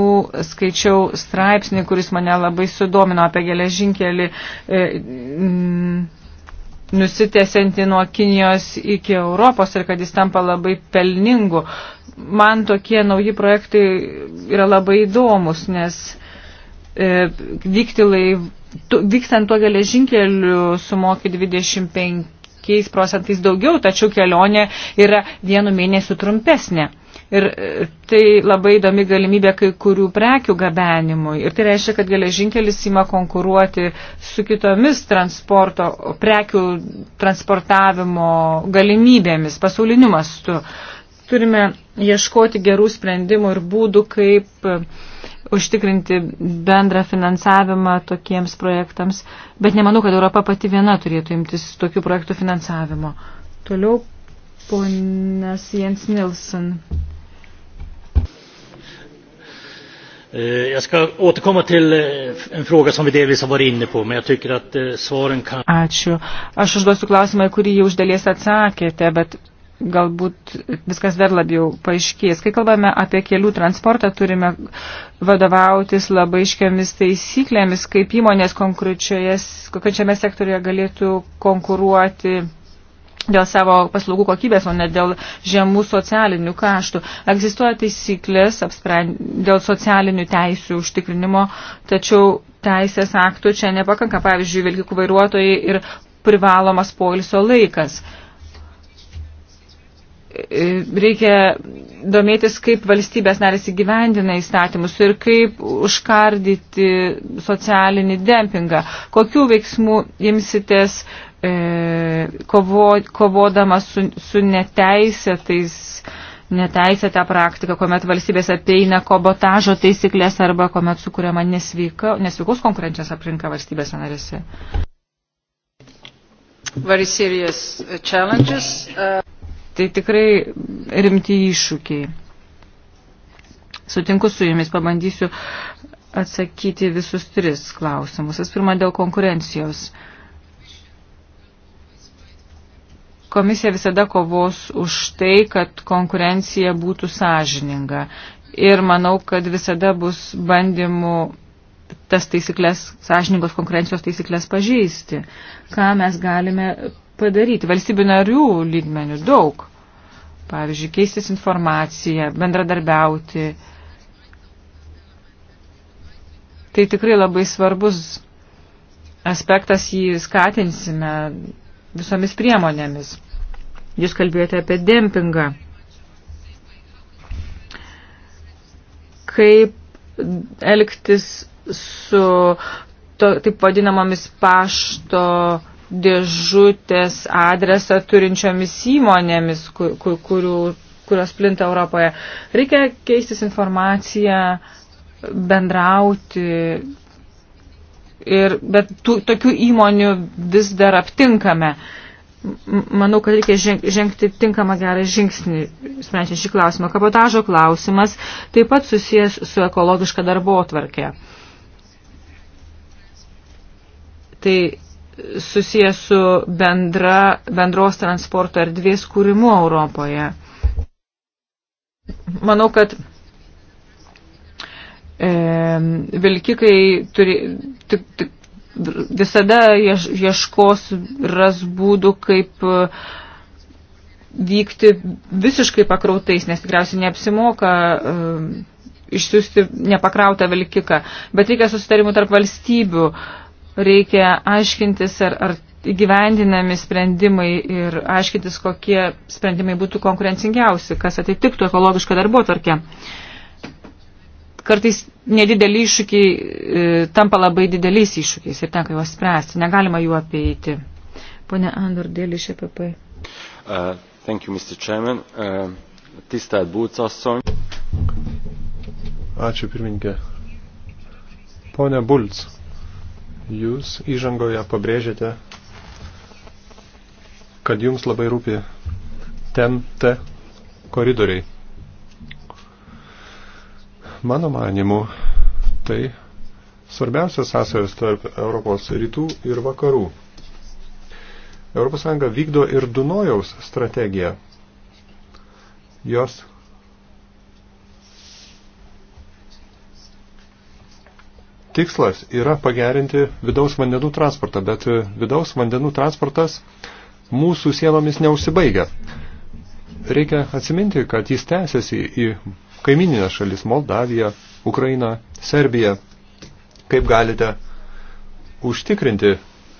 skaičiau straipsnį, kuris mane labai sudomino apie geležinkelį e, nusitęsianti nuo Kinijos iki Europos ir kad jis tampa labai pelningu. Man tokie nauji projektai yra labai įdomus, nes E, vykti laiv, tu, vykstant tuo geležinkeliu sumoki 25 procentais daugiau, tačiau kelionė yra vienu mėnesiu trumpesnė. Ir e, tai labai įdomi galimybė kai kurių prekių gabenimui. Ir tai reiškia, kad geležinkelis ima konkuruoti su kitomis transporto, prekių transportavimo galimybėmis pasauliniu mastu. Turime ieškoti gerų sprendimų ir būdų, kaip uh, užtikrinti bendrą finansavimą tokiems projektams, bet nemanau, kad Europa pati viena turėtų imtis tokių projektų finansavimo. Toliau ponas Jens Nilsson. Eh, jag ska återkomma till eh, en fråga som vi delvis har varit inne på, men jag tycker att eh, svaren kan... Ačiū. Aš užduosiu klausimą, kurį jau iš dalies atsakėte, bet galbūt viskas dar labiau paaiškės. Kai kalbame apie kelių transportą, turime vadovautis labai iškiamis taisyklėmis, kaip įmonės konkrečiame sektorioje galėtų konkuruoti dėl savo paslaugų kokybės, o ne dėl žemų socialinių kaštų. Egzistuoja taisyklės dėl socialinių teisių užtikrinimo, tačiau teisės aktų čia nepakanka, pavyzdžiui, vilkikų vairuotojai ir privalomas poilsio laikas. Uh, reikia domėtis, kaip valstybės narės įgyvendina įstatymus ir kaip užkardyti socialinį dempingą. Kokių veiksmų imsitės e, kovo, kovodama su, su neteisėtais neteisėtą praktiką, kuomet valstybės apeina kobotažo taisyklės arba kuomet sukūriama nesveika, nesveikus konkurencijos aplinka valstybės narėse. Very serious uh, challenges. Uh... Tai tikrai rimti iššūkiai. Sutinku su jumis, pabandysiu atsakyti visus tris klausimus. Vis pirma, dėl konkurencijos. Komisija visada kovos už tai, kad konkurencija būtų sąžininga. Ir manau, kad visada bus bandymų tas taisyklės, sąžiningos konkurencijos taisyklės pažeisti. Ką mes galime padaryti valstybių narių lygmenių daug. Pavyzdžiui, keistis informaciją, bendradarbiauti. Tai tikrai labai svarbus aspektas, jį skatinsime visomis priemonėmis. Jūs kalbėjote apie dempingą. Kaip elgtis su to, taip vadinamomis pašto dėžutės adresą turinčiomis įmonėmis, kur, kur, kurių, kurios plinta Europoje. Reikia keistis informaciją, bendrauti. Ir, bet tų, tokių įmonių vis dar aptinkame. Manau, kad reikia žengti tinkamą gerą žingsnį, sprendžiant šį klausimą. Kabotažo klausimas taip pat susijęs su ekologiška darbo atvarkė. Tai susijęs su bendra, bendros transporto erdvės kūrimu Europoje. Manau, kad e, vilkikai turi, tik, tik, visada ieškos ras būdų, kaip e, vykti visiškai pakrautais, nes tikriausiai neapsimoka e, išsiųsti nepakrautą vilkiką. Bet reikia susitarimų tarp valstybių. E, reikia aiškintis, ar, ar įgyvendinami sprendimai ir aiškintis, kokie sprendimai būtų konkurencingiausi, kas atitiktų ekologišką darbo tvarkę. Kartais nedideli iššūkiai e, tampa labai dideliais iššūkiais ir tenka juos spręsti, negalima jų apeiti. Pone Andor, dėl iš EPP. Uh, thank you, Mr. Chairman. Uh, tisztelt Bulc asszony. Ačiū, pirmininkė. Pone Bulc. Jūs įžangoje pabrėžėte, kad jums labai rūpi ten te koridoriai. Mano manimu, tai svarbiausias sąsajos tarp Europos rytų ir vakarų. ES vykdo ir Dunojaus strategiją. Jos tikslas yra pagerinti vidaus vandenų transportą, bet vidaus vandenų transportas mūsų sienomis neužsibaigia. Reikia atsiminti, kad jis tęsiasi į kaimininę šalis Moldaviją, Ukrainą, Serbiją. Kaip galite užtikrinti,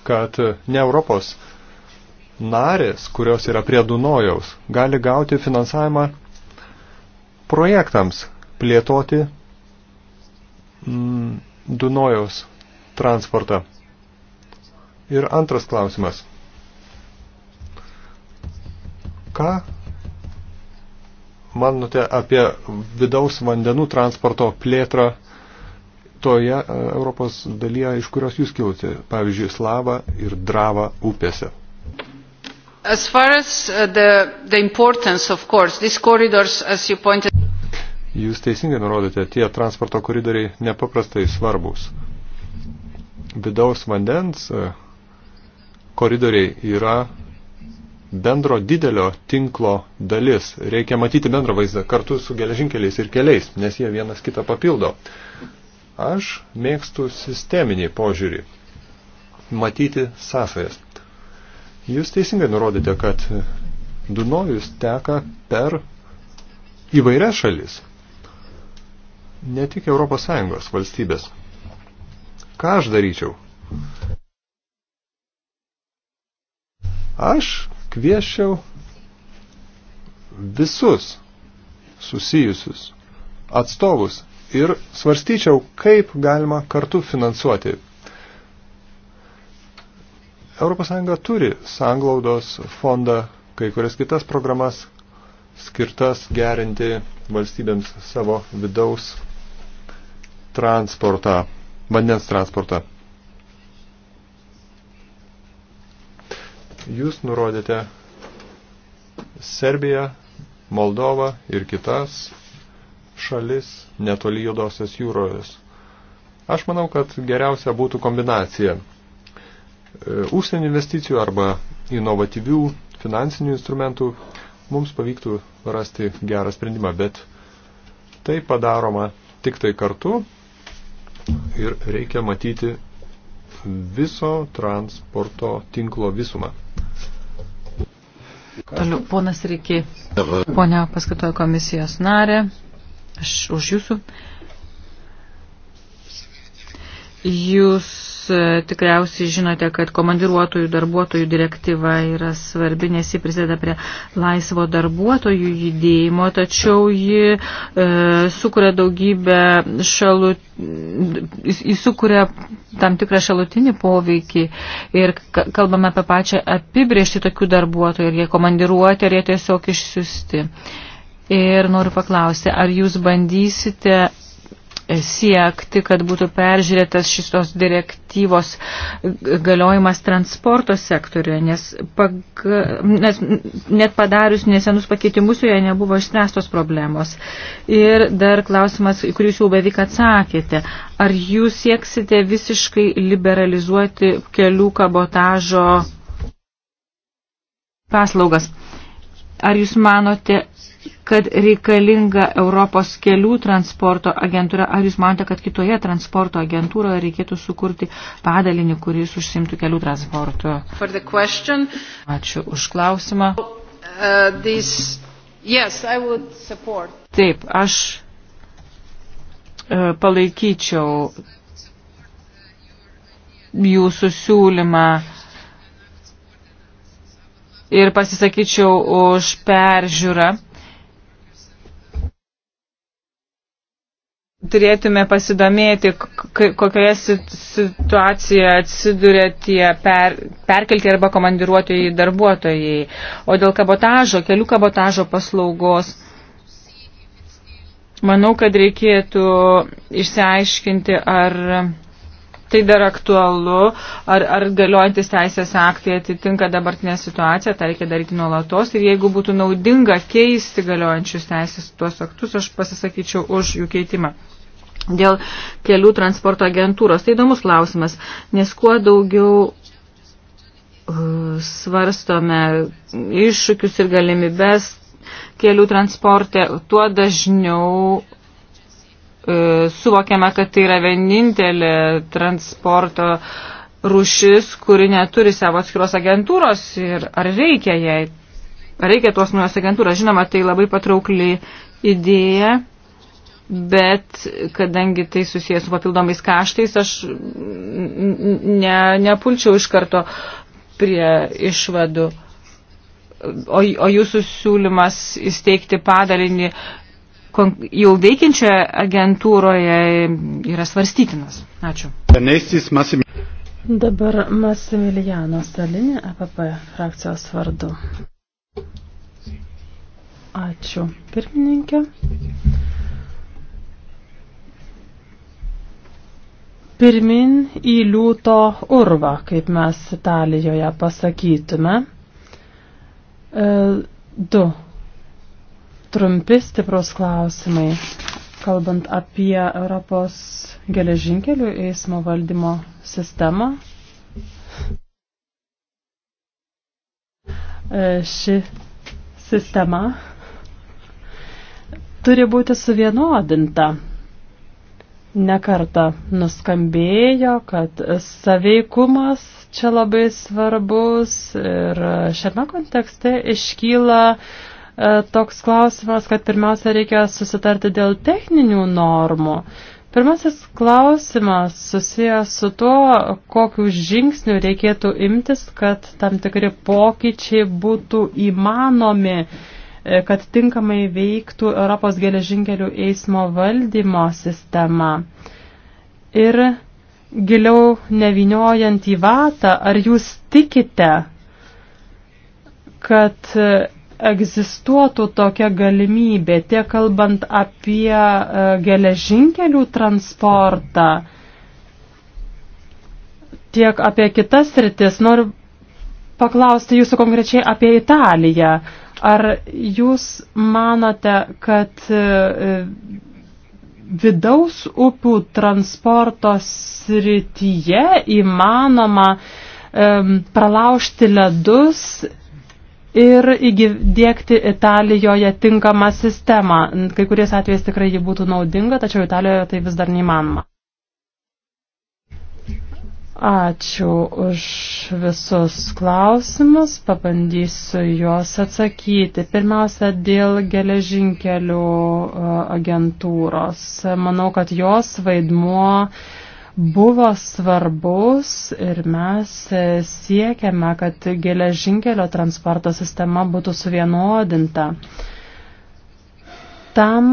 kad ne Europos narės, kurios yra prie Dunojaus, gali gauti finansavimą projektams plėtoti mm, Dunojaus transportą. Ir antras klausimas. Ką manote apie vidaus vandenų transporto plėtrą toje e, Europos dalyje, iš kurios jūs kilote, pavyzdžiui, Slava ir Drava upėse? As far as uh, the, the importance, of course, these corridors, as you pointed Jūs teisingai nurodote, tie transporto koridoriai nepaprastai svarbus. Vidaus vandens e, koridoriai yra bendro didelio tinklo dalis. Reikia matyti bendrą vaizdą kartu su geležinkeliais ir keliais, nes jie vienas kitą papildo. Aš mėgstu sisteminį požiūrį. Matyti sąsajas. Jūs teisingai nurodėte, kad Dunojus teka per įvairias šalis ne tik ES valstybės. Ką aš daryčiau? Aš kvieščiau visus susijusius atstovus ir svarstyčiau, kaip galima kartu finansuoti. ES turi sanglaudos fondą, kai kurias kitas programas skirtas gerinti valstybėms savo vidaus transportą, vandens transportą. Jūs nurodėte Serbiją, Moldovą ir kitas šalis netoli Jodosios jūros. Aš manau, kad geriausia būtų kombinacija e, užsienio investicijų arba inovatyvių finansinių instrumentų mums pavyktų rasti gerą sprendimą, bet tai padaroma tik tai kartu ir reikia matyti viso transporto tinklo visumą. Toliau, ponas Rikė, ponia paskatojo komisijos narė, aš už jūsų. Jūs E, tikriausiai žinote, kad komandiruotojų darbuotojų direktyva yra svarbi, nes ji prisideda prie laisvo darbuotojų judėjimo, tačiau ji e, sukuria daugybę šalut, įsukuria tam tikrą šalutinį poveikį ir kalbame apie pačią apibriežti tokių darbuotojų, ar jie komandiruoti, ar jie tiesiog išsiusti. Ir noriu paklausti, ar jūs bandysite siekti, kad būtų peržiūrėtas šitos direktyvos galiojimas transporto sektoriuje, nes, pag, nes net padarius nesenus pakeitimus joje nebuvo išspręstos problemos. Ir dar klausimas, kurį jūs jau beveik atsakėte. Ar jūs sieksite visiškai liberalizuoti kelių kabotažo paslaugas? Ar jūs manote, kad reikalinga Europos kelių transporto agentūra. Ar jūs manote, kad kitoje transporto agentūroje reikėtų sukurti padalinį, kuris užsimtų kelių transportu? Ačiū už klausimą. Uh, this... yes, Taip, aš uh, palaikyčiau jūsų siūlymą ir pasisakyčiau už peržiūrą turėtume pasidomėti, kokioje situacijoje atsiduria tie per, perkelti arba komandiruotojai darbuotojai. O dėl kabotažo, kelių kabotažo paslaugos, manau, kad reikėtų išsiaiškinti, ar tai dar aktualu, ar, ar galiojantis teisės aktai atitinka dabartinę situaciją, tai reikia daryti nuolatos ir jeigu būtų naudinga keisti galiojančius teisės tuos aktus, aš pasisakyčiau už jų keitimą dėl kelių transporto agentūros. Tai įdomus klausimas, nes kuo daugiau uh, svarstome iššūkius ir galimybės kelių transporte, tuo dažniau uh, suvokiame, kad tai yra vienintelė transporto rušis, kuri neturi savo atskiros agentūros ir ar reikia jai, ar reikia tuos naujos agentūros. Žinoma, tai labai patraukli idėja bet kadangi tai susijęs su papildomais kaštais, aš ne, nepulčiau iš karto prie išvadų. O, o jūsų siūlymas įsteigti padalinį jau veikiančioje agentūroje yra svarstytinas. Ačiū. Dabar Masimiliano Salinė, APP frakcijos vardu. Ačiū, pirmininkė. pirmin į liūto urvą, kaip mes Italijoje pasakytume. E, du trumpi stiprus klausimai, kalbant apie Europos geležinkelių eismo valdymo sistemą. E, ši sistema turi būti suvienodinta nekarta nuskambėjo, kad saveikumas čia labai svarbus ir šiame kontekste iškyla e, toks klausimas, kad pirmiausia reikia susitarti dėl techninių normų. Pirmasis klausimas susijęs su tuo, kokiu žingsniu reikėtų imtis, kad tam tikri pokyčiai būtų įmanomi E, kad tinkamai veiktų Europos geležinkelių eismo valdymo sistema. Ir giliau neviniojant į vatą, ar jūs tikite, kad e, egzistuotų tokia galimybė, tiek kalbant apie e, geležinkelių transportą, tiek apie kitas rytis. Noriu paklausti jūsų konkrečiai apie Italiją. Ar jūs manote, kad e, vidaus upių transporto srityje įmanoma e, pralaužti ledus ir įdėkti Italijoje tinkamą sistemą. Kai kuriais atvejais tikrai ji būtų naudinga, tačiau Italijoje tai vis dar neįmanoma. Ačiū už visus klausimus, pabandysiu juos atsakyti. Pirmiausia, dėl geležinkelių e, agentūros. Manau, kad jos vaidmuo buvo svarbus ir mes siekiame, kad geležinkelio transporto sistema būtų suvienodinta. Tam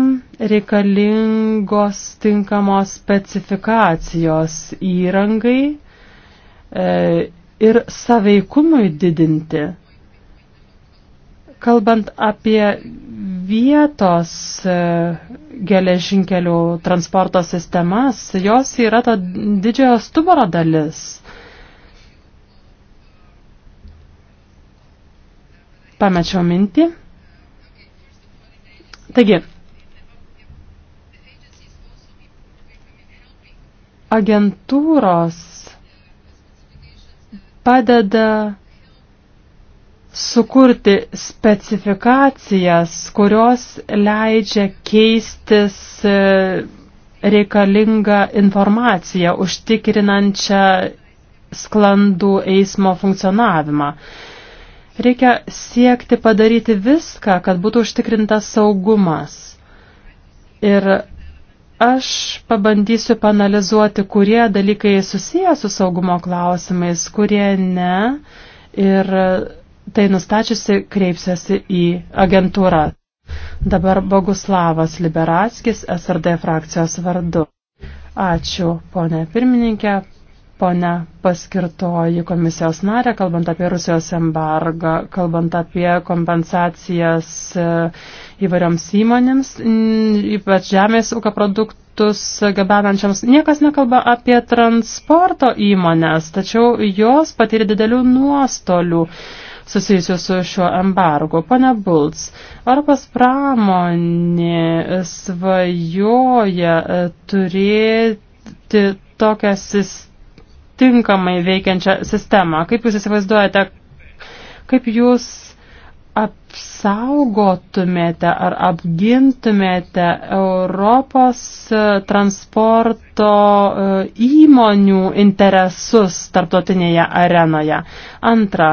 reikalingos tinkamos specifikacijos įrangai E, ir saveikumui didinti. Kalbant apie vietos e, geležinkelių transporto sistemas, jos yra to didžiojo stuboro dalis. Pamečiau mintį. Taigi, agentūros padeda sukurti specifikacijas, kurios leidžia keistis e, reikalingą informaciją, užtikrinančią sklandų eismo funkcionavimą. Reikia siekti padaryti viską, kad būtų užtikrintas saugumas. Ir Aš pabandysiu panalizuoti, kurie dalykai susiję su saugumo klausimais, kurie ne. Ir tai nustačiusi kreipsiuosi į agentūrą. Dabar Boguslavas Liberatskis SRD frakcijos vardu. Ačiū, ponė pirmininkė, ponė paskirtoji komisijos narė, kalbant apie Rusijos embargą, kalbant apie kompensacijas įvairioms įmonėms, ypač žemės ūkio produktus gabenančiams. Niekas nekalba apie transporto įmonės, tačiau jos patyrė didelių nuostolių susijusių su šiuo embargu. Pane Bulc, Europos pramonė svajoja e, turėti tokią tinkamai veikiančią sistemą. Kaip jūs įsivaizduojate, kaip jūs apsaugotumėte ar apgintumėte Europos e, transporto e, įmonių interesus tarptautinėje arenoje? Antra,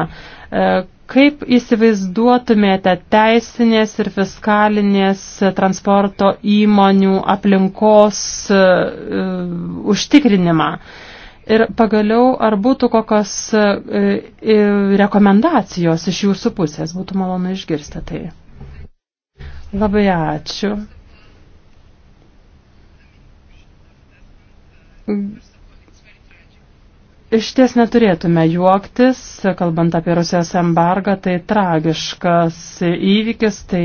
e, Kaip įsivaizduotumėte teisinės ir fiskalinės transporto įmonių aplinkos uh, užtikrinimą? Uh, Ir pagaliau, ar būtų kokios e, e, rekomendacijos iš jūsų pusės, būtų malonu išgirsti tai. Labai ačiū. Iš ties neturėtume juoktis, kalbant apie Rusijos embargą, tai tragiškas įvykis, tai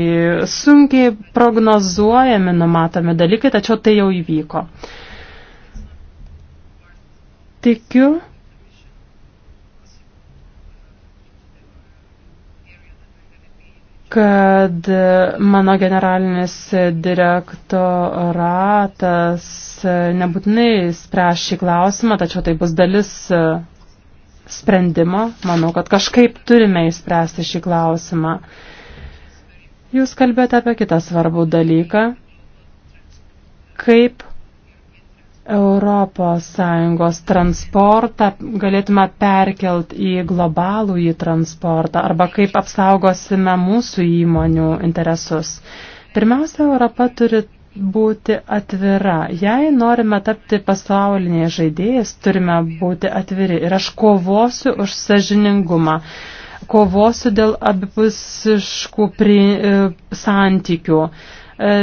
sunkiai prognozuojami, numatomi dalykai, tačiau tai jau įvyko. Uh, tikiu, kad mano generalinis direktoratas nebūtinai spręs šį klausimą, tačiau tai bus dalis sprendimo. Manau, kad kažkaip turime įspręsti šį klausimą. Jūs kalbėjote apie kitą svarbų dalyką. Kaip ES transportą galėtume perkelt į globalų į transportą arba kaip apsaugosime mūsų įmonių interesus. Pirmiausia, Europa turi būti atvira. Jei norime tapti pasauliniais žaidėjais, turime būti atviri. Ir aš kovosiu už sažiningumą, kovosiu dėl abipusiškų pri, e, santykių e,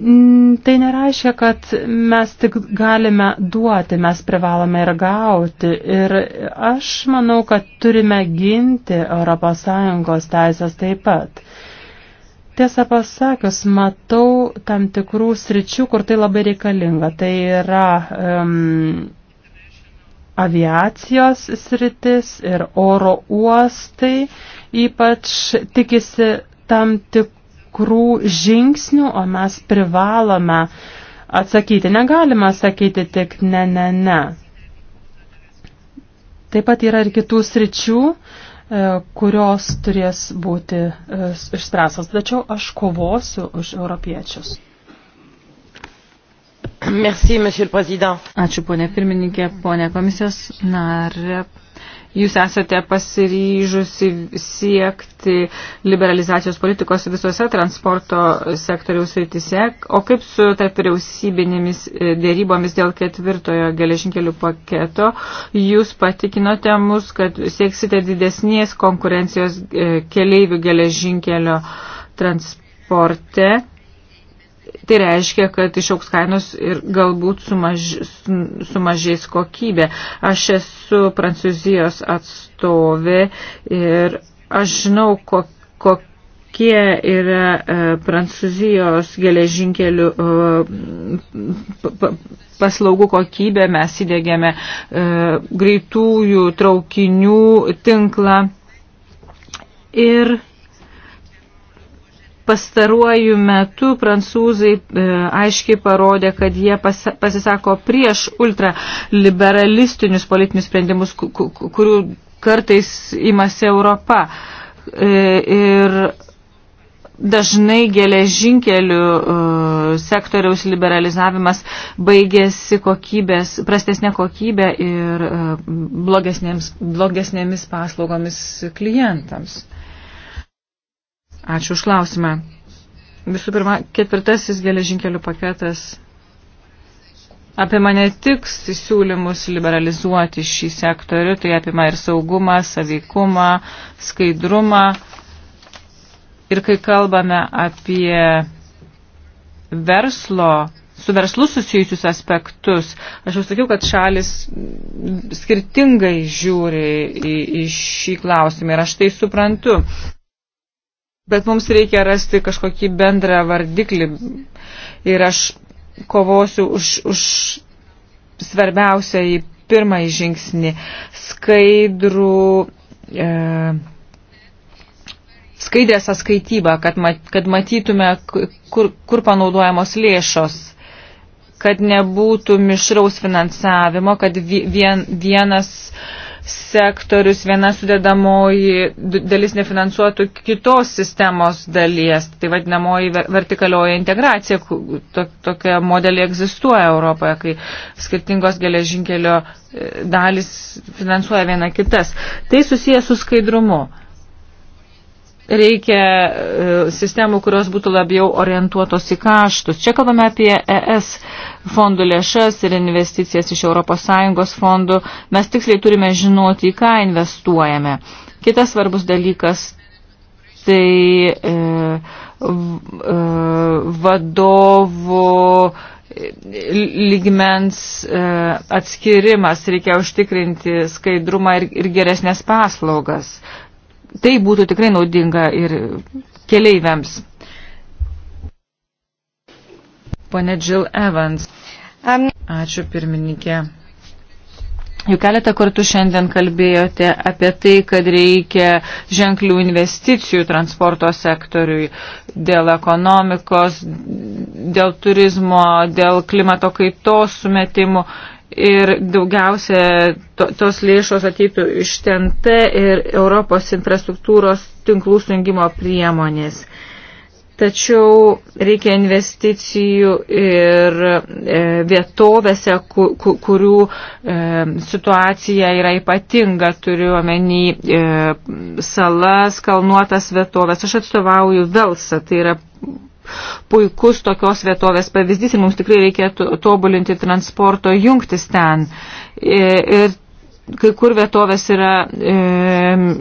Mm, tai nereiškia, kad mes tik galime duoti, mes privalome ir gauti. Ir aš manau, kad turime ginti ES teisės taip pat. Tiesą pasakius, matau tam tikrų sričių, kur tai labai reikalinga. Tai yra um, aviacijos sritis ir oro uostai ypač tikisi tam tik tikrų žingsnių, o mes privalome atsakyti. Negalima sakyti tik ne, ne, ne. Taip pat yra ir kitų sričių, e, kurios turės būti e, išspręstas. Tačiau aš kovosiu už europiečius. Merci, monsieur le président. Ačiū, ponė pirmininkė, ponė komisijos narė. Jūs esate pasiryžusi siekti liberalizacijos politikos visose transporto sektoriaus rytise, o kaip su tarp vyriausybinėmis e, dėrybomis dėl ketvirtojo geležinkelių paketo, jūs patikinote mus, kad sieksite didesnės konkurencijos e, keleivių geležinkelio transporte Tai reiškia, kad išauks kainos ir galbūt sumaž, sumažės kokybė. Aš esu Prancūzijos atstovė ir aš žinau, kokia kokie yra e, Prancūzijos geležinkelių e, paslaugų kokybė. Mes įdėgėme e, greitųjų traukinių tinklą ir pastaruoju metu prancūzai e, aiškiai parodė, kad jie pas, pasisako prieš ultraliberalistinius politinius sprendimus, kurių kartais imasi Europa. E, ir dažnai geležinkelių e, sektoriaus liberalizavimas baigėsi kokybės, prastesnė kokybė ir e, blogesnėmis paslaugomis klientams. Ačiū už klausimą. Visų pirma, ketvirtasis geležinkelių paketas apima ne tik siūlymus liberalizuoti šį sektorių, tai apima ir saugumą, saveikumą, skaidrumą. Ir kai kalbame apie verslo, su verslu susijusius aspektus, aš jau sakiau, kad šalis skirtingai žiūri į, į šį klausimą ir aš tai suprantu bet mums reikia rasti kažkokį bendrą vardiklį ir aš kovosiu už, už svarbiausią į pirmąjį žingsnį skaidrų. E, Skaidrė sąskaityba, kad, mat, kad matytume, kur, kur panaudojamos lėšos kad nebūtų mišraus finansavimo, kad vienas sektorius, viena sudėdamoji dalis nefinansuotų kitos sistemos dalies, tai vadinamoji vertikalioji integracija, tokia modelė egzistuoja Europoje, kai skirtingos geležinkelio e, dalis finansuoja viena kitas. Tai susijęs su skaidrumu reikia e, sistemų, kurios būtų labiau orientuotos į kaštus. Čia kalbame apie ES fondų lėšas ir investicijas iš ES fondų. Mes tiksliai turime žinoti, į ką investuojame. Kitas svarbus dalykas tai e, v, e, vadovų lygmens e, atskirimas, reikia užtikrinti skaidrumą ir, ir geresnės paslaugas tai būtų tikrai naudinga ir keleiviams. Pone Jill Evans. Um, Ačiū pirmininkė. Jau keletą kartų šiandien kalbėjote apie tai, kad reikia ženklių investicijų transporto sektoriui dėl ekonomikos, dėl turizmo, dėl klimato kaitos sumetimų ir daugiausia to, tos lėšos ateitų iš TNT ir Europos infrastruktūros tinklų sujungimo priemonės. Tačiau reikia investicijų ir e, vietovėse, ku, ku, kurių e, situacija yra ypatinga, turiu omeny e, salas, kalnuotas vietovės. Aš atstovauju Velsą, tai yra puikus tokios vietovės pavyzdys ir mums tikrai reikėtų tobulinti transporto jungtis ten. E, ir kai kur vietovės yra e,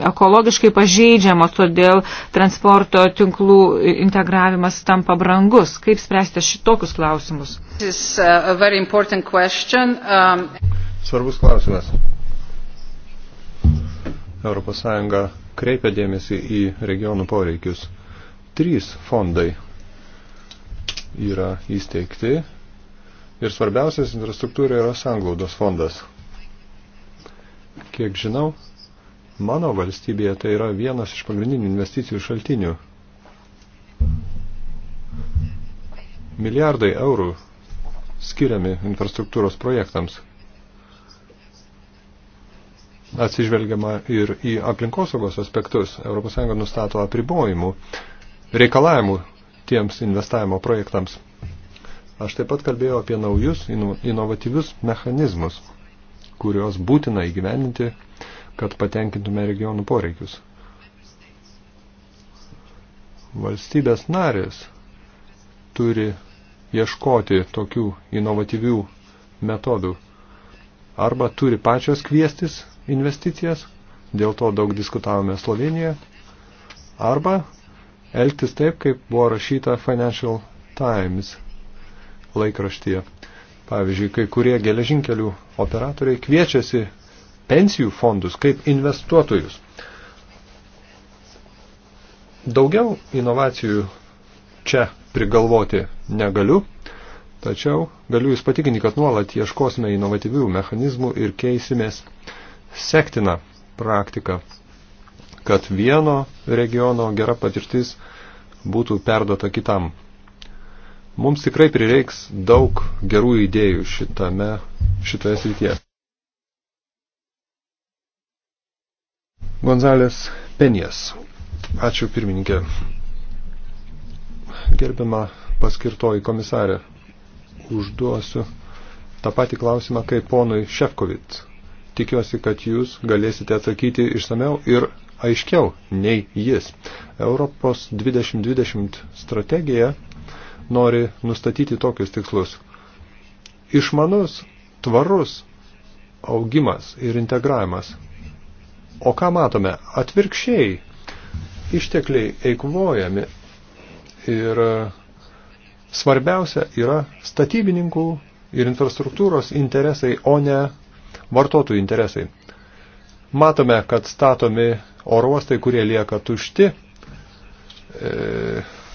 ekologiškai pažeidžiamos, todėl transporto tinklų integravimas tampa brangus. Kaip spręsti šitokius klausimus? Uh, um... Svarbus klausimas. ES kreipia dėmesį į regionų poreikius. Trys fondai yra įsteigti ir svarbiausias infrastruktūra yra sanglaudos fondas. Kiek žinau, mano valstybėje tai yra vienas iš pagrindinių investicijų šaltinių. Milijardai eurų skiriami infrastruktūros projektams. Atsižvelgiama ir į aplinkosaugos aspektus. ES nustato apribojimų, reikalavimų tiems investavimo projektams. Aš taip pat kalbėjau apie naujus inovatyvius mechanizmus, kuriuos būtina įgyveninti, kad patenkintume regionų poreikius. Valstybės narės turi ieškoti tokių inovatyvių metodų. Arba turi pačios kviestis investicijas, dėl to daug diskutavome Slovenijoje, arba elgtis taip, kaip buvo rašyta Financial Times laikraštyje. Pavyzdžiui, kai kurie geležinkelių operatoriai kviečiasi pensijų fondus kaip investuotojus. Daugiau inovacijų čia prigalvoti negaliu, tačiau galiu Jūs patikinti, kad nuolat ieškosime inovatyvių mechanizmų ir keisimės sektiną praktiką kad vieno regiono gera patirtis būtų perduota kitam. Mums tikrai prireiks daug gerų idėjų šitame, šitoje srityje. Gonzalės Penijas. Ačiū pirmininkė. Gerbiama paskirtoji komisarė. Užduosiu tą patį klausimą kaip ponui Šefkovic. Tikiuosi, kad jūs galėsite atsakyti išsameu ir aiškiau nei jis. Europos 2020 strategija nori nustatyti tokius tikslus. Išmanus, tvarus augimas ir integravimas. O ką matome? Atvirkščiai ištekliai eikvojami ir e, svarbiausia yra statybininkų ir infrastruktūros interesai, o ne vartotojų interesai. Matome, kad statomi oro uostai, kurie lieka tušti, e,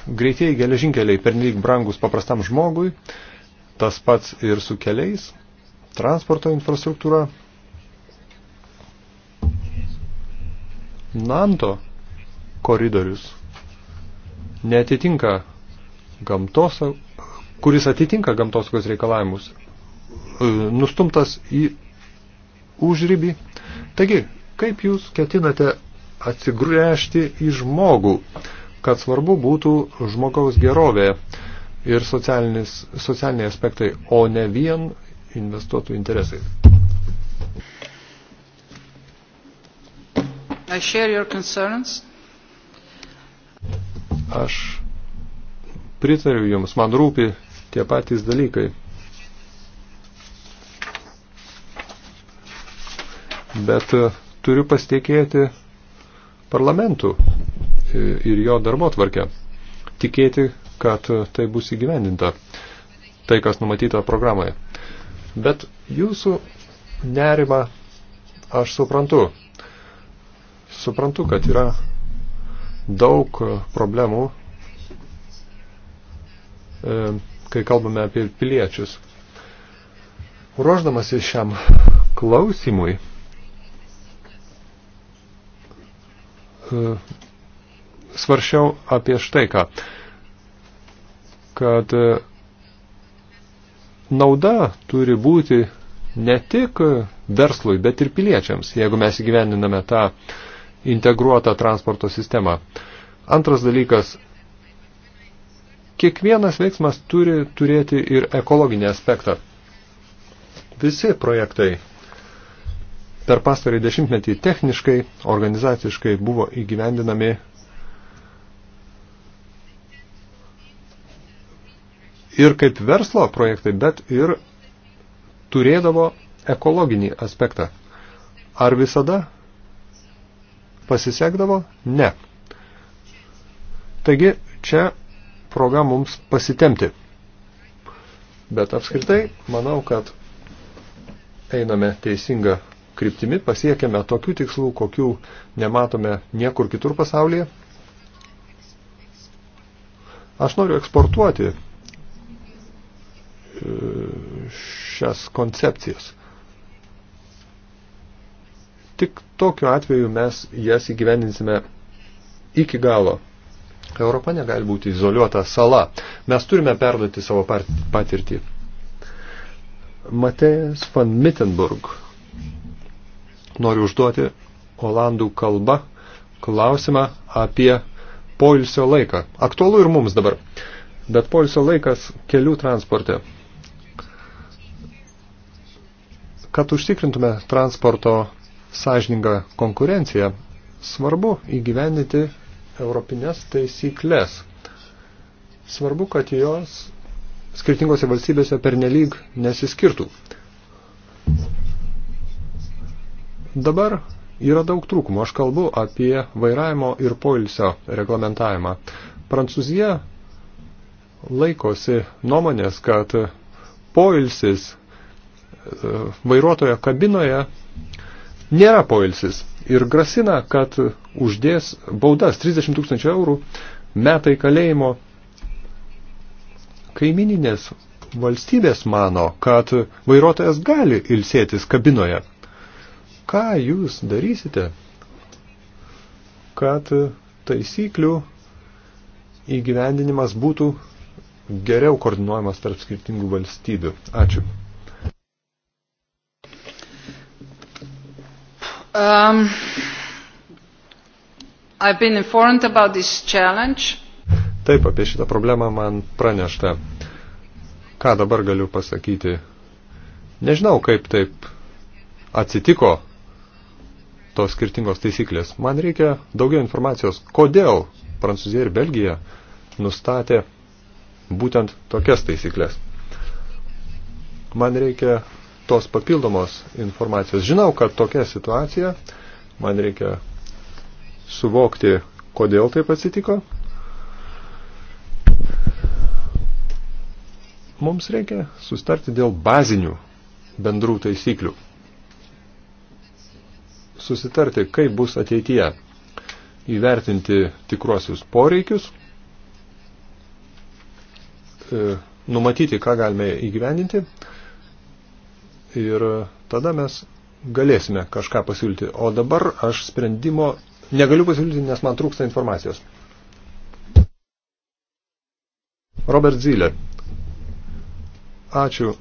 greitieji geležinkeliai pernelyg brangus paprastam žmogui, tas pats ir su keliais, transporto infrastruktūra. Nanto koridorius netitinka gamtos, kuris atitinka gamtosaugos reikalavimus, e, nustumtas į užrybį, Taigi, kaip jūs ketinate atsigręžti į žmogų, kad svarbu būtų žmogaus gerovė ir socialiniai aspektai, o ne vien investuotų interesai? I share your concerns. Aš pritariu Jums, man rūpi tie patys dalykai. bet e, turiu pasitikėti parlamentų e, ir jo darbo tvarkę. Tikėti, kad e, tai bus įgyvendinta, tai kas numatyta programoje. Bet jūsų nerima aš suprantu. Suprantu, kad yra daug problemų, kai kalbame apie piliečius. Ruoždamas iš šiam klausimui, svaršiau apie štai ką, kad e, nauda turi būti ne tik verslui, bet ir piliečiams, jeigu mes įgyvendiname tą integruotą transporto sistemą. Antras dalykas, kiekvienas veiksmas turi turėti ir ekologinį aspektą. Visi projektai per pastarį dešimtmetį techniškai, organizaciškai buvo įgyvendinami ir kaip verslo projektai, bet ir turėdavo ekologinį aspektą. Ar visada pasisekdavo? Ne. Taigi čia proga mums pasitemti. Bet apskritai manau, kad einame teisingą kryptimi pasiekėme tokių tikslų, kokių nematome niekur kitur pasaulyje. Aš noriu eksportuoti e, šias koncepcijas. Tik tokiu atveju mes jas įgyvendinsime iki galo. Europa negali būti izoliuota sala. Mes turime perduoti savo patirtį. Matėjas van Mittenburg noriu užduoti Olandų kalbą klausimą apie poilsio laiką. Aktualu ir mums dabar. Bet poilsio laikas kelių transporte. Kad užtikrintume transporto sąžiningą konkurenciją, svarbu įgyvendinti europinės taisyklės. Svarbu, kad jos skirtingose valstybėse pernelyg nesiskirtų. Dabar yra daug trūkumų. Aš kalbu apie vairavimo ir poilsio reglamentavimą. Prancūzija laikosi nuomonės, kad poilsis e, vairuotojo kabinoje nėra poilsis ir grasina, kad uždės baudas 30 tūkstančių eurų metai kalėjimo. Kaimininės valstybės mano, kad vairuotojas gali ilsėtis kabinoje. Ką jūs darysite, kad taisyklių įgyvendinimas būtų geriau koordinuojamas tarp skirtingų valstybių? Ačiū. Um, I've been informed about this challenge. Taip, apie šitą problemą man pranešta. Ką dabar galiu pasakyti? Nežinau, kaip taip atsitiko, tos skirtingos taisyklės. Man reikia daugiau informacijos, kodėl Prancūzija ir Belgija nustatė būtent tokias taisyklės. Man reikia tos papildomos informacijos. Žinau, kad tokia situacija, man reikia suvokti, kodėl taip atsitiko. Mums reikia sustarti dėl bazinių bendrų taisyklių susitarti, kaip bus ateityje, įvertinti tikruosius poreikius, e, numatyti, ką galime įgyvendinti ir tada mes galėsime kažką pasiūlyti. O dabar aš sprendimo negaliu pasiūlyti, nes man trūksta informacijos. Robert Zylė. Ačiū.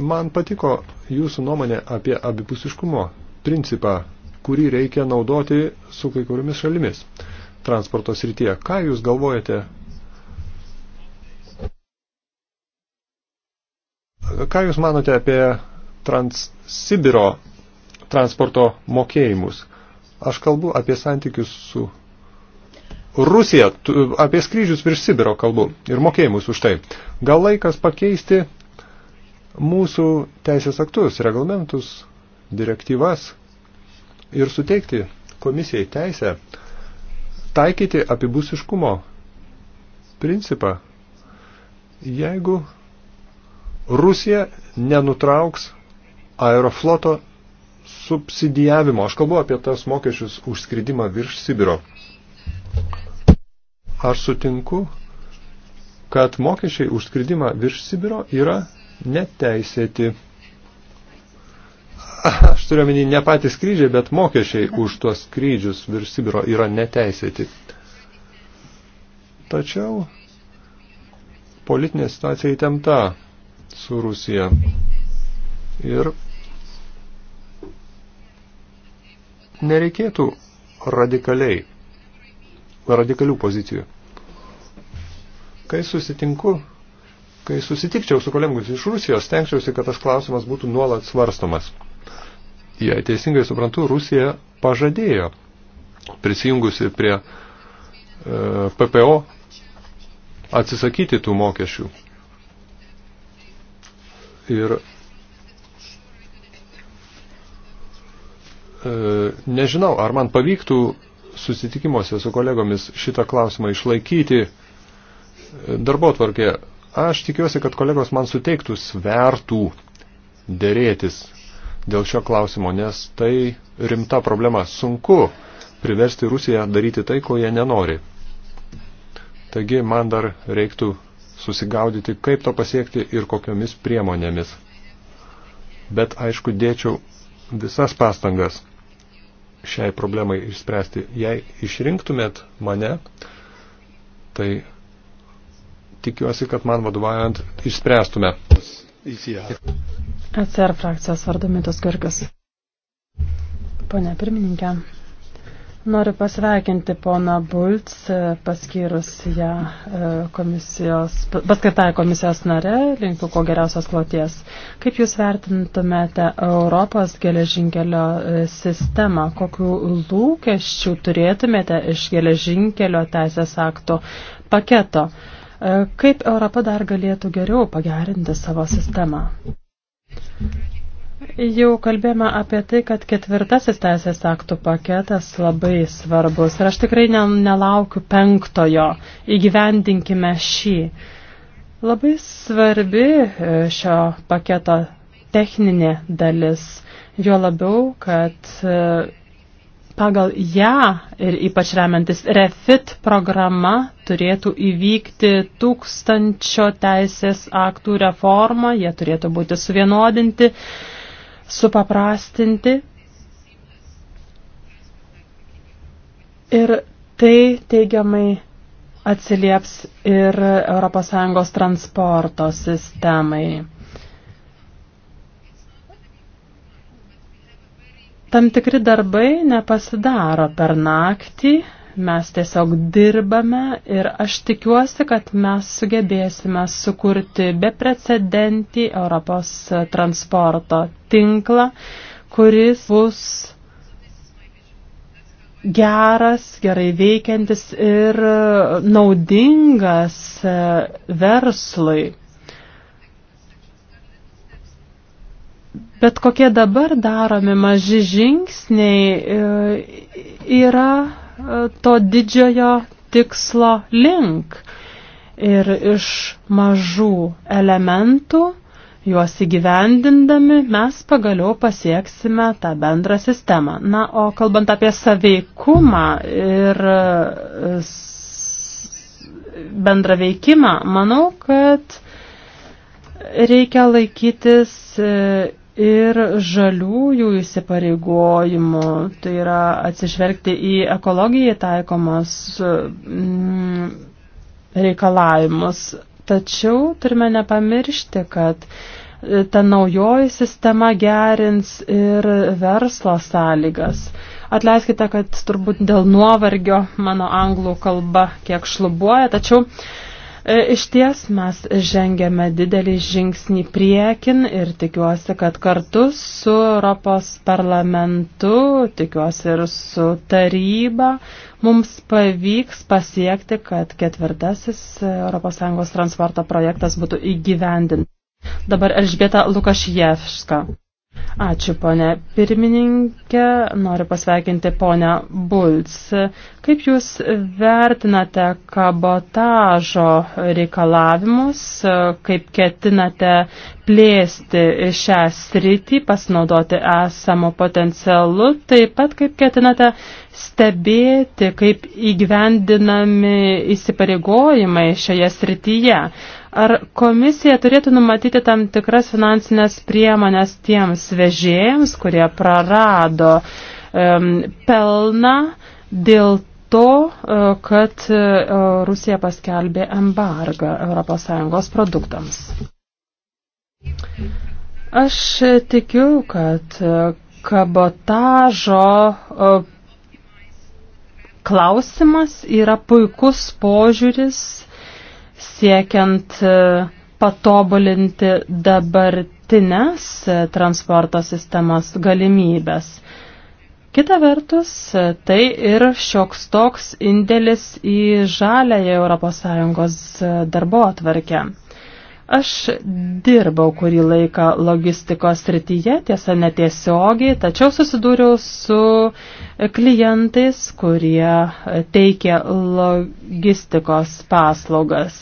Man patiko jūsų nuomonė apie abipusiškumo principą, kurį reikia naudoti su kai kuriomis šalimis transporto srityje. Ką Jūs galvojate? Ką Jūs manote apie Transsibiro transporto mokėjimus? Aš kalbu apie santykius su Rusija, apie skrydžius virš Sibiro kalbu ir mokėjimus už tai. Gal laikas pakeisti mūsų teisės aktus, reglamentus, direktyvas ir suteikti komisijai teisę taikyti apibusiškumo principą, jeigu Rusija nenutrauks aerofloto subsidijavimo. Aš kalbu apie tas mokesčius užskridimą virš Sibiro. Aš sutinku, kad mokesčiai užskridimą virš Sibiro yra neteisėti. Aš turiu menį ne patys skrydžiai, bet mokesčiai už tuos skrydžius virš Sibiro yra neteisėti. Tačiau politinė situacija įtemta su Rusija. Ir nereikėtų radikaliai, radikalių pozicijų. Kai susitinku, kai susitikčiau su kolegomis iš Rusijos, tenkčiausi, kad tas klausimas būtų nuolat svarstomas jei teisingai suprantu, Rusija pažadėjo prisijungusi prie e, PPO atsisakyti tų mokesčių. Ir e, nežinau, ar man pavyktų susitikimuose su kolegomis šitą klausimą išlaikyti e, darbo tvarkė. Aš tikiuosi, kad kolegos man suteiktų svertų dėrėtis dėl šio klausimo, nes tai rimta problema. Sunku priversti Rusiją daryti tai, ko jie nenori. Taigi man dar reiktų susigaudyti, kaip to pasiekti ir kokiomis priemonėmis. Bet aišku, dėčiau visas pastangas šiai problemai išspręsti. Jei išrinktumėt mane, tai tikiuosi, kad man vadovaujant išspręstume. ECR frakcijos vardu Mitas Kirkas. Pone pirmininkė, noriu pasveikinti poną Bulc, e, paskyrus ją e, komisijos, paskirtąją komisijos narę, linkiu ko geriausios kloties. Kaip Jūs vertintumėte Europos geležinkelio e, sistemą? Kokių lūkesčių turėtumėte iš geležinkelio teisės akto paketo? Kaip Europa dar galėtų geriau pagerinti savo sistemą? Jau kalbėjome apie tai, kad ketvirtasis teisės aktų paketas labai svarbus ir aš tikrai nelaukiu penktojo, įgyvendinkime šį. Labai svarbi e, šio paketo techninė dalis, jo labiau, kad e, pagal ją ir ypač remiantis REFIT programa turėtų įvykti tūkstančio teisės aktų reforma, jie turėtų būti suvienodinti, supaprastinti. Ir tai teigiamai atsilieps ir ES transporto sistemai. Tam tikri darbai nepasidaro per naktį, mes tiesiog dirbame ir aš tikiuosi, kad mes sugebėsime sukurti beprecedentį Europos transporto tinklą, kuris bus geras, gerai veikiantis ir naudingas verslui. Bet kokie dabar daromi maži žingsniai e, yra e, to didžiojo tikslo link. Ir iš mažų elementų, juos įgyvendindami, mes pagaliau pasieksime tą bendrą sistemą. Na, o kalbant apie saveikumą ir e, bendrą veikimą, manau, kad reikia laikytis ir žaliųjų įsipareigojimų, tai yra atsižvelgti į ekologiją taikomas mm, reikalavimus. Tačiau turime nepamiršti, kad e, ta naujoji sistema gerins ir verslo sąlygas. Atleiskite, kad turbūt dėl nuovargio mano anglų kalba kiek šlubuoja, tačiau uh, E, iš ties mes žengėme didelį žingsnį priekin ir tikiuosi, kad kartu su Europos parlamentu, tikiuosi ir su taryba, mums pavyks pasiekti, kad ketvirtasis ES transporto projektas būtų įgyvendintas. Dabar Elžbieta Lukašievska. Ačiū, ponė pirmininkė. Noriu pasveikinti ponę Bulc. Kaip Jūs vertinate kabotažo reikalavimus, kaip ketinate plėsti šią sritį, pasinaudoti esamo potencialu, taip pat kaip ketinate stebėti, kaip įgyvendinami įsipareigojimai šioje srityje? Ar komisija turėtų numatyti tam tikras finansinės priemonės tiems vežėjams, kurie prarado um, pelną dėl to, e, kad e, Rusija paskelbė embargą ES produktams? Aš tikiu, kad e, kabotažo klausimas yra puikus požiūris siekiant e, patobulinti dabartines e, transporto sistemos galimybės. Kita vertus, e, tai ir šioks toks indėlis į žalęją ES darbo atvarkę. Aš dirbau kurį laiką logistikos srityje, tiesa netiesiogiai, tačiau susidūriau su klientais, kurie teikia logistikos paslaugas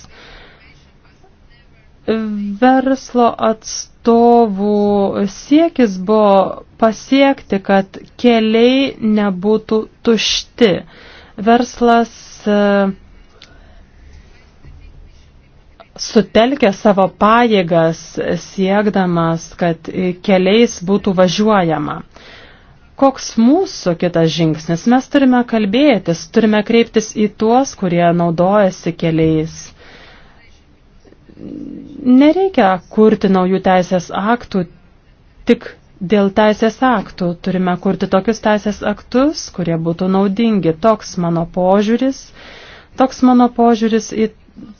verslo atstovų siekis buvo pasiekti, kad keliai nebūtų tušti. Verslas e, sutelkia savo pajėgas siekdamas, kad keliais būtų važiuojama. Koks mūsų kitas žingsnis? Mes turime kalbėtis, turime kreiptis į tuos, kurie naudojasi keliais nereikia kurti naujų teisės aktų tik dėl teisės aktų. Turime kurti tokius teisės aktus, kurie būtų naudingi. Toks mano požiūris, toks mano požiūris į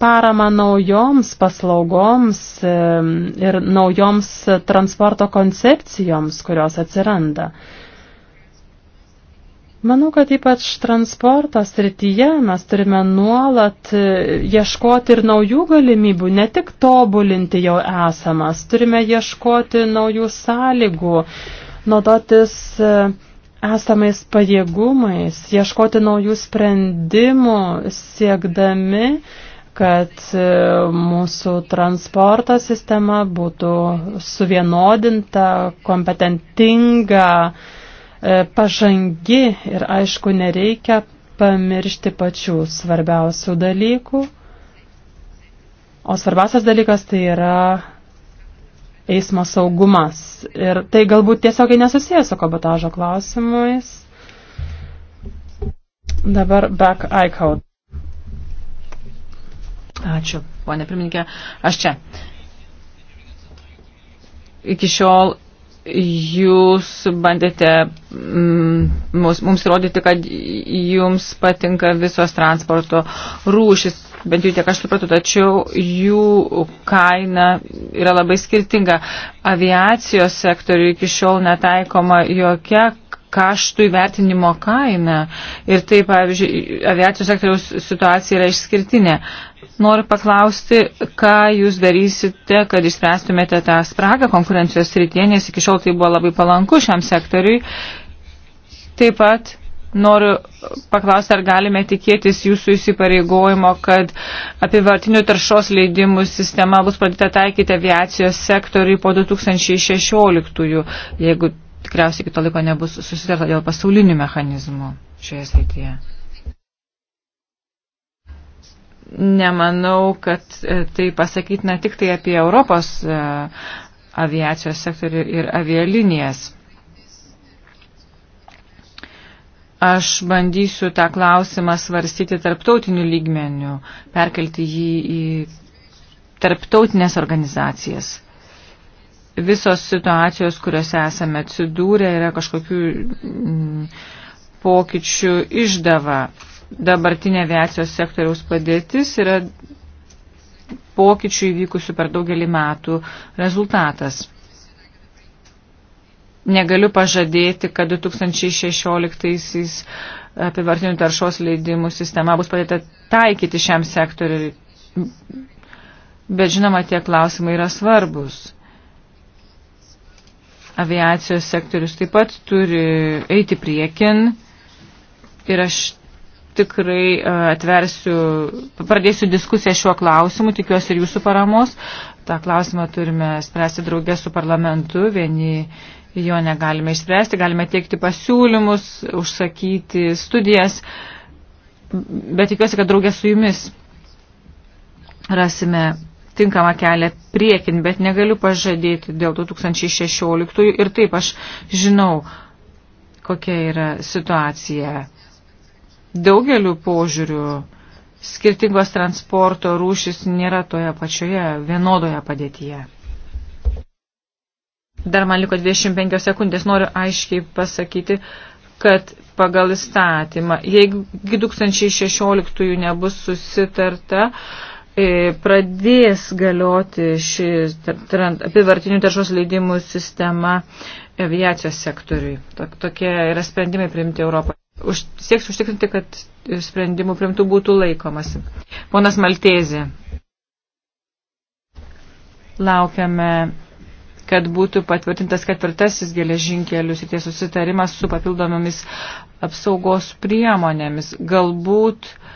paramą naujoms paslaugoms ir naujoms transporto koncepcijoms, kurios atsiranda. Manau, kad ypač transporto srityje mes turime nuolat e, ieškoti ir naujų galimybių, ne tik tobulinti jau esamas, turime ieškoti naujų sąlygų, naudotis e, esamais pajėgumais, ieškoti naujų sprendimų, siekdami, kad e, mūsų transporto sistema būtų suvienodinta, kompetentinga, E, pažangi ir aišku nereikia pamiršti pačių svarbiausių dalykų. O svarbiausias dalykas tai yra eismo saugumas. Ir tai galbūt tiesiogiai nesusijęs su kabotažo klausimais. Dabar back iCode. Ačiū, ponė pirmininkė. Aš čia. Iki šiol jūs bandėte mm, mums, mums rodyti, kad jums patinka visos transporto rūšis, bent jau tiek aš supratau, tačiau jų kaina yra labai skirtinga. Aviacijos sektoriui iki šiol netaikoma jokia kaštų įvertinimo kainą. Ir tai, pavyzdžiui, aviacijos sektoriaus situacija yra išskirtinė. Noriu paklausti, ką jūs darysite, kad išspręstumėte tą spragą konkurencijos srityje, nes iki šiol tai buvo labai palanku šiam sektoriui. Taip pat Noriu paklausti, ar galime tikėtis jūsų įsipareigojimo, kad apivartinių taršos leidimų sistema bus pradėta taikyti aviacijos sektoriui po 2016, jeigu tikriausiai kito laiko nebus susitarta dėl pasaulinių mechanizmų šioje srityje. Nemanau, kad e, tai pasakytina tik tai apie Europos e, aviacijos sektorių ir avialinijas. Aš bandysiu tą klausimą svarstyti tarptautiniu lygmeniu, perkelti jį į tarptautinės organizacijas visos situacijos, kuriuose esame atsidūrę, yra kažkokių mm, pokyčių išdava. Dabartinė aviacijos sektoriaus padėtis yra pokyčių įvykusių per daugelį metų rezultatas. Negaliu pažadėti, kad 2016-aisiais apivartinių taršos leidimų sistema bus padėta taikyti šiam sektoriui, bet žinoma, tie klausimai yra svarbus aviacijos sektorius taip pat turi eiti priekin ir aš tikrai e, atversiu, pradėsiu diskusiją šiuo klausimu, tikiuosi ir jūsų paramos. Ta klausimą turime spręsti draugė su parlamentu, vieni jo negalime išspręsti, galime teikti pasiūlymus, užsakyti studijas, bet tikiuosi, kad draugė su jumis rasime tinkamą kelią priekin, bet negaliu pažadėti dėl 2016 ir taip aš žinau, kokia yra situacija. Daugeliu požiūrių skirtingos transporto rūšis nėra toje pačioje vienodoje padėtyje. Dar man liko 25 sekundės, noriu aiškiai pasakyti, kad pagal įstatymą, jeigu 2016 nebus susitarta, E, pradės galioti ši apivartinių taršos leidimų sistema aviacijos sektoriui. Tokie yra sprendimai priimti Europą. Už, sieks užtikrinti, kad sprendimų primtų būtų laikomasi. Ponas Maltėzė. Laukiame, kad būtų patvirtintas ketvirtasis geležinkelius ir tie susitarimas su papildomomis apsaugos priemonėmis. Galbūt uh,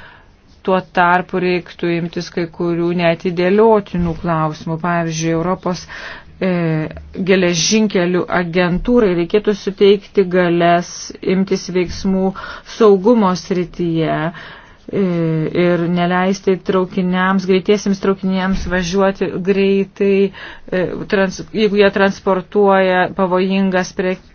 Tuo tarpu reiktų imtis kai kurių neatidėliotinų klausimų. Pavyzdžiui, Europos e, geležinkelių agentūrai reikėtų suteikti galės imtis veiksmų saugumo srityje e, ir neleisti traukiniams, greitiesiams traukiniams važiuoti greitai, e, trans, jeigu jie transportuoja pavojingas prekes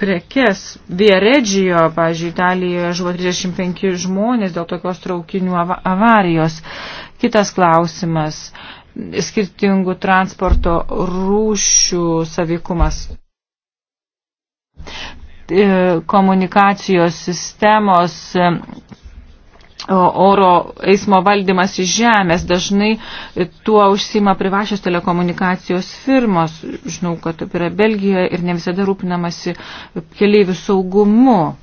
prekes. Vieredžijo, pažiūrėjau, Italijoje žuvo 35 žmonės dėl tokios traukinių avarijos. Kitas klausimas - skirtingų transporto rūšių savikumas e, komunikacijos sistemos oro eismo valdymas iš žemės. Dažnai tuo užsima privačios telekomunikacijos firmos. Žinau, kad taip yra Belgijoje ir ne visada rūpinamasi keleivių saugumu.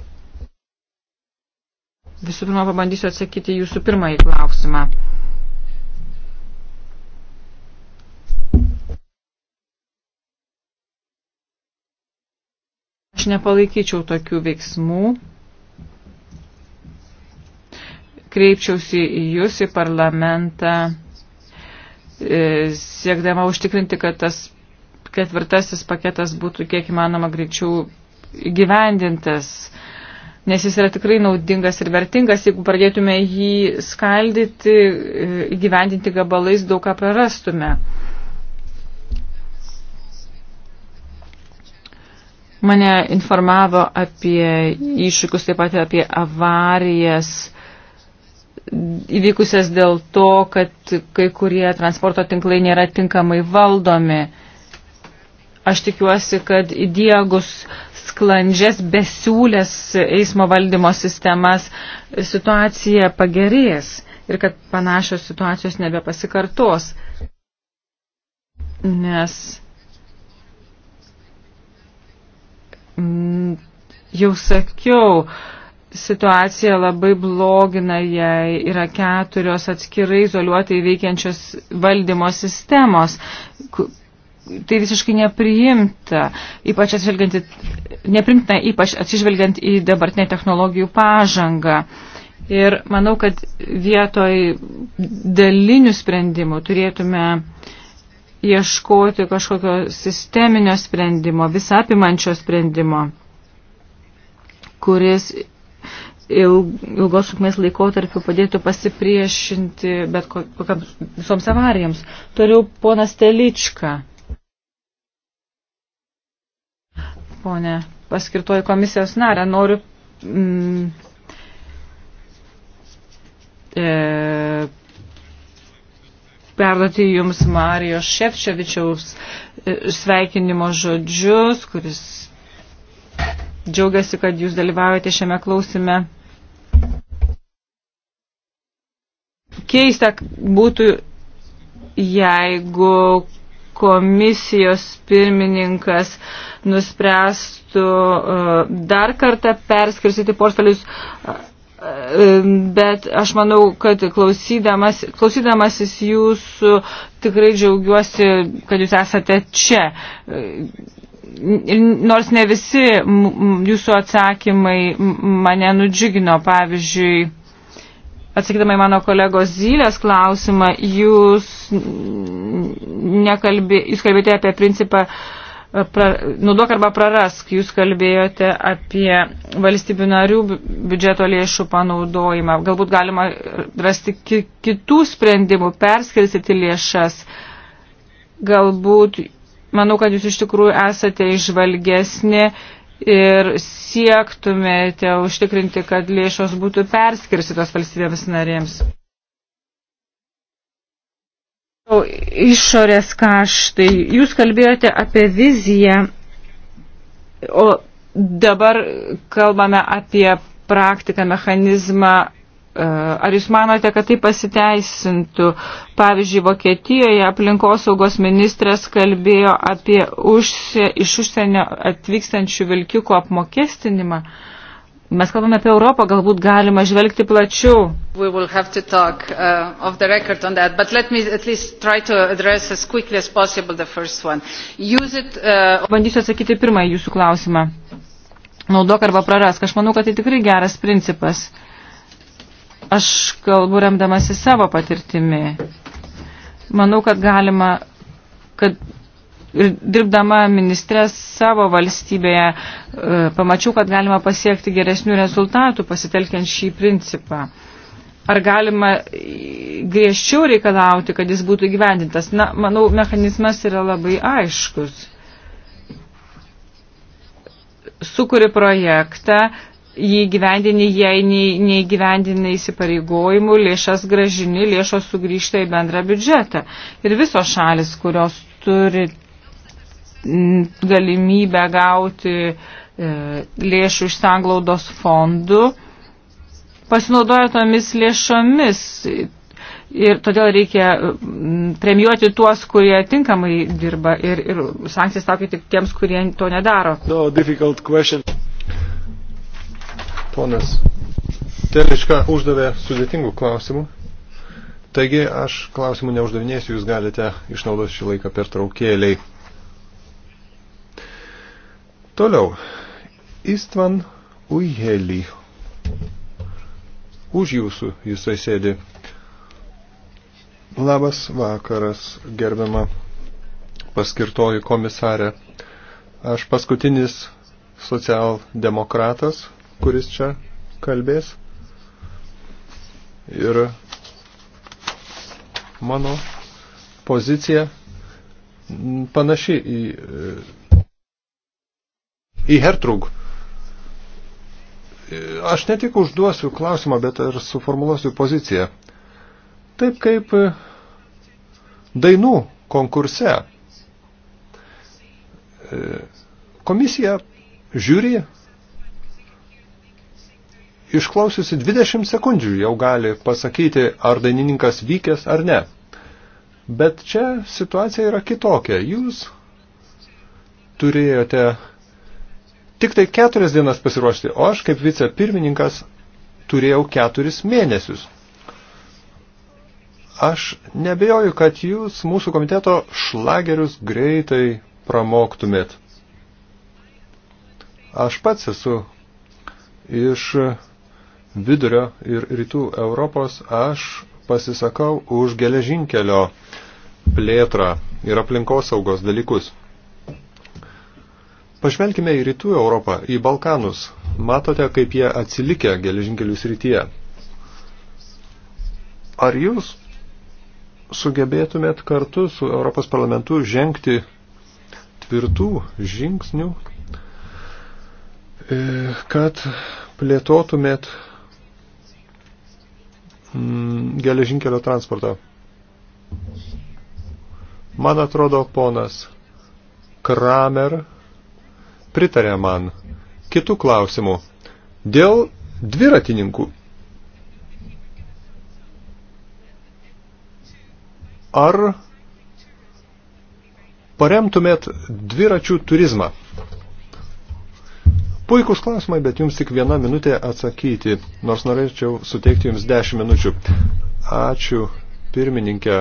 Visų pirma, pabandysiu atsakyti jūsų pirmąjį klausimą. Aš nepalaikyčiau tokių veiksmų kreipčiausi į Jūs, į parlamentą, e, siekdama užtikrinti, kad tas ketvirtasis paketas būtų kiek įmanoma greičiau įgyvendintas, nes jis yra tikrai naudingas ir vertingas, jeigu pradėtume jį skaldyti, e, įgyvendinti gabalais, daug ką prarastume. Mane informavo apie iššūkius, taip pat apie avarijas, įvykusias dėl to, kad kai kurie transporto tinklai nėra tinkamai valdomi. Aš tikiuosi, kad įdiegus sklandžias besiūlės eismo valdymo sistemas situacija pagerės ir kad panašios situacijos nebepasikartos. Nes mm, jau sakiau, situacija labai blogina, jei yra keturios atskirai izoliuotai veikiančios valdymo sistemos. Tai visiškai nepriimta, ypač atsižvelgiant, nepriimta, ypač atsižvelgiant į dabartinę technologijų pažangą. Ir manau, kad vietoj dalinių sprendimų turėtume ieškoti kažkokio sisteminio sprendimo, visapimančio sprendimo kuris ilgos sukmės laikotarpiu padėtų pasipriešinti bet kokiams visoms avarijams. Toliau ponas Teličką. Pone, paskirtoji komisijos narę, noriu mm, e, perduoti Jums Marijos Šefčevičiaus e, sveikinimo žodžius, kuris džiaugiasi, kad Jūs dalyvaujate šiame klausime. keista būtų, jeigu komisijos pirmininkas nuspręstų uh, dar kartą perskirstyti portfelius, uh, um, bet aš manau, kad klausydamas, klausydamasis jūsų tikrai džiaugiuosi, kad jūs esate čia. Uh, nors ne visi jūsų atsakymai mane nudžiugino, pavyzdžiui, Atsakydama į mano kolegos Zylės klausimą, jūs, nekalbė, jūs kalbėjote apie principą e, pra, nuduok arba prarask, jūs kalbėjote apie valstybių narių biudžeto lėšų panaudojimą. Galbūt galima rasti ki, kitų sprendimų, perskirstyti lėšas. Galbūt, manau, kad jūs iš tikrųjų esate išvalgesnė ir siektumėte užtikrinti, kad lėšos būtų perskirstytos valstybėms narėms? Išorės kaštai. Jūs kalbėjote apie viziją, o dabar kalbame apie praktiką, mechanizmą E, ar jūs manote, kad tai pasiteisintų? Pavyzdžiui, Vokietijoje aplinkosaugos ministras kalbėjo apie užsie, iš užsienio atvykstančių vilkikų apmokestinimą. Mes kalbame apie Europą, galbūt galima žvelgti plačiau. Talk, uh, it, uh... Bandysiu atsakyti pirmąjį jūsų klausimą. Naudok arba prarask. Aš manau, kad tai tikrai geras principas. Uh, Aš kalbu remdamasi savo patirtimi. Manau, kad galima, kad ir dirbdama ministrė savo valstybėje e, pamačiau, kad galima pasiekti geresnių rezultatų pasitelkiant šį principą. Ar galima griežčiau reikalauti, kad jis būtų gyvendintas? Na, manau, mechanizmas yra labai aiškus. Sukuri projektą, jį gyvendini, jei neįgyvendini įsipareigojimų, lėšas gražini, lėšos sugrįžta į bendrą biudžetą. Ir visos šalis, kurios turi mm, galimybę gauti e, lėšų iš sanglaudos fondų, pasinaudoja tomis lėšomis. Ir todėl reikia mm, premijuoti tuos, kurie tinkamai dirba ir, ir sankcijas taikyti tiems, kurie to nedaro. No Ponas Teliška uždavė sudėtingų klausimų. Taigi aš klausimų neuždavinėsiu, jūs galite išnaudoti šį laiką per traukėliai. Toliau. Istvan Ujheli. Už jūsų jisai sėdi. Labas vakaras, gerbiama paskirtoji komisarė. Aš paskutinis socialdemokratas, kuris čia kalbės. Ir mano pozicija panaši į, į Hertrug. Aš ne tik užduosiu klausimą, bet ir suformuluosiu poziciją. Taip kaip dainų konkurse. E, komisija žiūri išklausiusi 20 sekundžių jau gali pasakyti, ar dainininkas vykęs ar ne. Bet čia situacija yra kitokia. Jūs turėjote tik tai keturias dienas pasiruošti, o aš kaip vicepirmininkas turėjau keturis mėnesius. Aš nebejoju, kad jūs mūsų komiteto šlagerius greitai pramoktumėt. Aš pats esu iš vidurio ir rytų Europos, aš pasisakau už geležinkelio plėtrą ir aplinkosaugos dalykus. Pažvelkime į rytų Europą, į Balkanus. Matote, kaip jie atsilikę geležinkelių srityje. Ar jūs sugebėtumėt kartu su Europos parlamentu žengti tvirtų žingsnių, e, kad plėtotumėt Mm, geležinkelio transportą. Man atrodo, ponas Kramer pritarė man kitų klausimų dėl dviratininkų. Ar paremtumėt dviračių turizmą? Puikus klausimai, bet jums tik viena minutė atsakyti, nors norėčiau suteikti jums dešimt minučių. Ačiū, pirmininkė.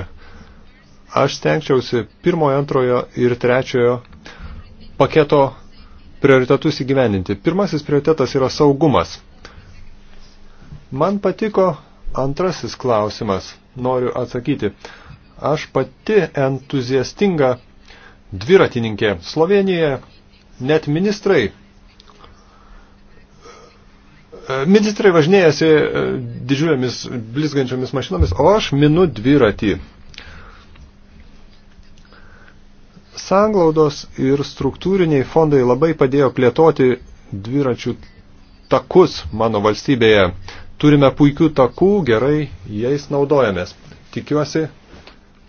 Aš stengčiausi pirmojo, antrojo ir trečiojo paketo prioritetus įgyveninti. Pirmasis prioritetas yra saugumas. Man patiko antrasis klausimas, noriu atsakyti. Aš pati entuziastinga dviratininkė. Slovenijoje net ministrai E, ministrai važinėjasi e, didžiulėmis blizgančiomis mašinomis, o aš minu dviratį. Sanglaudos ir struktūriniai fondai labai padėjo plėtoti dviračių takus mano valstybėje. Turime puikių takų, gerai jais naudojamės. Tikiuosi,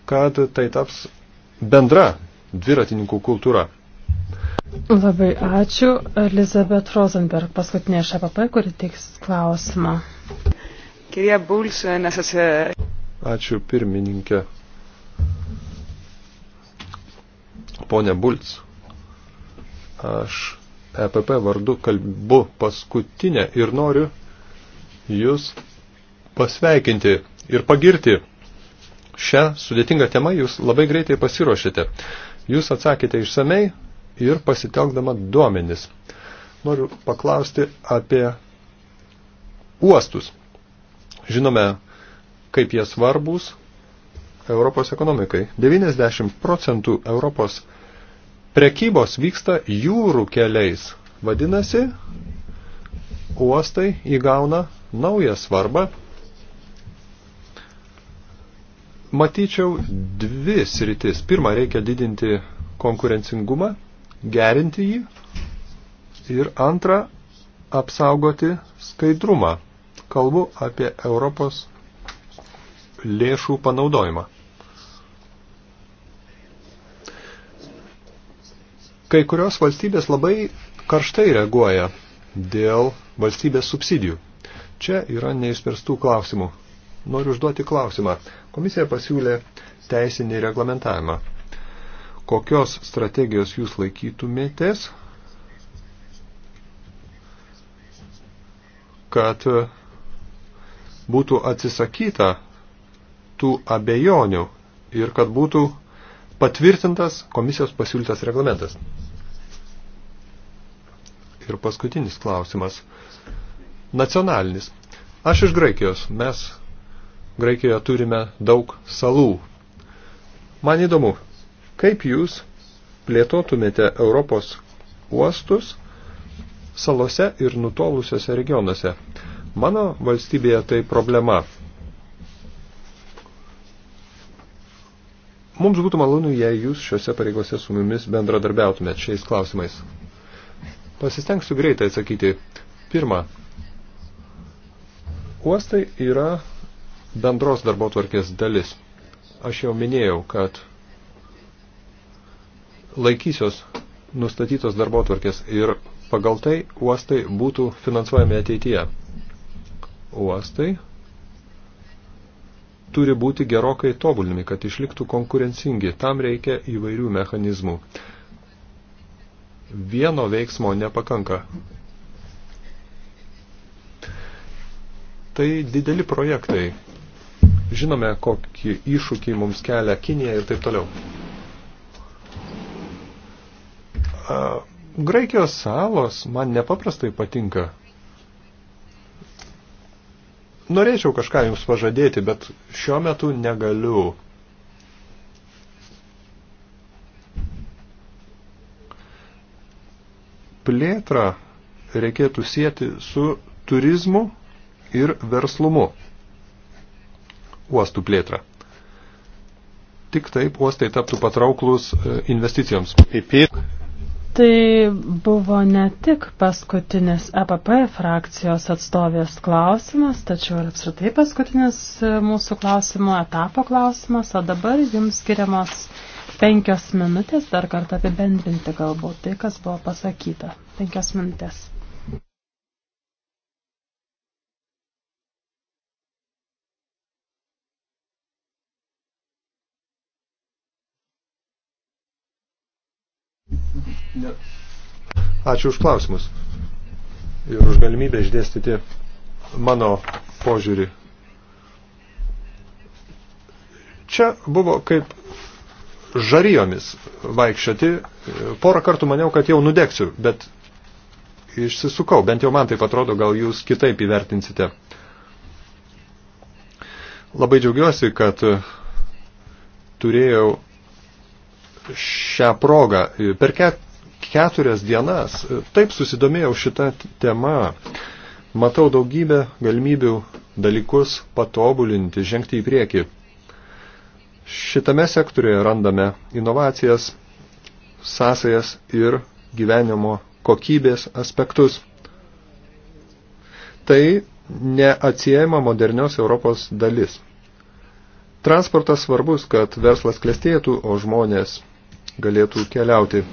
kad tai taps bendra dviratininkų kultūra. Labai ačiū. Elizabeth Rosenberg, paskutinė iš APP, kuri teiks klausimą. Kirija Buls, nes esi. Ačiū pirmininkė. Pone Bulc, aš EPP vardu kalbu paskutinę ir noriu Jūs pasveikinti ir pagirti. Šią sudėtingą temą Jūs labai greitai pasiruošėte. Jūs atsakėte išsamei, ir pasitelkdama duomenis. Noriu paklausti apie uostus. Žinome, kaip jie svarbus Europos ekonomikai. 90 procentų Europos prekybos vyksta jūrų keliais. Vadinasi, uostai įgauna naują svarbą. Matyčiau dvi sritis. Pirma, reikia didinti konkurencingumą gerinti jį ir antra, apsaugoti skaidrumą. Kalbu apie Europos lėšų panaudojimą. Kai kurios valstybės labai karštai reaguoja dėl valstybės subsidijų. Čia yra neišspręstų klausimų. Noriu užduoti klausimą. Komisija pasiūlė teisinį reglamentavimą kokios strategijos jūs laikytumėtės, kad e, būtų atsisakyta tų abejonių ir kad būtų patvirtintas komisijos pasiūlytas reglamentas. Ir paskutinis klausimas. Nacionalinis. Aš iš Graikijos. Mes Graikijoje turime daug salų. Man įdomu, Kaip jūs plėtotumėte Europos uostus salose ir nutolusiuose regionuose? Mano valstybėje tai problema. Mums būtų malonu, jei jūs šiuose pareigose su mumis bendradarbiautumėt šiais klausimais. Pasistengsiu greitai atsakyti. Pirma, uostai yra bendros darbo tvarkės dalis. Aš jau minėjau, kad laikysios nustatytos darbo tvarkės ir pagal tai uostai būtų finansuojami ateityje. Uostai turi būti gerokai tobulinami, kad išliktų konkurencingi. Tam reikia įvairių mechanizmų. Vieno veiksmo nepakanka. Tai dideli projektai. Žinome, kokį iššūkį mums kelia Kinija ir taip toliau. Graikijos salos man nepaprastai patinka. Norėčiau kažką jums pažadėti, bet šiuo metu negaliu. Plėtrą reikėtų sieti su turizmu ir verslumu. Uostų plėtrą. Tik taip uostai taptų patrauklus e, investicijoms. Pipit. Tai buvo ne tik paskutinis EPP frakcijos atstovės klausimas, tačiau ir apsritai paskutinis mūsų klausimo etapo klausimas, o dabar jums skiriamos penkios minutės dar kartą apibendrinti galbūt tai, kas buvo pasakyta. Penkios minutės. Ačiū už klausimus ir už galimybę išdėstyti mano požiūrį. Čia buvo kaip žarijomis vaikščioti. Porą kartų maniau, kad jau nudegsiu, bet išsisukau. Bent jau man taip atrodo, gal jūs kitaip įvertinsite. Labai džiaugiuosi, kad turėjau šią progą. Per ket keturias dienas. Taip susidomėjau šitą temą. Matau daugybę galimybių dalykus patobulinti, žengti į priekį. Šitame sektoriuje randame inovacijas, sąsajas ir gyvenimo kokybės aspektus. Tai neatsiejama modernios Europos dalis. Transportas svarbus, kad verslas klestėtų, o žmonės galėtų keliauti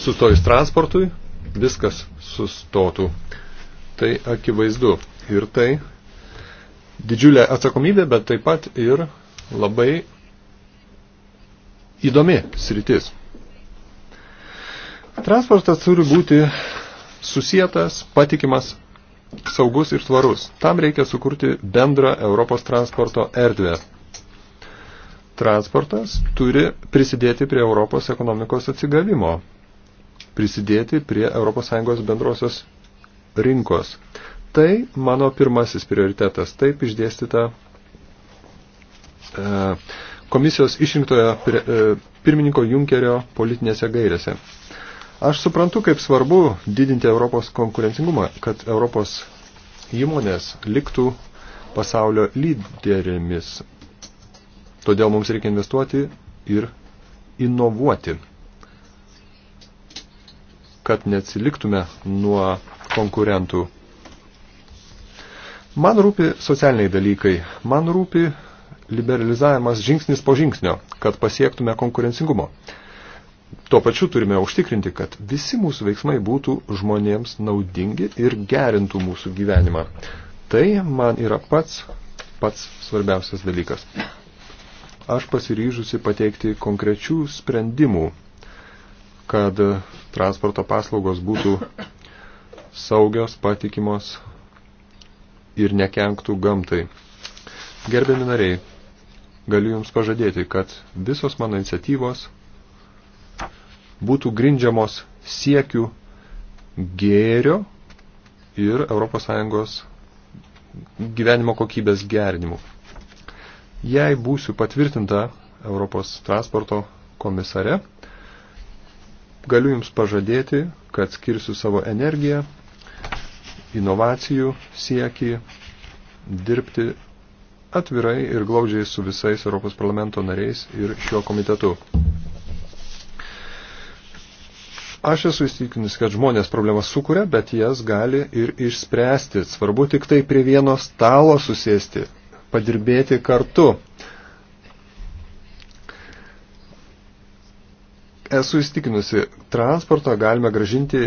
sustojus transportui, viskas sustotų. Tai akivaizdu. Ir tai didžiulė atsakomybė, bet taip pat ir labai įdomi sritis. Transportas turi būti susietas, patikimas, saugus ir tvarus. Tam reikia sukurti bendrą Europos transporto erdvę. Transportas turi prisidėti prie Europos ekonomikos atsigavimo prisidėti prie ES bendrosios rinkos. Tai mano pirmasis prioritetas, taip išdėstyta e, komisijos išrinktojo e, pirmininko Junkerio politinėse gairėse. Aš suprantu, kaip svarbu didinti Europos konkurencingumą, kad Europos įmonės liktų pasaulio lyderėmis. Todėl mums reikia investuoti ir inovuoti kad neatsiliktume nuo konkurentų. Man rūpi socialiniai dalykai, man rūpi liberalizavimas žingsnis po žingsnio, kad pasiektume konkurencingumo. Tuo pačiu turime užtikrinti, kad visi mūsų veiksmai būtų žmonėms naudingi ir gerintų mūsų gyvenimą. Tai man yra pats, pats svarbiausias dalykas. Aš pasiryžusi pateikti konkrečių sprendimų, kad transporto paslaugos būtų saugios, patikimos ir nekenktų gamtai. Gerbiami nariai, galiu Jums pažadėti, kad visos mano iniciatyvos būtų grindžiamos siekių gėrio ir ES gyvenimo kokybės gerinimu. Jei būsiu patvirtinta Europos transporto komisare, galiu Jums pažadėti, kad skirsiu savo energiją, inovacijų siekį, dirbti atvirai ir glaudžiai su visais Europos parlamento nariais ir šiuo komitetu. Aš esu įsitikinęs, kad žmonės problemas sukuria, bet jas gali ir išspręsti. Svarbu tik tai prie vieno stalo susėsti, padirbėti kartu. esu įstikinusi, transportą galime gražinti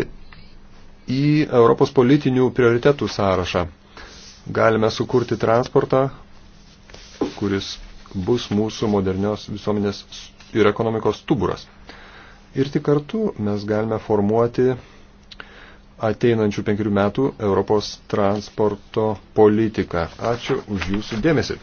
į Europos politinių prioritetų sąrašą. Galime sukurti transportą, kuris bus mūsų modernios visuomenės ir ekonomikos stuburas. Ir tik kartu mes galime formuoti ateinančių penkerių metų Europos transporto politiką. Ačiū už jūsų dėmesį.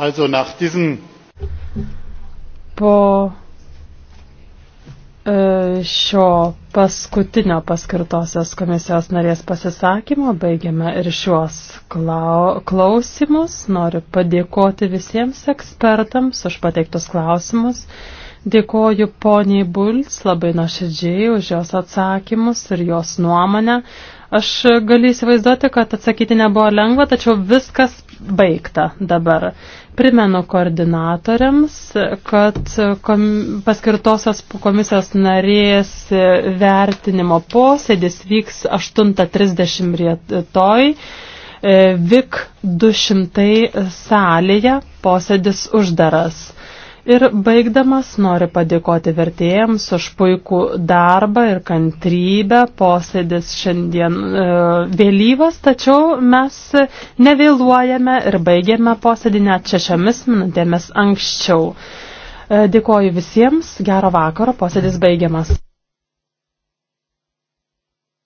Also nach diesem po e, šio paskutinio paskirtosios komisijos narės pasisakymo baigiame ir šiuos klausimus. Noriu padėkoti visiems ekspertams už pateiktus klausimus. Dėkoju poniai Bulc labai nuoširdžiai už jos atsakymus ir jos nuomonę. Aš galiu įsivaizduoti, kad atsakyti nebuvo lengva, tačiau viskas baigta dabar. Primenu koordinatoriams, kad kom, paskirtosios komisijos narės vertinimo posėdis vyks 8.30 rytoj. E, VIK 200 e salėje posėdis uždaras. Ir baigdamas noriu padėkoti vertėjams už puikų darbą ir kantrybę. Posėdis šiandien e, vėlyvas, tačiau mes nevėluojame ir baigėme posėdį net šešiamis minutėmis anksčiau. E, dėkoju visiems, gero vakaro, posėdis baigiamas.